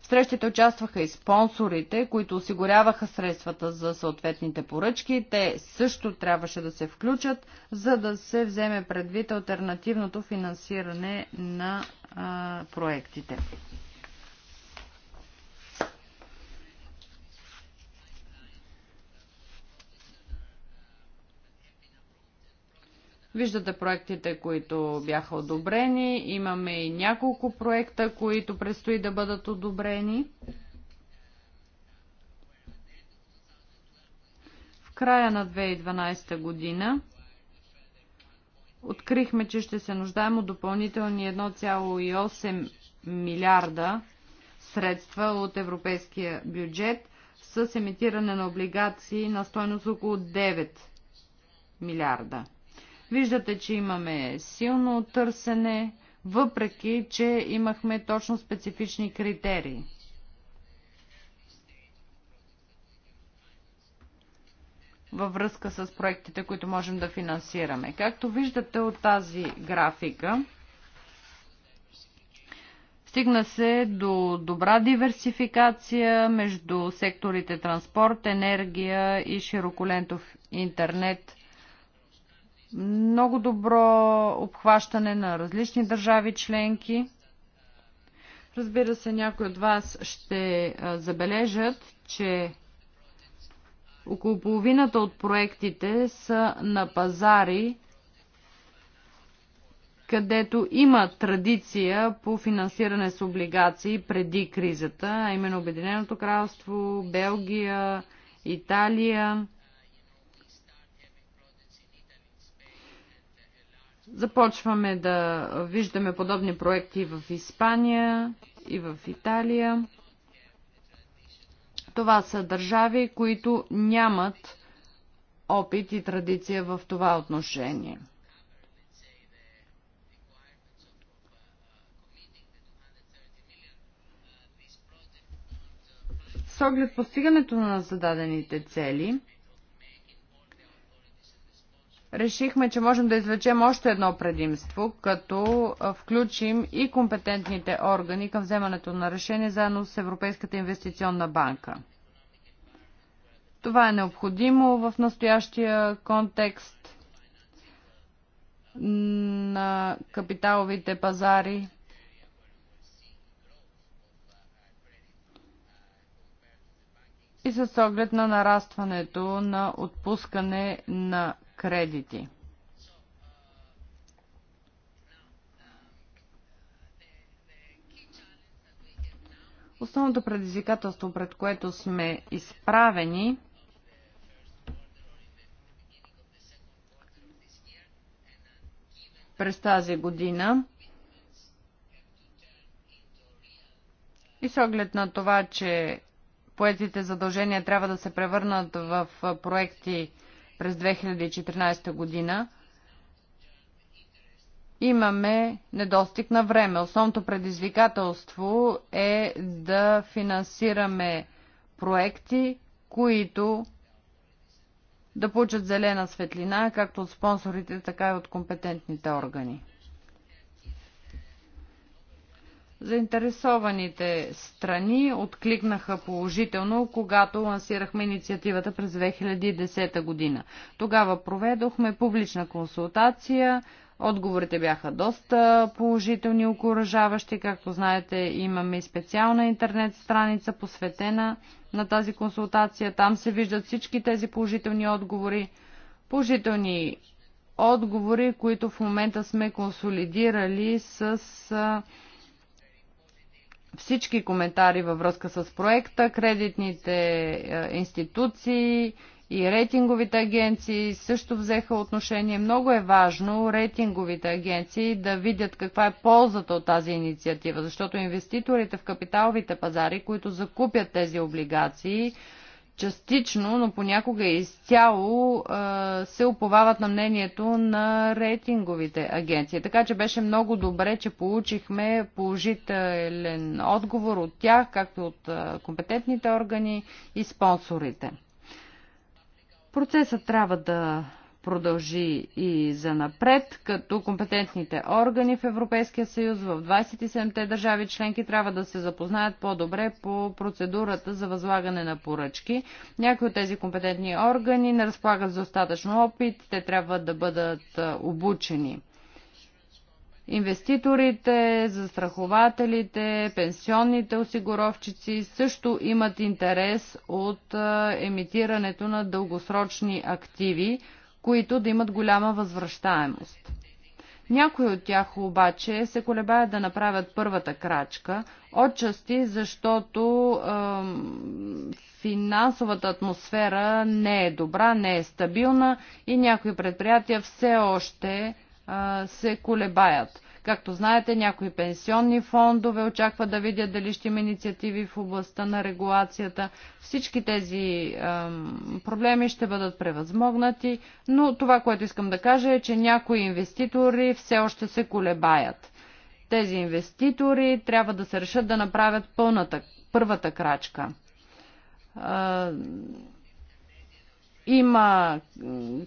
В срещите участваха и спонсорите, които осигуряваха средствата за съответните поръчки. Те също трябваше да се включат, за да се вземе предвид альтернативното финансиране на а, проектите. Виждате проектите, които бяха одобрени. Имаме и няколко проекта, които предстои да бъдат одобрени. В края на 2012 година открихме, че ще се нуждаем от допълнителни 1,8 милиарда средства от европейския бюджет с емитиране на облигации на стойност около 9 милиарда. Виждате, че имаме силно търсене, въпреки, че имахме точно специфични критерии. във връзка с проектите, които можем да финансираме. Както виждате от тази графика, стигна се до добра диверсификация между секторите транспорт, енергия и широколентов интернет много добро обхващане на различни държави членки. Разбира се, някои от вас ще забележат, че около половината от проектите са на пазари, където има традиция по финансиране с облигации преди кризата, а именно Обединеното кралство, Белгия, Италия. Започваме да виждаме подобни проекти в Испания и в Италия. Това са държави, които нямат опит и традиция в това отношение. С оглед постигането на зададените цели, решихме, че можем да извлечем още едно предимство, като включим и компетентните органи към вземането на решение заедно с Европейската инвестиционна банка. Това е необходимо в настоящия контекст на капиталовите пазари. и с оглед на нарастването на отпускане на кредити. Основното предизвикателство, пред което сме изправени, през тази година и с оглед на това, че поетите задължения трябва да се превърнат в проекти през 2014 година, имаме недостиг на време. Основното предизвикателство е да финансираме проекти, които да получат зелена светлина, както от спонсорите, така и от компетентните органи. Заинтересованите страни откликнаха положително, когато лансирахме инициативата през 2010 година. Тогава проведохме публична консултация. Отговорите бяха доста положителни и окоръжаващи. Както знаете, имаме и специална интернет страница, посветена на тази консултация. Там се виждат всички тези положителни отговори. Положителни отговори, които в момента сме консолидирали с всички коментари във връзка с проекта, кредитните е, институции и рейтинговите агенции също взеха отношение. Много е важно рейтинговите агенции да видят каква е ползата от тази инициатива, защото инвеститорите в капиталовите пазари, които закупят тези облигации, частично, но понякога изцяло се уповават на мнението на рейтинговите агенции. Така че беше много добре, че получихме положителен отговор от тях, както от компетентните органи и спонсорите. Процесът трябва да продължи и за напред, като компетентните органи в Европейския съюз в 27-те държави членки трябва да се запознаят по-добре по процедурата за възлагане на поръчки. Някои от тези компетентни органи не разполагат с достатъчно опит, те трябва да бъдат обучени инвеститорите, застрахователите, пенсионните осигуровчици също имат интерес от емитирането на дългосрочни активи, които да имат голяма възвръщаемост. Някои от тях обаче се колебаят да направят първата крачка, отчасти защото е, финансовата атмосфера не е добра, не е стабилна и някои предприятия все още е, се колебаят. Както знаете, някои пенсионни фондове очакват да видят дали ще има инициативи в областта на регулацията. Всички тези ем, проблеми ще бъдат превъзмогнати, но това, което искам да кажа е, че някои инвеститори все още се колебаят. Тези инвеститори трябва да се решат да направят пълната, първата крачка. Ем, има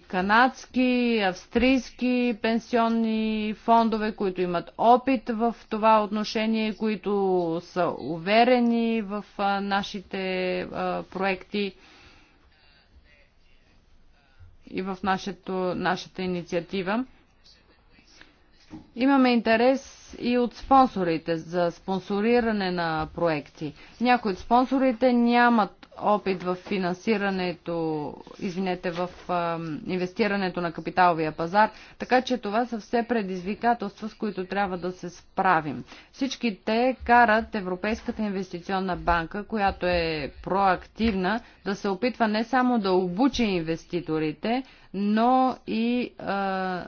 канадски, австрийски пенсионни фондове, които имат опит в това отношение, които са уверени в нашите проекти и в нашето, нашата инициатива. Имаме интерес и от спонсорите за спонсориране на проекти. Някои от спонсорите нямат опит в финансирането, извинете, в инвестирането на капиталовия пазар, така че това са все предизвикателства, с които трябва да се справим. Всички те карат Европейската инвестиционна банка, която е проактивна, да се опитва не само да обучи инвеститорите, но и а,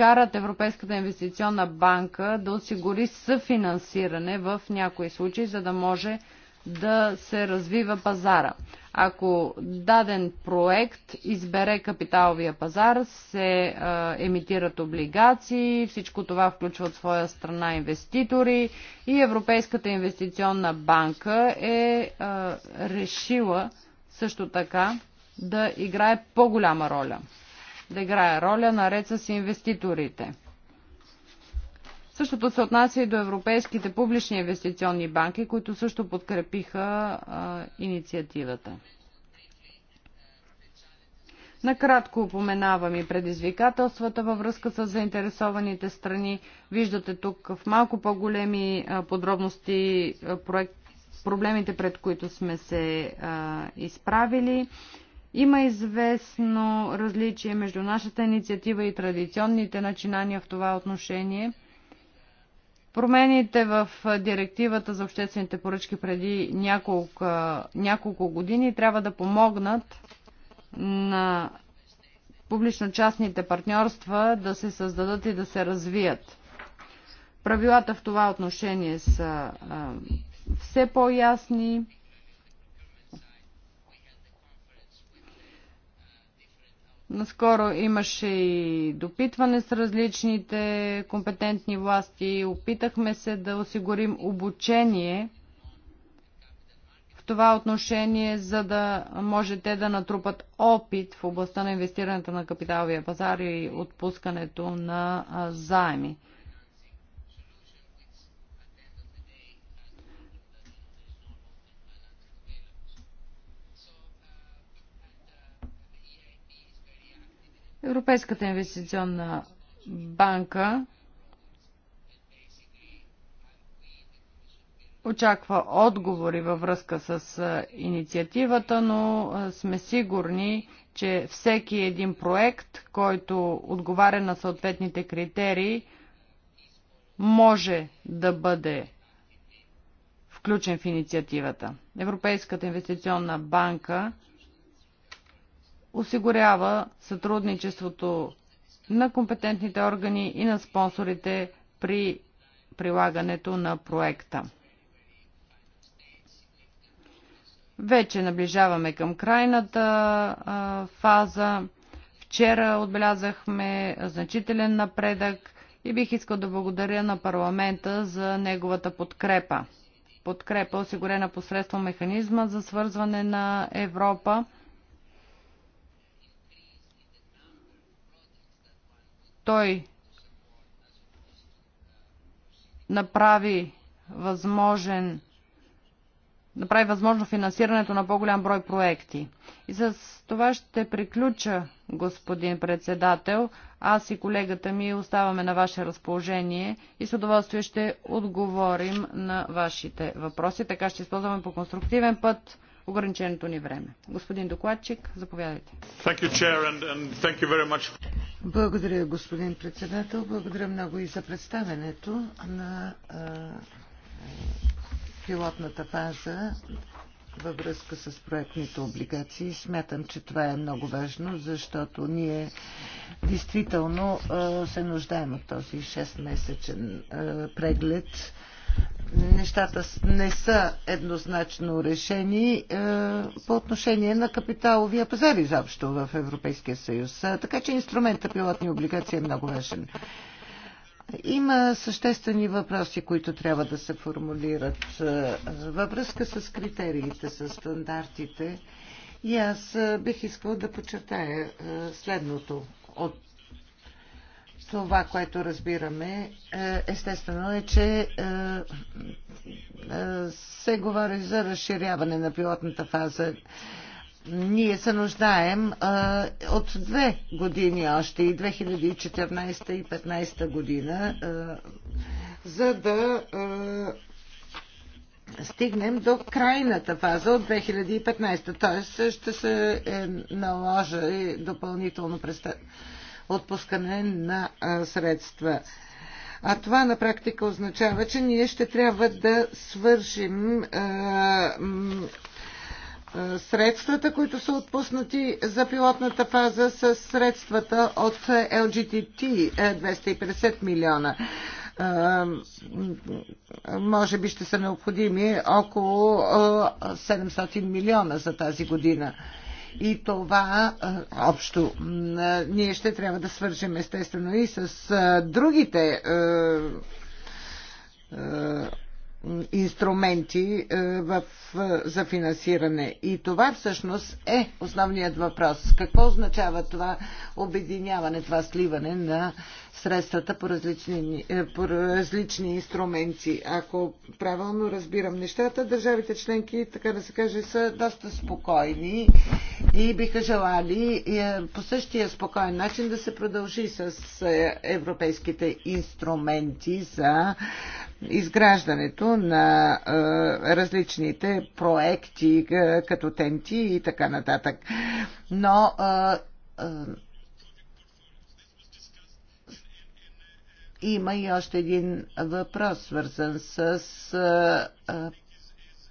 карат Европейската инвестиционна банка да осигури съфинансиране в някои случаи, за да може да се развива пазара. Ако даден проект избере капиталовия пазар, се е, емитират облигации, всичко това включва от своя страна инвеститори и Европейската инвестиционна банка е, е решила също така да играе по-голяма роля да играе роля наред с инвеститорите. Същото се отнася и до европейските публични инвестиционни банки, които също подкрепиха а, инициативата. Накратко упоменавам и предизвикателствата във връзка с заинтересованите страни. Виждате тук в малко по-големи подробности проект, проблемите, пред които сме се а, изправили. Има известно различие между нашата инициатива и традиционните начинания в това отношение. Промените в директивата за обществените поръчки преди няколко, няколко години трябва да помогнат на публично-частните партньорства да се създадат и да се развият. Правилата в това отношение са все по-ясни Наскоро имаше и допитване с различните компетентни власти. Опитахме се да осигурим обучение в това отношение, за да може те да натрупат опит в областта на инвестирането на капиталовия пазар и отпускането на заеми. Европейската инвестиционна банка очаква отговори във връзка с инициативата, но сме сигурни, че всеки един проект, който отговаря на съответните критерии, може да бъде включен в инициативата. Европейската инвестиционна банка осигурява сътрудничеството на компетентните органи и на спонсорите при прилагането на проекта. Вече наближаваме към крайната фаза. Вчера отбелязахме значителен напредък и бих искал да благодаря на парламента за неговата подкрепа. Подкрепа осигурена посредством механизма за свързване на Европа – Той направи възможен направи възможно финансирането на по-голям брой проекти. И с това ще приключа, господин председател. Аз и колегата ми оставаме на ваше разположение и с удоволствие ще отговорим на вашите въпроси. Така ще използваме по конструктивен път ограниченото ни време. Господин докладчик, заповядайте. Благодаря, господин председател. Благодаря много и за представенето на а, е, пилотната фаза във връзка с проектните облигации. Смятам, че това е много важно, защото ние действително се нуждаем от този 6-месечен преглед нещата не са еднозначно решени е, по отношение на капиталовия пазар изобщо в Европейския съюз. Е, така че инструмента пилотни облигации е много важен. Има съществени въпроси, които трябва да се формулират е, във връзка с критериите, с стандартите. И аз бих искал да подчертая следното от това, което разбираме, е, естествено е, че е, е, се говори за разширяване на пилотната фаза. Ние се нуждаем от две години още, и 2014 и 2015 година, за да стигнем до крайната фаза от 2015. Тоест ще се наложи допълнително представяне отпускане на средства. А това на практика означава, че ние ще трябва да свършим средствата, които са отпуснати за пилотната фаза с средствата от LGTT 250 е, милиона. Може би ще са необходими около 700 милиона за тази година. И това общо ние ще трябва да свържем естествено и с другите инструменти е, в, е, за финансиране. И това всъщност е основният въпрос. Какво означава това обединяване, това сливане на средствата по различни, е, по различни инструменти? Ако правилно разбирам нещата, държавите членки, така да се каже, са доста спокойни и биха желали по същия спокоен начин да се продължи с европейските инструменти за изграждането на е, различните проекти, е, като тенти и така нататък. Но е, е, има и още един въпрос, свързан с е, е,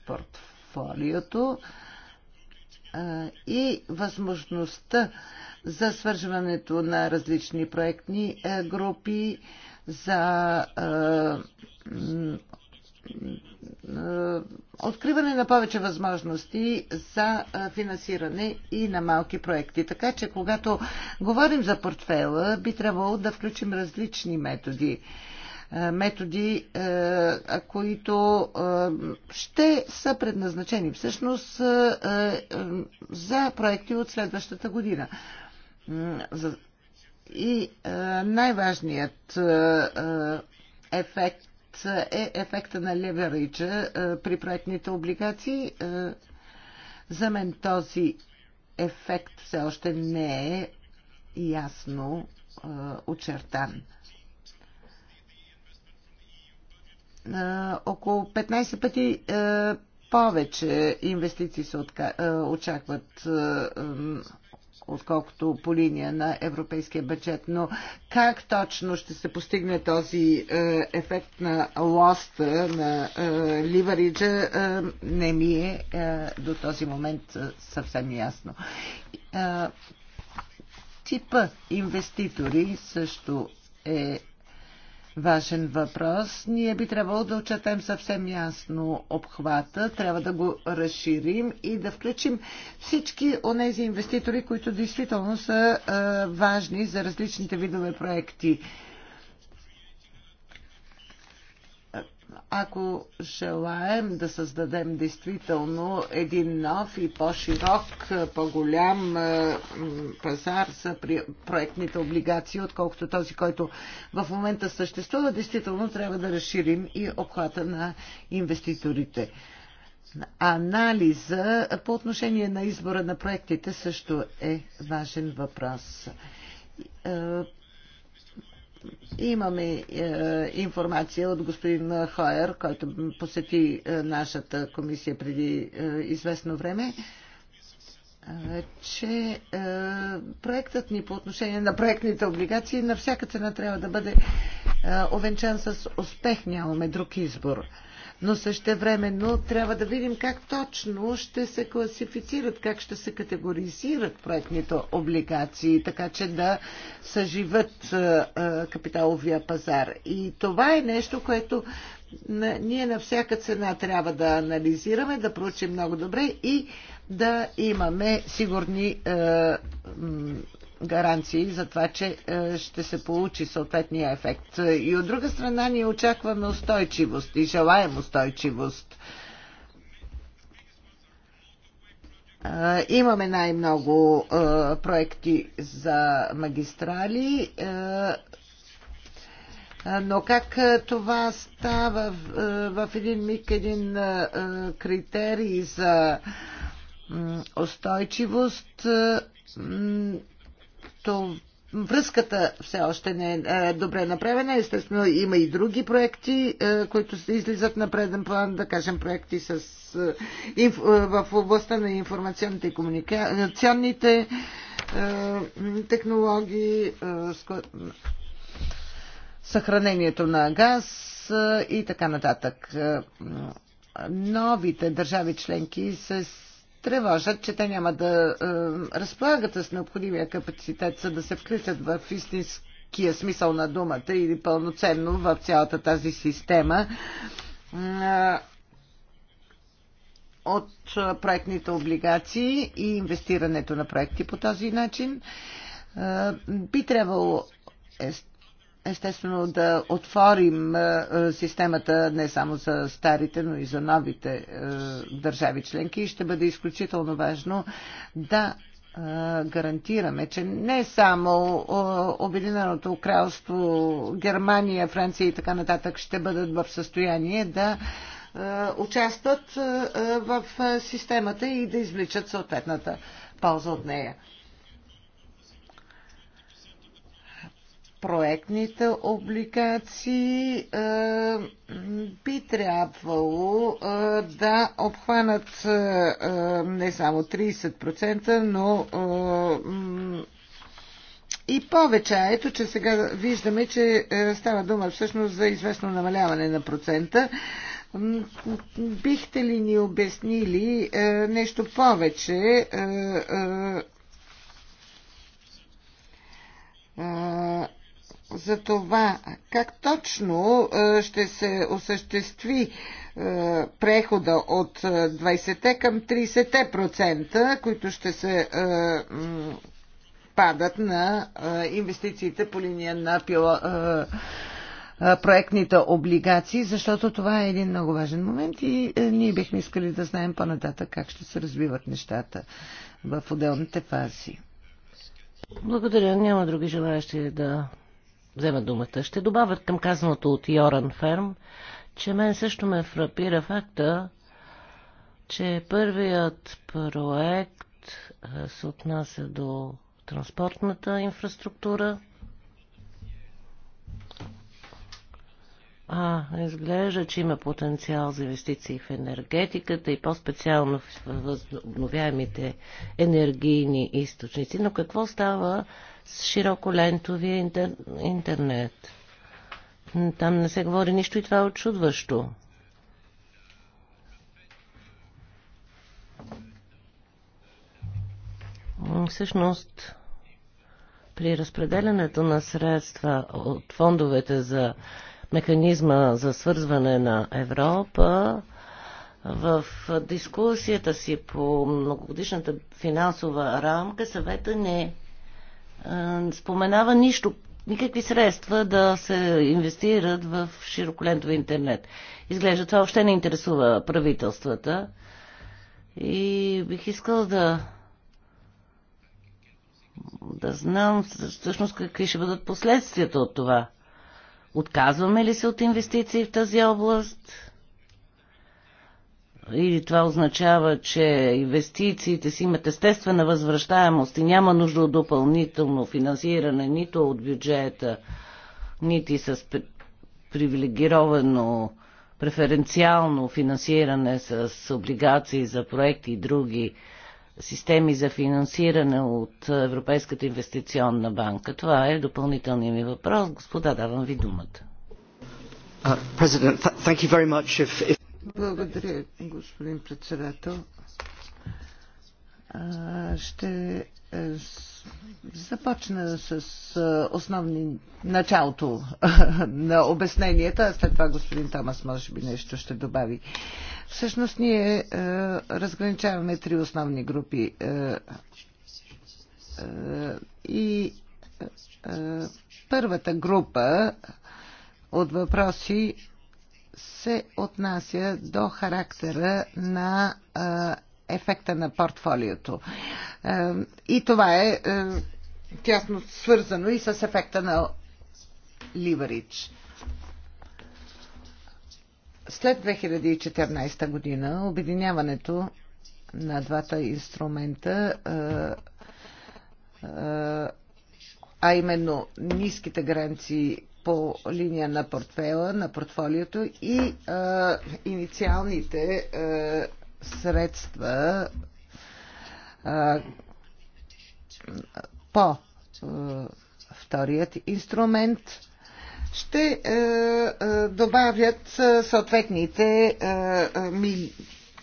портфолиото е, и възможността за свържването на различни проектни е, групи, за откриване на повече възможности за финансиране и на малки проекти. Така че, когато говорим за портфела, би трябвало да включим различни методи методи, които ще са предназначени всъщност за проекти от следващата година. И най-важният ефект е ефекта на леверича е, при проектните облигации. Е, за мен този ефект все още не е ясно е, очертан. Около 15 пъти повече инвестиции се очакват отколкото по линия на европейския бюджет. Но как точно ще се постигне този е, ефект на лост, е, на е, ливариджа, не ми е до този момент съвсем ясно. Типа инвеститори също е важен въпрос. Ние би трябвало да отчетем съвсем ясно обхвата, трябва да го разширим и да включим всички онези инвеститори, които действително са важни за различните видове проекти ако желаем да създадем действително един нов и по-широк, по-голям е, пазар за проектните облигации, отколкото този, който в момента съществува, действително трябва да разширим и обхвата на инвеститорите. Анализа по отношение на избора на проектите също е важен въпрос е, Имаме е, информация от господин Хоер, който посети е, нашата комисия преди е, известно време, е, че е, проектът ни по отношение на проектните облигации на всяка цена трябва да бъде е, овенчан с успех. Нямаме друг избор но същевременно трябва да видим как точно ще се класифицират, как ще се категоризират проектните облигации, така че да съживат капиталовия пазар. И това е нещо, което ние на всяка цена трябва да анализираме, да проучим много добре и да имаме сигурни гаранции за това, че е, ще се получи съответния ефект. И от друга страна ние очакваме устойчивост и желаем устойчивост. Е, имаме най-много е, проекти за магистрали, но как това става в един миг, един критерий за устойчивост защото връзката все още не е, е добре направена. Естествено, има и други проекти, е, които се излизат на преден план, да кажем проекти с, е, в областта на информационните и комуникационните технологии, съхранението на газ и така нататък. Новите държави членки се тревожат, че те няма да е, разполагат с необходимия капацитет, за да се включат в истинския смисъл на думата или пълноценно в цялата тази система е, от проектните облигации и инвестирането на проекти по този начин. Е, би трябвало е, естествено да отворим е, е, системата не само за старите, но и за новите е, държави членки. И ще бъде изключително важно да гарантираме, че не само Обединеното кралство, Германия, Франция и така нататък ще бъдат в състояние да участват в системата и да извличат съответната полза от нея. проектните облигации е, би трябвало е, да обхванат е, не само 30%, но и повече. Ето, че сега виждаме, че става дума всъщност за известно намаляване на процента. Бихте ли ни обяснили нещо повече? за това как точно е, ще се осъществи е, прехода от 20-те е, към 30-те процента, които ще се падат на инвестициите по линия на проектните облигации, защото това е един много важен момент и ние бихме искали да знаем по-нататък как ще се развиват нещата в отделните фази. Благодаря. Няма други желаящи да взема думата. Ще добавя към казаното от Йоран Ферм, че мен също ме фрапира факта, че първият проект се отнася до транспортната инфраструктура, а изглежда, че има потенциал за инвестиции в енергетиката и по-специално в възобновяемите енергийни източници. Но какво става с лентовия интер... интернет. Там не се говори нищо и това е очудващо. Всъщност, при разпределянето на средства от фондовете за механизма за свързване на Европа, в дискусията си по многогодишната финансова рамка съвета не споменава нищо, никакви средства да се инвестират в широколентов интернет. Изглежда това въобще не интересува правителствата. И бих искал да да знам всъщност какви ще бъдат последствията от това. Отказваме ли се от инвестиции в тази област? или това означава, че инвестициите си имат естествена възвръщаемост и няма нужда от допълнително финансиране нито от бюджета, нито с привилегировано преференциално финансиране с облигации за проекти и други системи за финансиране от Европейската инвестиционна банка. Това е допълнителният ми въпрос. Господа, давам ви думата. Uh, благодаря, господин председател. Ще е, започна с е, основни началото на обясненията, а след това господин Томас може би нещо ще добави. Всъщност ние е, разграничаваме три основни групи и първата група от въпроси се отнася до характера на ефекта на портфолиото. И това е тясно свързано и с ефекта на ливарич. След 2014 година обединяването на двата инструмента, а именно ниските гаранции по линия на портфела, на портфолиото и а, инициалните а, средства а, по а, вторият инструмент ще а, добавят съответните а, а,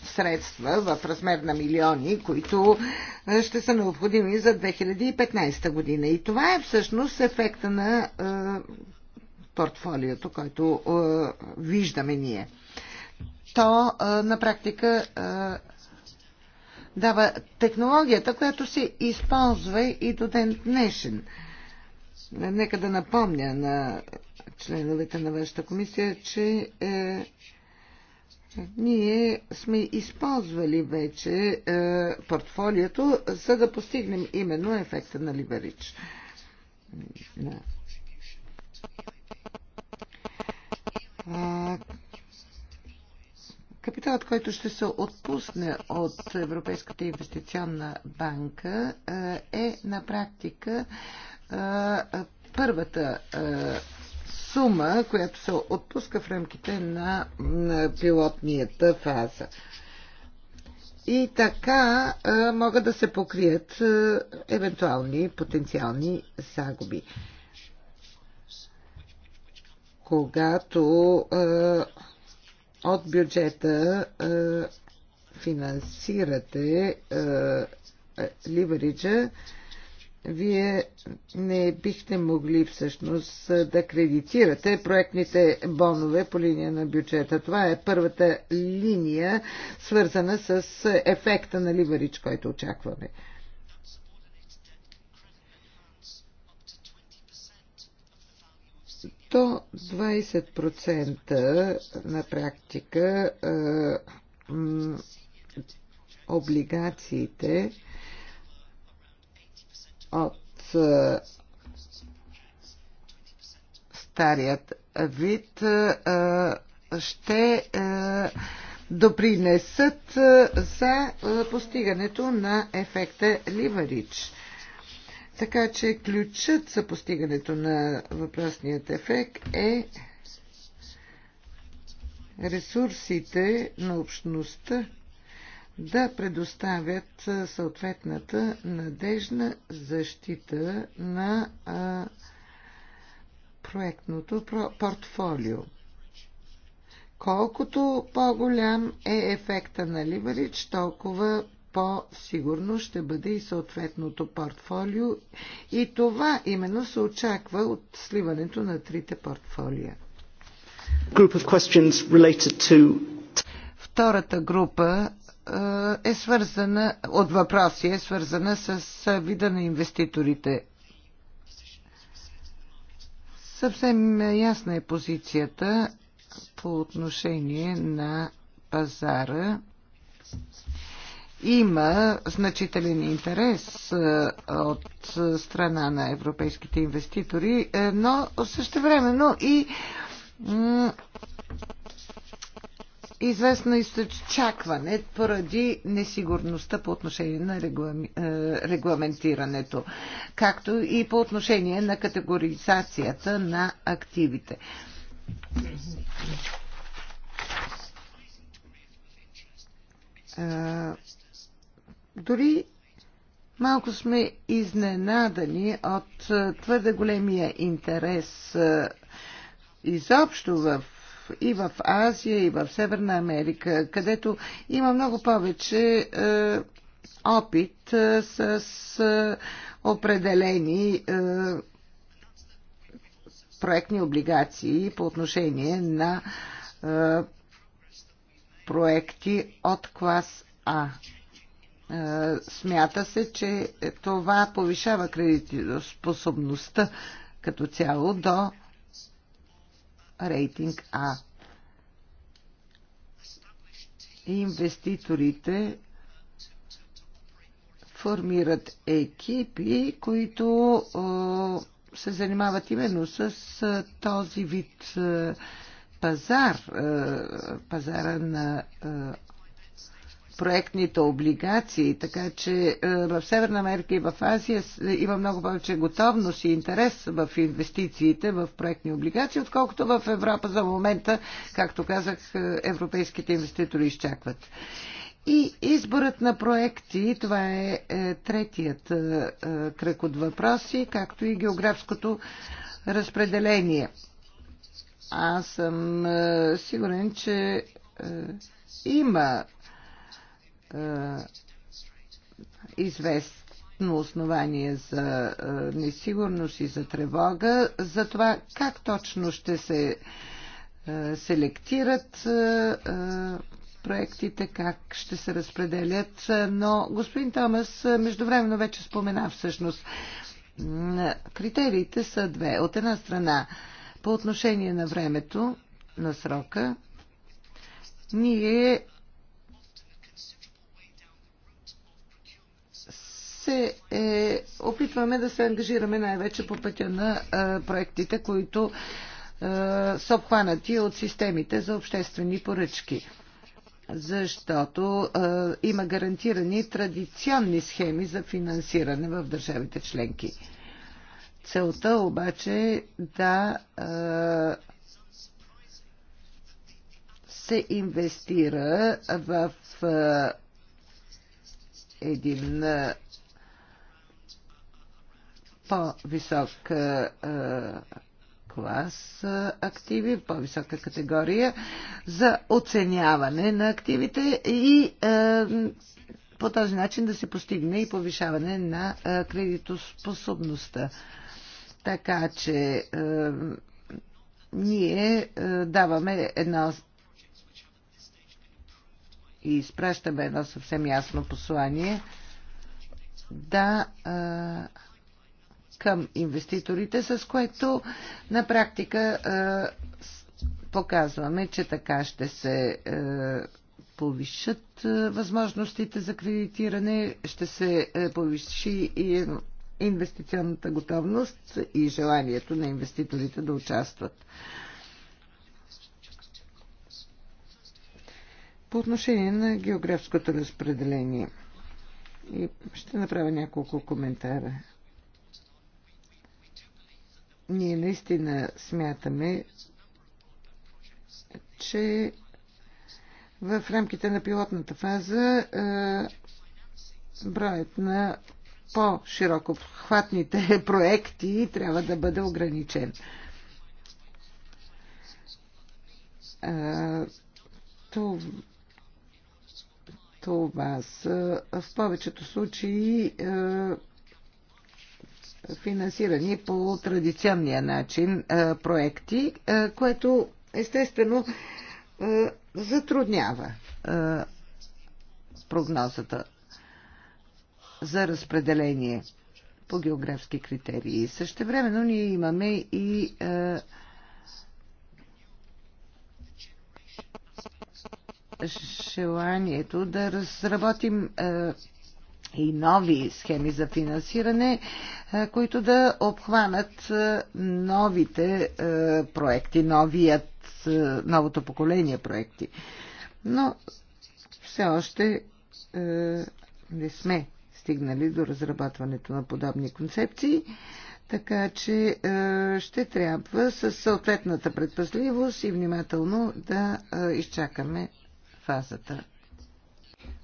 средства в размер на милиони, които ще са необходими за 2015 година. И това е всъщност ефекта на портфолиото, който е, виждаме ние. То е, на практика е, дава технологията, която се използва и до ден днешен. Нека да напомня на членовете на вашата комисия, че е, ние сме използвали вече е, портфолиото, за да постигнем именно ефекта на Либерич. Да. Капиталът, който ще се отпусне от Европейската инвестиционна банка е на практика първата сума, която се отпуска в рамките на пилотнията фаза. И така могат да се покрият евентуални потенциални загуби когато е, от бюджета е, финансирате е, ливериджа, вие не бихте могли всъщност да кредитирате проектните бонове по линия на бюджета. Това е първата линия, свързана с ефекта на ливарич, който очакваме. 120% на практика облигациите от старият вид ще допринесат за постигането на ефекта Ливарич. Така че ключът за постигането на въпросният ефект е ресурсите на общността да предоставят съответната надежна защита на а, проектното портфолио. Колкото по-голям е ефекта на ливарич, толкова по-сигурно ще бъде и съответното портфолио. И това именно се очаква от сливането на трите портфолия. To... Втората група е, е свързана, от въпроси е свързана с вида на инвеститорите. Съвсем ясна е позицията по отношение на пазара има значителен интерес е, от страна на европейските инвеститори, е, но същевременно и известно изчакване поради несигурността по отношение на е, регламентирането, както и по отношение на категоризацията на активите. Uh дори малко сме изненадани от е, твърде големия интерес е, изобщо в и в Азия, и в Северна Америка, където има много повече е, опит е, с е, определени е, проектни облигации по отношение на е, проекти от клас А. Е, смята се, че това повишава кредитоспособността като цяло до рейтинг А. Инвеститорите формират екипи, които е, се занимават именно с е, този вид пазар, пазара на проектните облигации, така че е, в Северна Америка и в Азия е, има много повече готовност и интерес в инвестициите в проектни облигации, отколкото в Европа за момента, както казах, е, европейските инвеститори изчакват. И изборът на проекти, това е, третият кръг от въпроси, както и географското разпределение. Аз съм сигурен, че има е, известно основание за е, несигурност и за тревога за това как точно ще се е, селектират проектите, как ще се разпределят. Но господин Томас междувременно вече спомена всъщност. Критериите са две. От една страна, по отношение на времето, на срока, ние се е, опитваме да се ангажираме най-вече по пътя на е, проектите, които е, са обхванати от системите за обществени поръчки. Защото е, има гарантирани традиционни схеми за финансиране в държавите членки. Целта обаче е да е, се инвестира в е, един по-висок е, клас е, активи, по-висока категория за оценяване на активите и е, по този начин да се постигне и повишаване на кредитоспособността. Така че ние даваме едно и изпращаме едно съвсем ясно послание да към инвеститорите, с което на практика е, показваме, че така ще се е, повишат е, възможностите за кредитиране, ще се повиши и инвестиционната готовност и желанието на инвеститорите да участват. По отношение на географското разпределение. И ще направя няколко коментара. Ние наистина смятаме, че в рамките на пилотната фаза е, броят на по-широко хватните проекти трябва да бъде ограничен. Е, това са в повечето случаи е, финансирани по традиционния начин проекти, което естествено затруднява прогнозата за разпределение по географски критерии. Също ние имаме и желанието да разработим и нови схеми за финансиране, е, които да обхванат е, новите е, проекти, новият, новото поколение проекти. Но все още не сме стигнали до разработването на подобни концепции, така че ще трябва с съответната предпазливост и внимателно да изчакаме фазата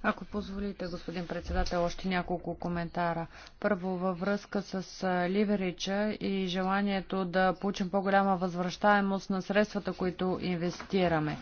ако позволите, господин председател, още няколко коментара. Първо, във връзка с ливерича и желанието да получим по-голяма възвръщаемост на средствата, които инвестираме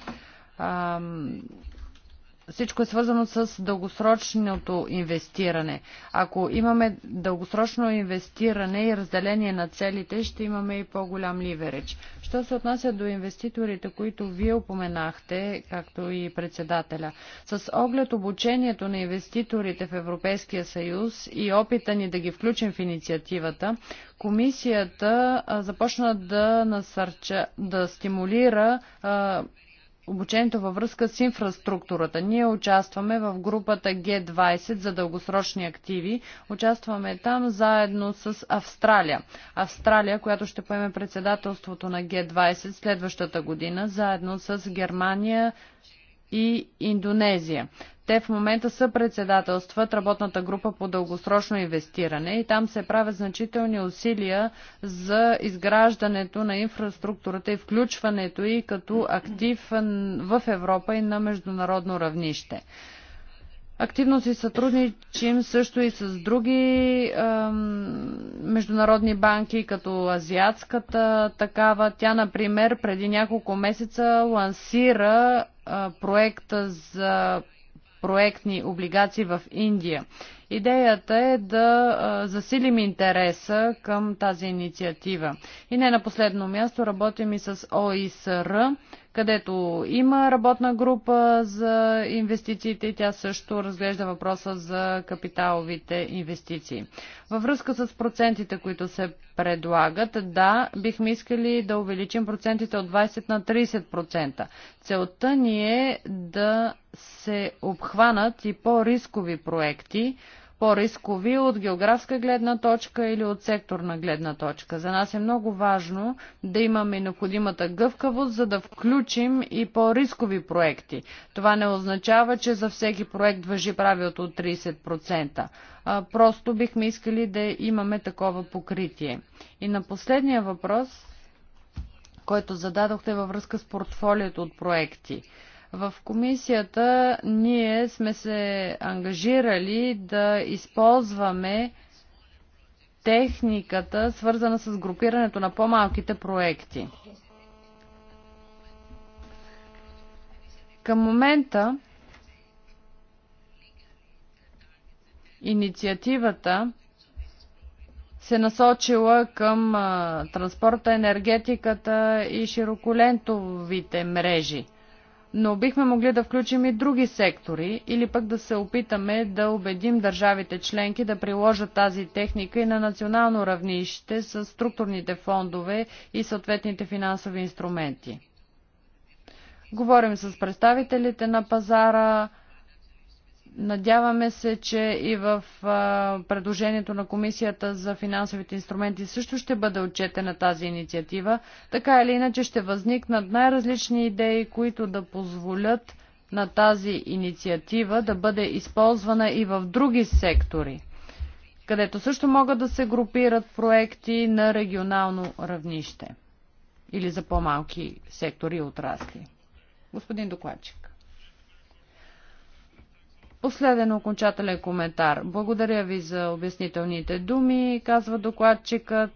всичко е свързано с дългосрочното инвестиране. Ако имаме дългосрочно инвестиране и разделение на целите, ще имаме и по-голям ливереч. Що се отнася до инвеститорите, които вие упоменахте, както и председателя, с оглед обучението на инвеститорите в Европейския съюз и опита ни да ги включим в инициативата, комисията започна да, насърча, да стимулира обучението във връзка с инфраструктурата. Ние участваме в групата G20 за дългосрочни активи. Участваме там заедно с Австралия. Австралия, която ще поеме председателството на G20 следващата година, заедно с Германия и Индонезия. Те в момента са председателстват работната група по дългосрочно инвестиране и там се правят значителни усилия за изграждането на инфраструктурата и включването и като актив в Европа и на международно равнище. Активно си сътрудничим също и с други ем, международни банки, като Азиатската такава. Тя, например, преди няколко месеца лансира е, проекта за проектни облигации в Индия. Идеята е да засилим интереса към тази инициатива. И не на последно място работим и с ОИСР където има работна група за инвестициите и тя също разглежда въпроса за капиталовите инвестиции. Във връзка с процентите, които се предлагат, да, бихме искали да увеличим процентите от 20 на 30%. Целта ни е да се обхванат и по-рискови проекти, по-рискови от географска гледна точка или от секторна гледна точка. За нас е много важно да имаме необходимата гъвкавост, за да включим и по-рискови проекти. Това не означава, че за всеки проект въжи правилото от 30%. Просто бихме искали да имаме такова покритие. И на последния въпрос, който зададохте във връзка с портфолиото от проекти. В комисията ние сме се ангажирали да използваме техниката, свързана с групирането на по-малките проекти. Към момента инициативата се насочила към транспорта, енергетиката и широколентовите мрежи – но бихме могли да включим и други сектори или пък да се опитаме да убедим държавите членки да приложат тази техника и на национално равнище с структурните фондове и съответните финансови инструменти. Говорим с представителите на пазара, Надяваме се, че и в предложението на Комисията за финансовите инструменти също ще бъде отчетена тази инициатива. Така или иначе ще възникнат най-различни идеи, които да позволят на тази инициатива да бъде използвана и в други сектори, където също могат да се групират проекти на регионално равнище или за по-малки сектори и отрасли. Господин докладчик. Последен окончателен коментар. Благодаря ви за обяснителните думи, казва докладчикът.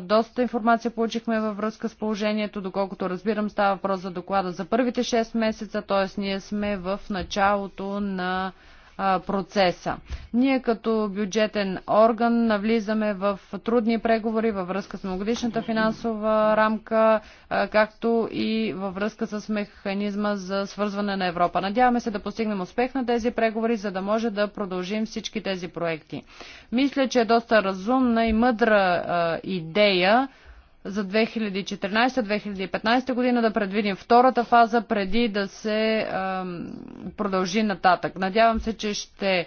Доста информация получихме във връзка с положението. Доколкото разбирам, става въпрос за доклада за първите 6 месеца, т.е. ние сме в началото на процеса. Ние като бюджетен орган навлизаме в трудни преговори във връзка с многогодишната финансова рамка, както и във връзка с механизма за свързване на Европа. Надяваме се да постигнем успех на тези преговори, за да може да продължим всички тези проекти. Мисля, че е доста разумна и мъдра идея за 2014-2015 година да предвидим втората фаза преди да се продължи нататък. Надявам се, че ще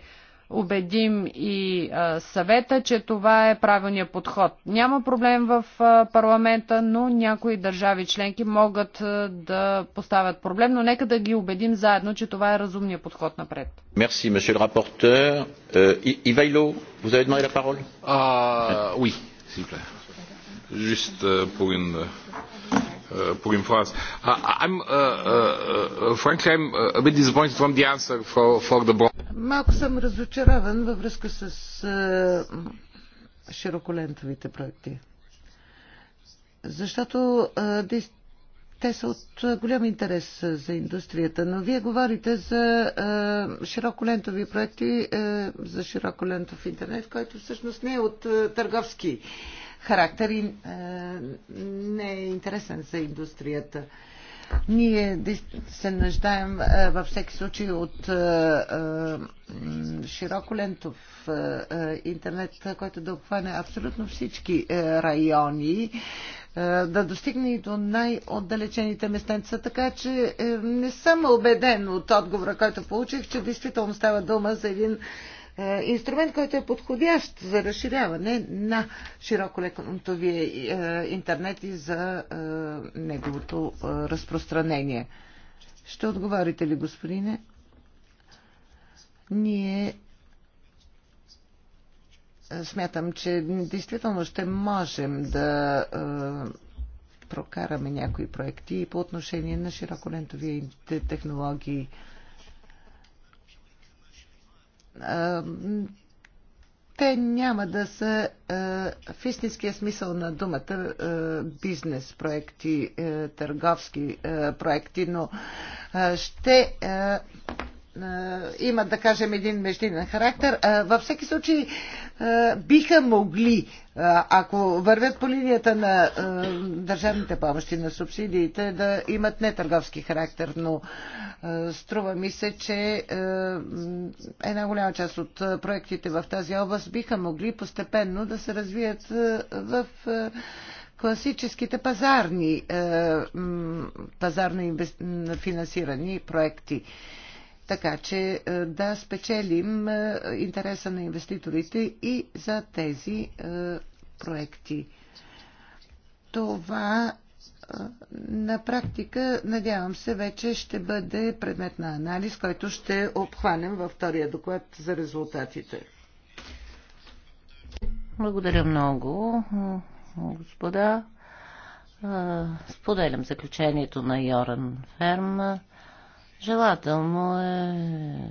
убедим и съвета, че това е правилният подход. Няма проблем в парламента, но някои държави членки могат да поставят проблем, но нека да ги убедим заедно, че това е разумният подход напред. Мерси, monsieur рапортер. Ивайло, Euh, Ivailo, vous avez demandé la Juste pour une, pour une phrase. I'm, uh, uh, uh, frankly, I'm a bit disappointed from the answer for, for the Малко съм разочарован във връзка с uh, широколентовите проекти. Защото uh, те са от голям интерес за индустрията, но вие говорите за е, широколентови проекти, е, за широколентов интернет, който всъщност не е от е, търговски характер и е, не е интересен за индустрията. Ние се нуждаем е, във всеки случай от е, широко широколентов интернет, който да обхване абсолютно всички райони, да достигне и до най-отдалечените местенца. Така че не съм убеден от отговора, който получих, че действително става дума за един е, инструмент, който е подходящ за разширяване на широколентовия е, интернет и за е, неговото разпространение. Ще отговорите ли, господине? Ние смятам, че действително ще можем да прокараме някои проекти по отношение на широколентови технологии те няма да са е, в истинския смисъл на думата е, бизнес проекти, е, търговски проекти, но ще е, имат, да кажем, един междинен характер. Е, във всеки случай е, биха могли, ако вървят по линията на държавните помощи, на субсидиите, да имат нетърговски характер, но струва ми се, че една голяма част от проектите в тази област биха могли постепенно да се развият в класическите пазарни, пазарно финансирани проекти така че е, да спечелим е, интереса на инвеститорите и за тези е, проекти. Това на практика, надявам се, вече ще бъде предмет на анализ, който ще обхванем във втория доклад за резултатите. Благодаря много, господа. Споделям заключението на Йоран Ферма. Желателно е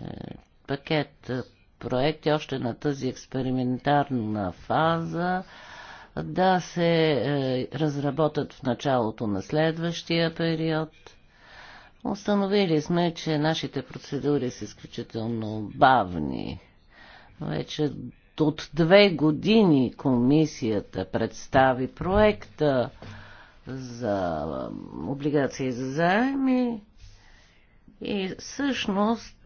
пакет проекти още на тази експериментарна фаза да се е, разработят в началото на следващия период. Установили сме, че нашите процедури са изключително бавни. Вече от две години комисията представи проекта за облигации за заеми и всъщност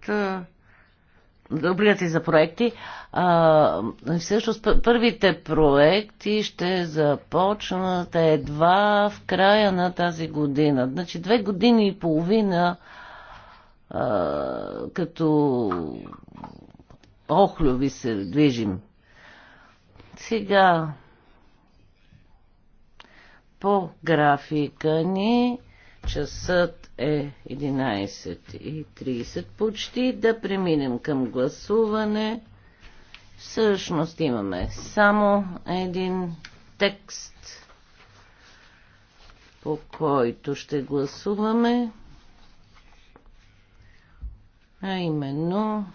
Добрията и за проекти. А, всъщност първите проекти ще започнат едва в края на тази година. Значи две години и половина а, като охлюви се движим. Сега по графика ни часът е 11.30 почти. Да преминем към гласуване. Всъщност имаме само един текст, по който ще гласуваме. А именно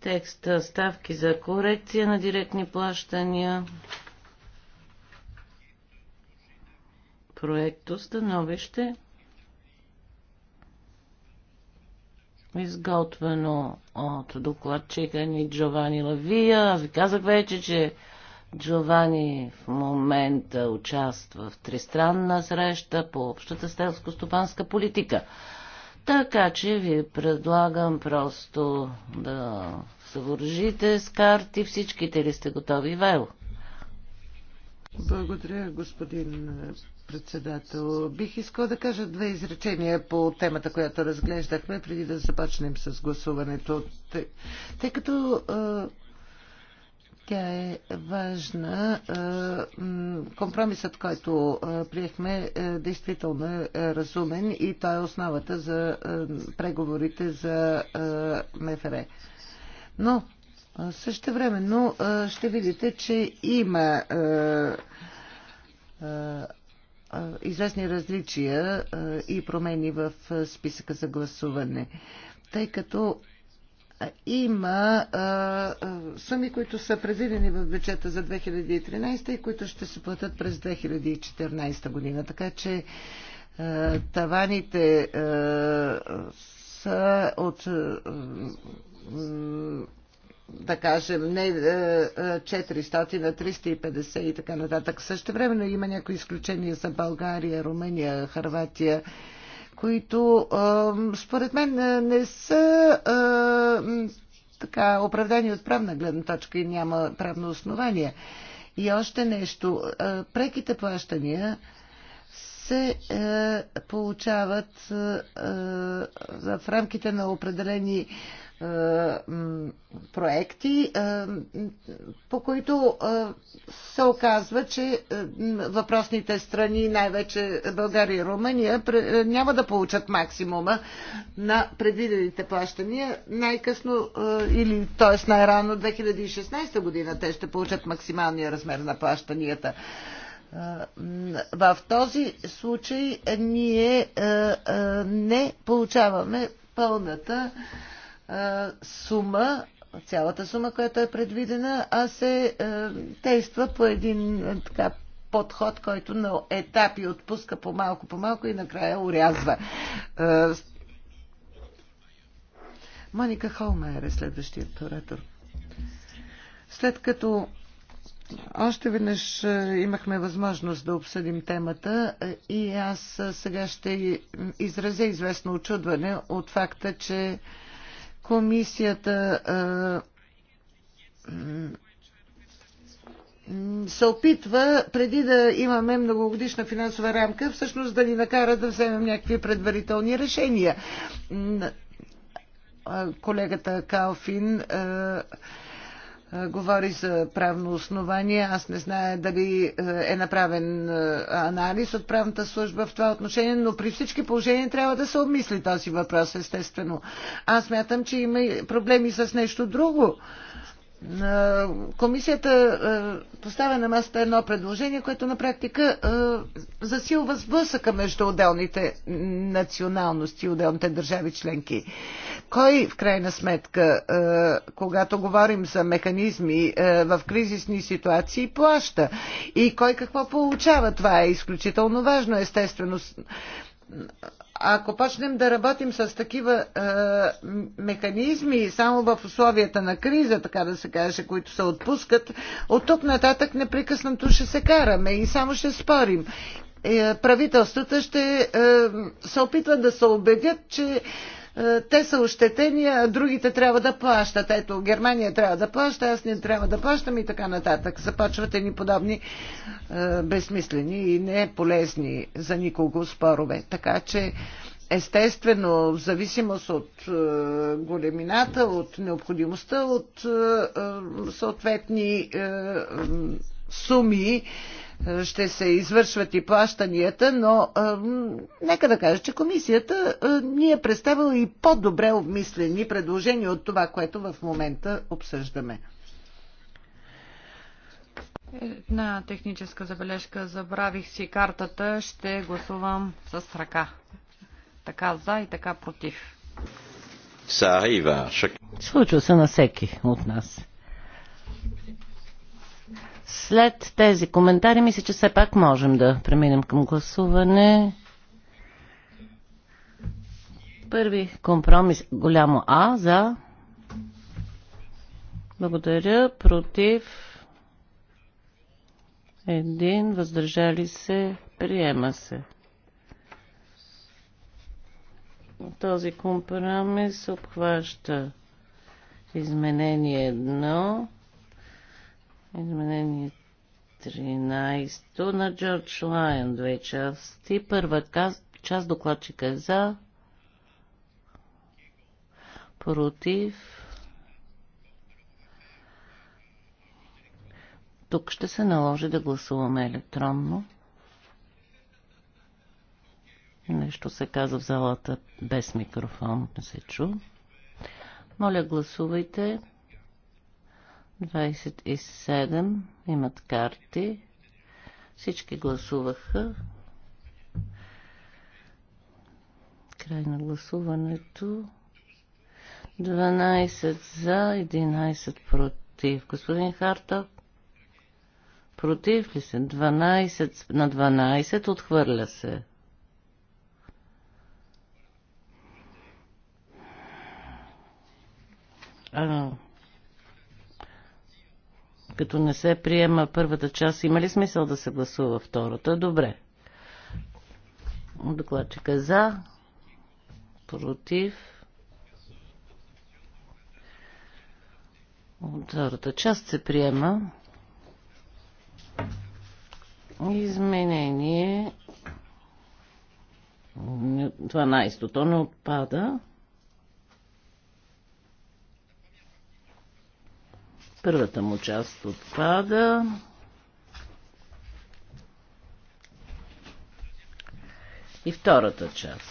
текста ставки за корекция на директни плащания. проекто становище, изготвено от докладчика ни Джовани Лавия. Аз ви казах вече, че Джовани в момента участва в тристранна среща по общата стелско стопанска политика. Така че ви предлагам просто да се с карти. Всичките ли сте готови, Вайло? Благодаря, господин председател. Бих искала да кажа две изречения по темата, която разглеждахме, преди да започнем с гласуването. Тъй като тя е важна. Компромисът, който приехме, е действително е разумен и той е основата за преговорите за МФР. Но също времено ще видите, че има известни различия и промени в списъка за гласуване, тъй като има суми, които са предвидени в бюджета за 2013 и които ще се платят през 2014 година. Така че таваните са от да кажем, не 400 на 350 и така нататък. Също времено има някои изключения за България, Румъния, Харватия, които е, според мен е, не са е, така оправдани от правна гледна точка и няма правно основание. И още нещо. Преките плащания се получават в рамките на определени е, проекти, е, по които е, се оказва, че въпросните страни, най-вече България и Румъния, няма да получат максимума на предвидените плащания. Най-късно или т.е. най-рано 2016 година те ще получат максималния размер на плащанията. В този случай ние не получаваме пълната сума, цялата сума, която е предвидена, а се действа по един така подход, който на етапи отпуска по малко, по малко и накрая урязва. Моника Холмайер е следващият оратор. След като още веднъж имахме възможност да обсъдим темата и аз сега ще изразя известно очудване от факта, че Комисията се опитва, преди да имаме многогодишна финансова рамка, всъщност да ни накара да вземем някакви предварителни решения. Колегата Калфин говори за правно основание. Аз не зная дали е, е направен е, анализ от правната служба в това отношение, но при всички положения трябва да се обмисли този въпрос, естествено. Аз мятам, че има и проблеми с нещо друго. Комисията е, поставя на масата едно предложение, което на практика засилва сблъсъка между отделните националности и отделните държави членки. Кой в крайна сметка, е, когато говорим за механизми е, в кризисни ситуации, плаща? И кой какво получава? Това е изключително важно, естествено ако почнем да работим с такива е, механизми само в условията на криза, така да се каже, които се отпускат, от тук нататък непрекъснато ще се караме и само ще спорим. Е, правителствата ще е, се опитват да се убедят, че е, те са ощетени, а другите трябва да плащат. Ето, Германия трябва да плаща, аз не трябва да плащам и така нататък. Започват ни подобни е, безсмислени и не полезни за никого спорове. Така че, естествено, в зависимост от е, големината, от необходимостта, от е, е съответни е, суми, ще се извършват и плащанията, но а, нека да кажа, че комисията а, ни е представила и по-добре обмислени предложения от това, което в момента обсъждаме. Една техническа забележка. Забравих си картата. Ще гласувам с ръка. Така за и така против. Случва се на всеки от нас. След тези коментари мисля, че все пак можем да преминем към гласуване. Първи компромис голямо А за. Благодаря. Против. Един. Въздържали се. Приема се. Този компромис обхваща изменение 1 Изменение 13 на Джордж Лайон, две части. Първа част докладчика е за, против. Тук ще се наложи да гласуваме електронно. Нещо се каза в залата без микрофон, не се чу. Моля, гласувайте. 27 имат карти. Всички гласуваха. Край на гласуването. 12 за, 11 против. Господин Хартов, против ли се? 12 на 12 отхвърля се. А, като не се приема първата част, има ли смисъл да се гласува втората? Добре. Докладчика е за, против. втората част се приема изменение Това най-стото не отпада. Първата му част отпада. И втората част.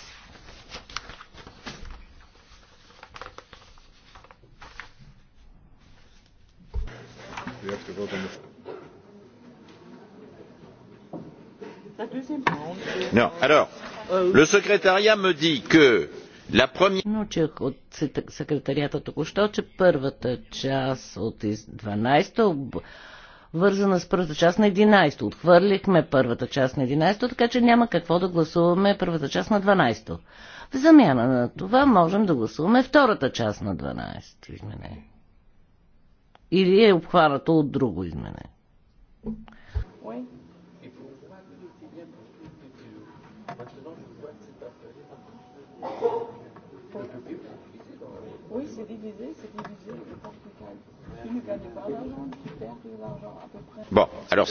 Non. alors le secrétariat me dit que Научих от секретарията току-що, че първата част от 12-та вързана с първата част на 11 то Отхвърлихме първата част на 11 то така че няма какво да гласуваме първата част на 12 то В замяна на това можем да гласуваме втората част на 12 то изменение. Или е обхванато от друго изменение. Thank Oui, c'est divisé, c'est divisé. Je pense il ne gagne pas d'argent, il perd de l'argent à peu près. Bon, alors,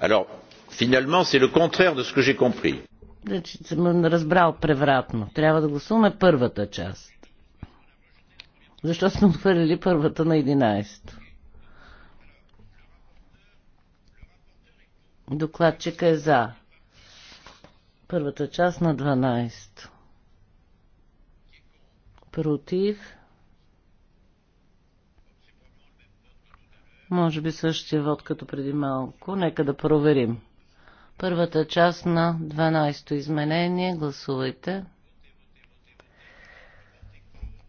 alors finalement, c'est le contraire de ce que j'ai compris. Значи съм разбрал превратно. Трябва да гласуваме първата част. Защо сме отхвърлили първата на 11? Докладчика е за. Първата част на 12. то против. Може би същия вод като преди малко. Нека да проверим. Първата част на 12-то изменение. Гласувайте.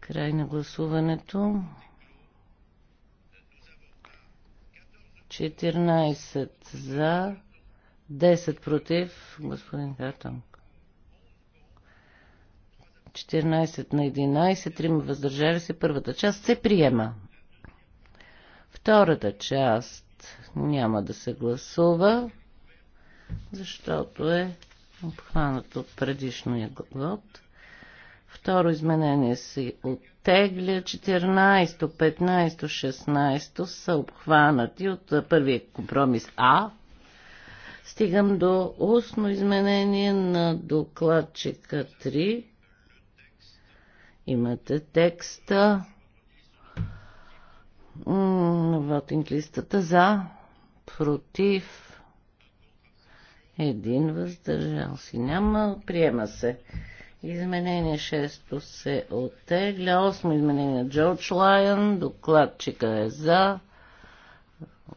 Край на гласуването. 14 за, 10 против. Господин Хартон. 14 на 11, 3 въздържали се. Първата част се приема. Втората част няма да се гласува, защото е обхванат от предишния год. Второ изменение се оттегля. 14, 15, 16 са обхванати от първия компромис А. Стигам до устно изменение на докладчика 3 Имате текста. Вотинг листата за, против, един въздържал си няма. Приема се. Изменение 6 се оттегля. 8 изменение Джордж Лайън. Докладчика е за.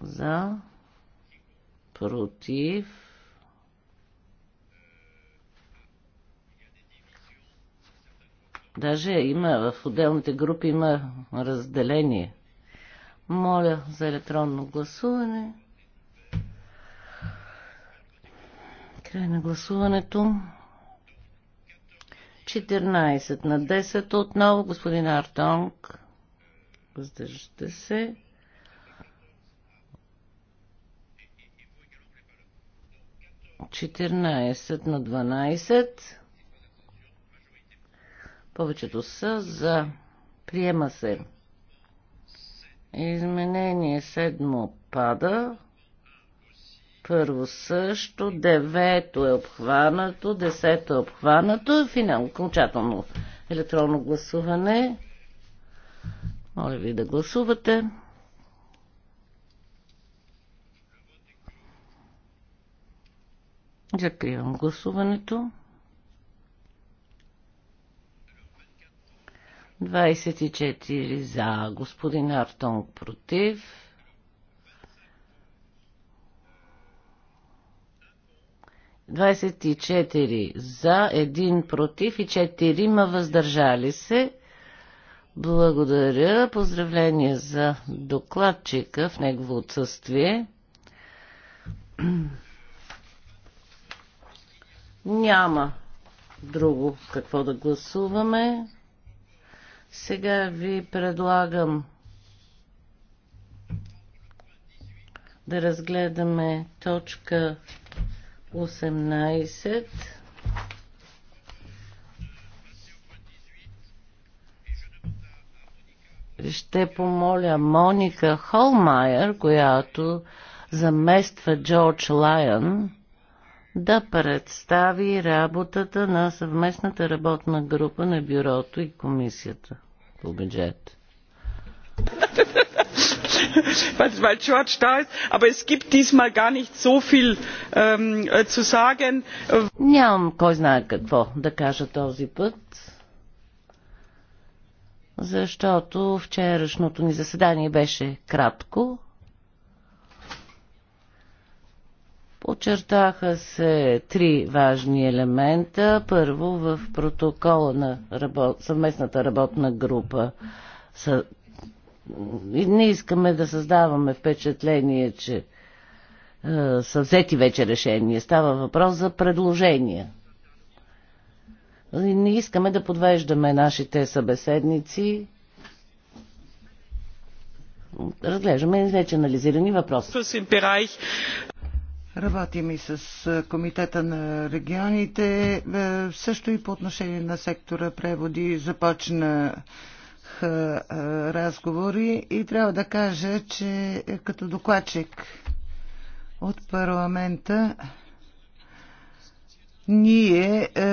За. Против. Даже има, в отделните групи има разделение. Моля за електронно гласуване. Край на гласуването. 14 на 10 отново. Господин Артонг. Въздържате се. Четиринайсет на дванайсет. Повечето са за. Приема се. Изменение седмо пада. Първо също. Девето е обхванато. Десето е обхванато. Финал, окончателно електронно гласуване. Моля ви да гласувате. Закривам гласуването. 24 за. Господин Артон против. Двадесет и четири за, един против и четирима въздържали се. Благодаря. Поздравление за докладчика в негово отсъствие. Няма друго какво да гласуваме. Сега ви предлагам да разгледаме точка 18. Ще помоля Моника Холмайер, която замества Джордж Лайън, да представи работата на съвместната работна група на бюрото и комисията по бюджет. Weil George da ist, aber es gibt diesmal gar nicht so viel ähm, äh, zu sagen. Нямам кой знае какво да кажа този път, защото вчерашното ни заседание беше кратко, Очертаха се три важни елемента. Първо в протокола на работ... съвместната работна група. Са... Не искаме да създаваме впечатление, че е, са взети вече решения. Става въпрос за предложения. И не искаме да подвеждаме нашите събеседници. Разглеждаме вече анализирани въпроси. Работим и с Комитета на регионите, също и по отношение на сектора преводи започна разговори и трябва да кажа, че е, като докладчик от парламента ние е,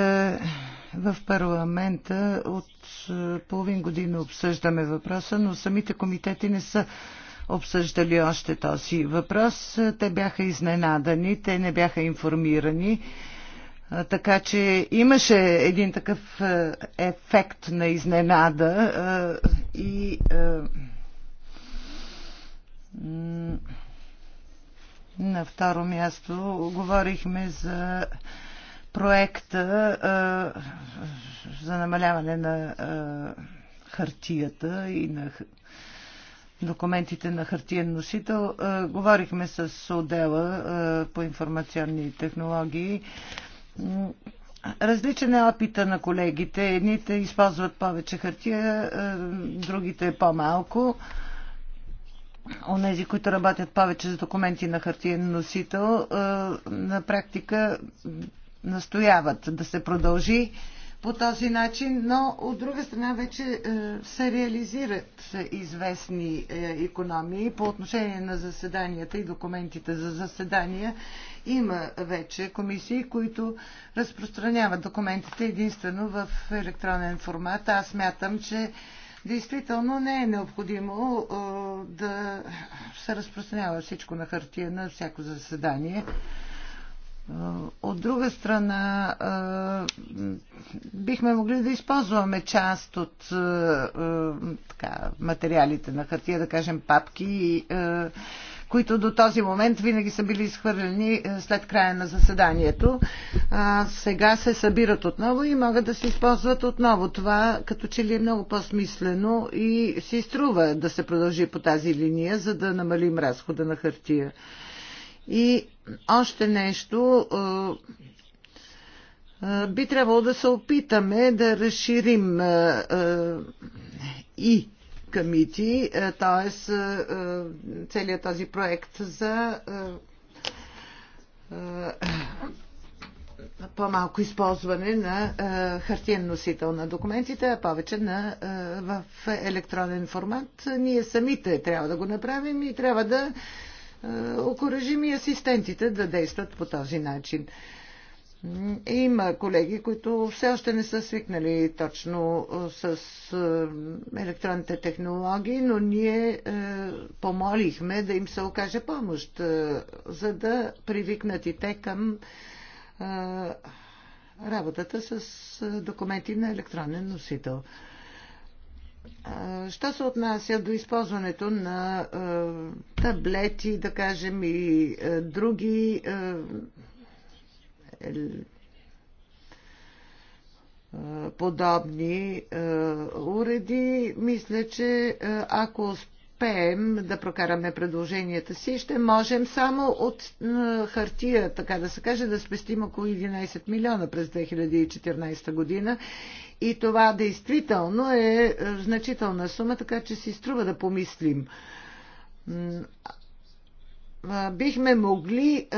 в парламента от е, половин година обсъждаме въпроса, но самите комитети не са обсъждали още този въпрос. Те бяха изненадани, те не бяха информирани. Така че имаше един такъв ефект на изненада и на второ място говорихме за проекта за намаляване на хартията и на документите на хартиен носител. Е, говорихме с отдела е, по информационни технологии. Различен е опита на колегите. Едните използват повече хартия, е, другите по-малко. Онези, които работят повече с документи на хартиен носител, на практика настояват да се продължи по този начин, но от друга страна вече е, се реализират известни економии по отношение на заседанията и документите за заседания. Има вече комисии, които разпространяват документите единствено в електронен формат. Аз мятам, че действително не е необходимо е, да се разпространява всичко на хартия на всяко заседание. От друга страна, бихме могли да използваме част от така, материалите на хартия, да кажем папки, които до този момент винаги са били изхвърлени след края на заседанието. Сега се събират отново и могат да се използват отново. Това като че ли е много по-смислено и си струва да се продължи по тази линия, за да намалим разхода на хартия. И още нещо, е, е, би трябвало да се опитаме да разширим е, и комити, т.е. целият този проект за по-малко използване на хартиен носител на документите, а повече на, в електронен формат. Ние самите трябва да го направим и трябва да е, окоръжим и асистентите да действат по този начин. Има колеги, които все още не са свикнали точно е, с е, електронните технологии, но ние помолихме да им се окаже помощ, за да привикнат и те към работата с документи на електронен носител. Що се отнася до използването на таблети, да кажем, и други подобни уреди, мисля, че ако успеем да прокараме предложенията си, ще можем само от хартия, така да се каже, да спестим около 11 милиона през 2014 година и това действително е, е значителна сума, така че си струва да помислим. Бихме могли е,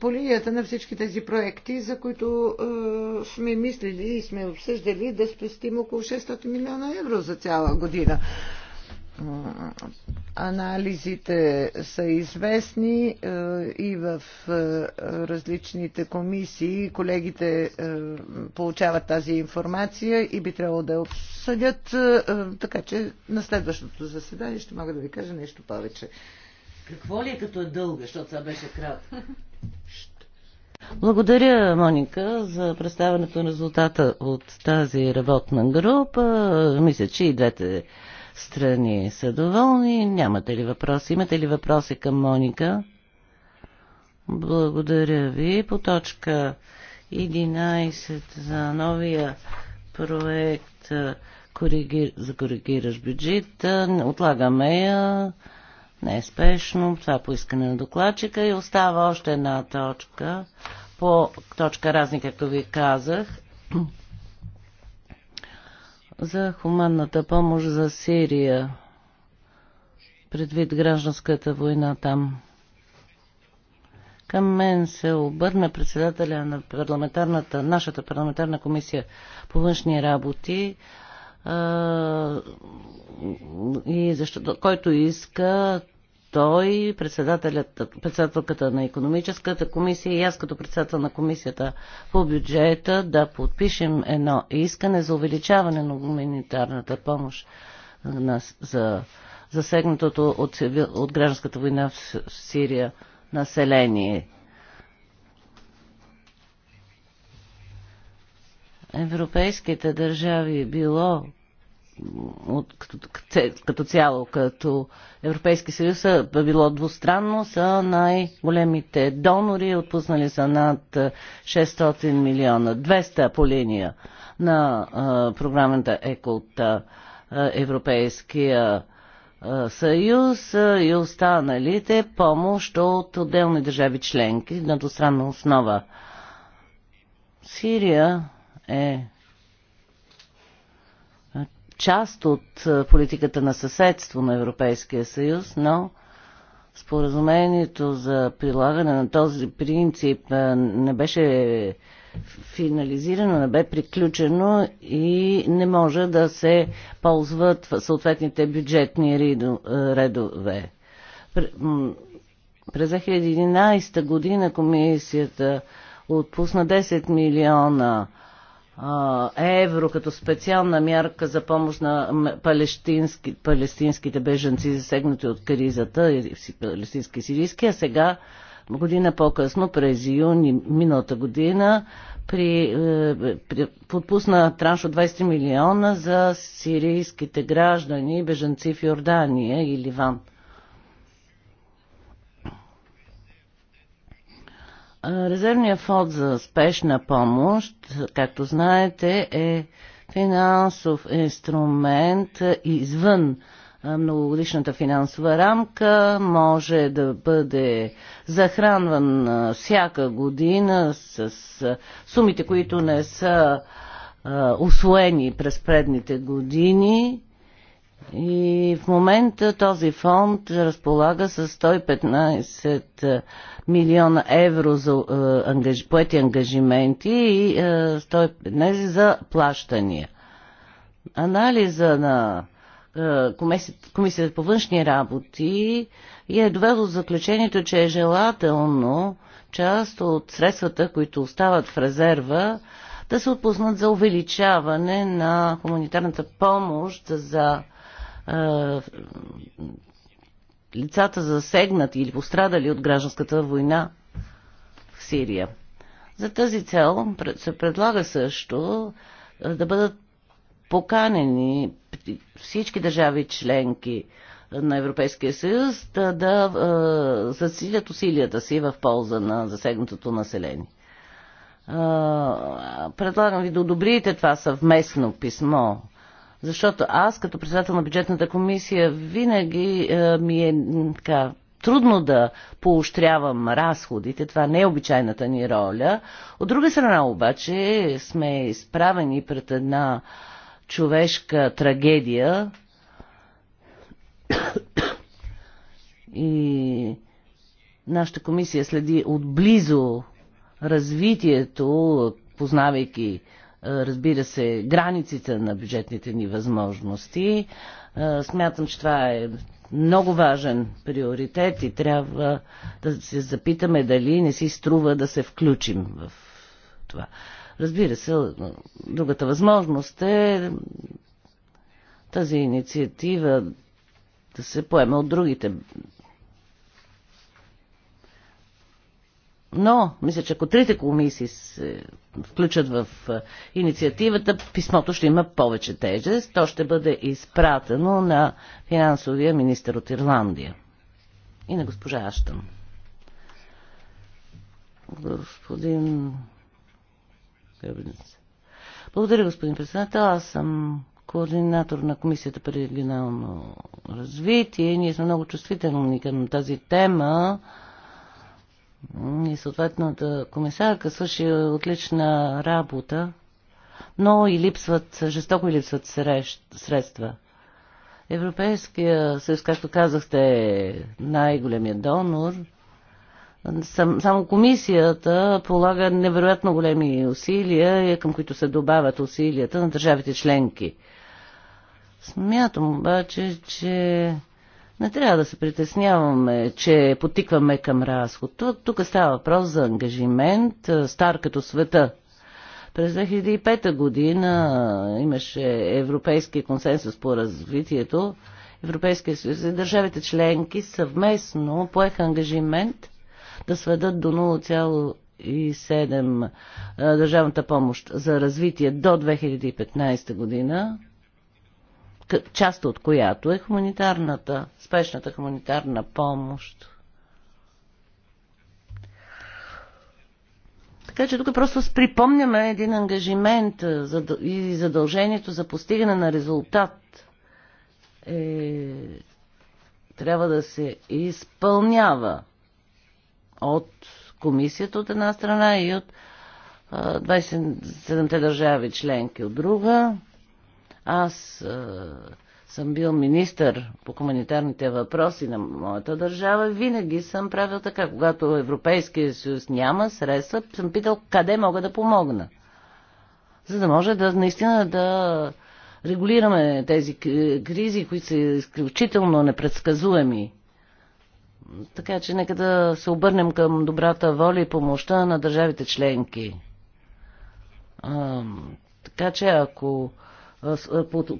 по линията на всички тези проекти, за които е, сме мислили и сме обсъждали, да спестим около 600 милиона евро за цяла година. Анализите са известни е, и в е, различните комисии. Колегите е, получават тази информация и би трябвало да я обсъдят, така че на следващото заседание ще мога да ви кажа нещо повече. Какво ли е като е дълга, защото това беше кратко? Благодаря, Моника, за представянето на резултата от тази работна група. Мисля, че и двете страни са доволни. Нямате ли въпроси? Имате ли въпроси към Моника? Благодаря ви. По точка 11 за новия проект за коригираш бюджет. Отлагаме я. Не е спешно. Това поискане на докладчика и остава още една точка. По точка разни, както ви казах за хуманната помощ за Сирия, предвид гражданската война там. Към мен се обърна председателя на парламентарната, нашата парламентарна комисия по външни работи, а, и защото, който иска той, председателката на економическата комисия и аз като председател на комисията по бюджета да подпишем едно искане за увеличаване на гуманитарната помощ на, за засегнатото от, от гражданската война в Сирия население. Европейските държави било от, като, като цяло, като Европейски съюз, са било двустранно, са най-големите донори, отпуснали са над 600 милиона, 200 по линия на а, програмата ЕКО от а, Европейския а, съюз а, и останалите помощ от отделни държави членки на двустранна основа. Сирия е част от е, политиката на съседство на Европейския съюз, но споразумението за прилагане на този принцип е, не беше финализирано, не бе приключено и не може да се ползват съответните бюджетни е, редове. През 2011 година комисията отпусна 10 милиона евро като специална мярка за помощ на палестински, палестинските беженци, засегнати от кризата, палестински и сирийски, а сега година по-късно, през юни миналата година, при, е, при, подпусна транш от 20 милиона за сирийските граждани, беженци в Йордания и Ливан. Резервният фонд за спешна помощ, както знаете, е финансов инструмент извън многогодишната финансова рамка, може да бъде захранван всяка година с сумите, които не са освоени през предните години и в момента този фонд разполага с 115 е, милиона евро за е, ангаж... поети ангажименти и 115 е, за плащания. Анализа на комисията, комисията по външни работи и е довело заключението, че е желателно част от средствата, които остават в резерва, да се отпуснат за увеличаване на хуманитарната помощ за лицата засегнати или пострадали от гражданската война в Сирия. За тази цел се предлага също да бъдат поканени всички държави членки на Европейския съюз да, да е, засилят усилията си в полза на засегнатото население. Е, предлагам ви да одобрите това съвместно писмо защото аз, като председател на бюджетната комисия, винаги е, ми е така, трудно да поощрявам разходите. Това не е обичайната ни роля. От друга страна обаче сме изправени пред една човешка трагедия и нашата комисия следи отблизо развитието, познавайки разбира се, границите на бюджетните ни възможности. Смятам, че това е много важен приоритет и трябва да се запитаме дали не си струва да се включим в това. Разбира се, другата възможност е тази инициатива да се поеме от другите но мисля, че ако трите комисии се включат в е, инициативата, писмото ще има повече тежест. То ще бъде изпратено на финансовия министр от Ирландия и на госпожа Аштън. Господин Благодаря, господин председател. Аз съм координатор на Комисията по регионално развитие. Ние сме много чувствителни към тази тема и съответната комисарка свърши отлична работа, но и липсват, жестоко и липсват средства. Европейския съюз, както казахте, е най-големият донор. Сам, само комисията полага невероятно големи усилия, е към които се добавят усилията на държавите членки. Смятам обаче, че не трябва да се притесняваме, че потикваме към разход. Тук, става въпрос за ангажимент, стар като света. През 2005 година имаше Европейски консенсус по развитието. Европейския съюз и държавите членки съвместно поеха ангажимент да сведат до 0,7 държавната помощ за развитие до 2015 година част от която е хуманитарната, спешната хуманитарна помощ. Така че тук просто припомняме един ангажимент и задължението за постигане на резултат. Е, трябва да се изпълнява от комисията от една страна и от 27-те държави членки от друга. Аз а, е, съм бил министър по хуманитарните въпроси на моята държава. Винаги съм правил така. Когато Европейския съюз няма средства, съм питал къде мога да помогна. За да може да наистина да регулираме тези кризи, които са изключително непредсказуеми. Така че нека да се обърнем към добрата воля и помощта на държавите членки. А, така че ако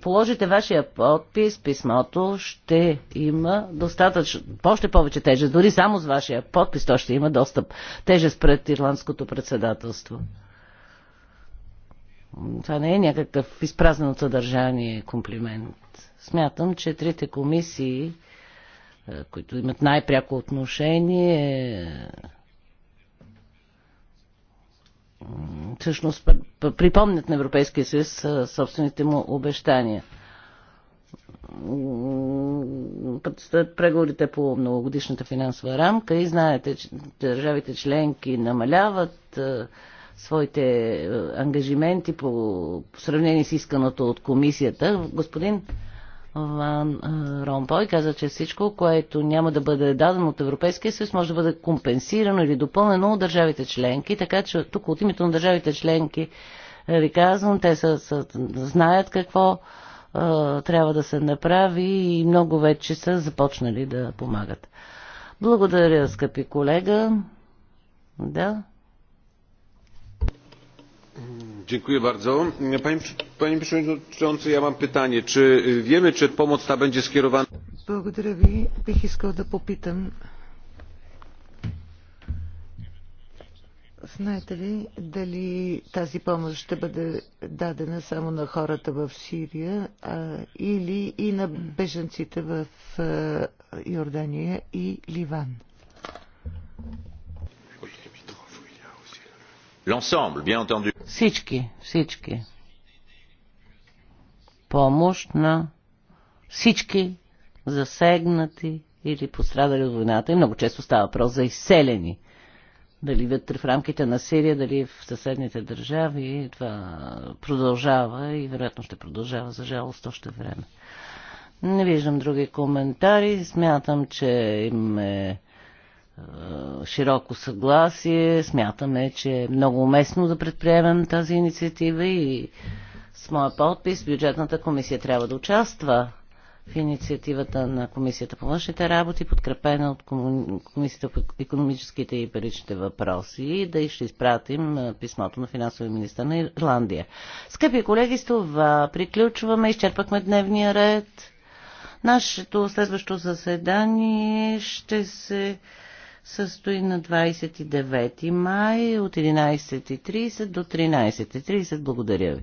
положите вашия подпис, писмото ще има достатъчно, още повече тежест. Дори само с вашия подпис то ще има доста тежест пред ирландското председателство. Това не е някакъв изпразнен от съдържание комплимент. Смятам, че трите комисии, които имат най-пряко отношение, всъщност припомнят на Европейския съюз собствените му обещания. Предстоят преговорите по многогодишната финансова рамка и знаете, че държавите членки намаляват своите ангажименти по, по сравнение с исканото от комисията. Господин Ван Ромпой каза, че всичко, което няма да бъде дадено от Европейския съюз, може да бъде компенсирано или допълнено от държавите членки. Така че тук от името на държавите членки е, ви казвам, те са, са, знаят какво а, е, трябва да се направи и много вече са започнали да помагат. Благодаря, скъпи колега. Да. Panie przewodniczący, ja mam pytanie. Czy wiemy, czy pomoc ta będzie skierowana... Благодаря ви. Бих искал да попитам. Знаете ли дали тази помощ ще бъде дадена само на хората в Сирия а, или и на беженците в а, Йордания и Ливан? L'ensemble, bien entendu. Всички, всички. Помощ на всички засегнати или пострадали от войната. И много често става въпрос за изселени. Дали вътре в рамките на Сирия, дали в съседните държави, това продължава и вероятно ще продължава за жалост още време. Не виждам други коментари. Смятам, че им е е, широко съгласие. Смятаме, че е много уместно да предприемем тази инициатива и с моя подпис бюджетната комисия трябва да участва в инициативата на Комисията по външните работи, подкрепена от Комисията по економическите и паричните въпроси и да и ще изпратим е, писмото на финансовия министър на Ирландия. Скъпи колеги, с това приключваме, изчерпахме дневния ред. Нашето следващо заседание ще се състои на 29 май от 11.30 до 13.30. Благодаря ви.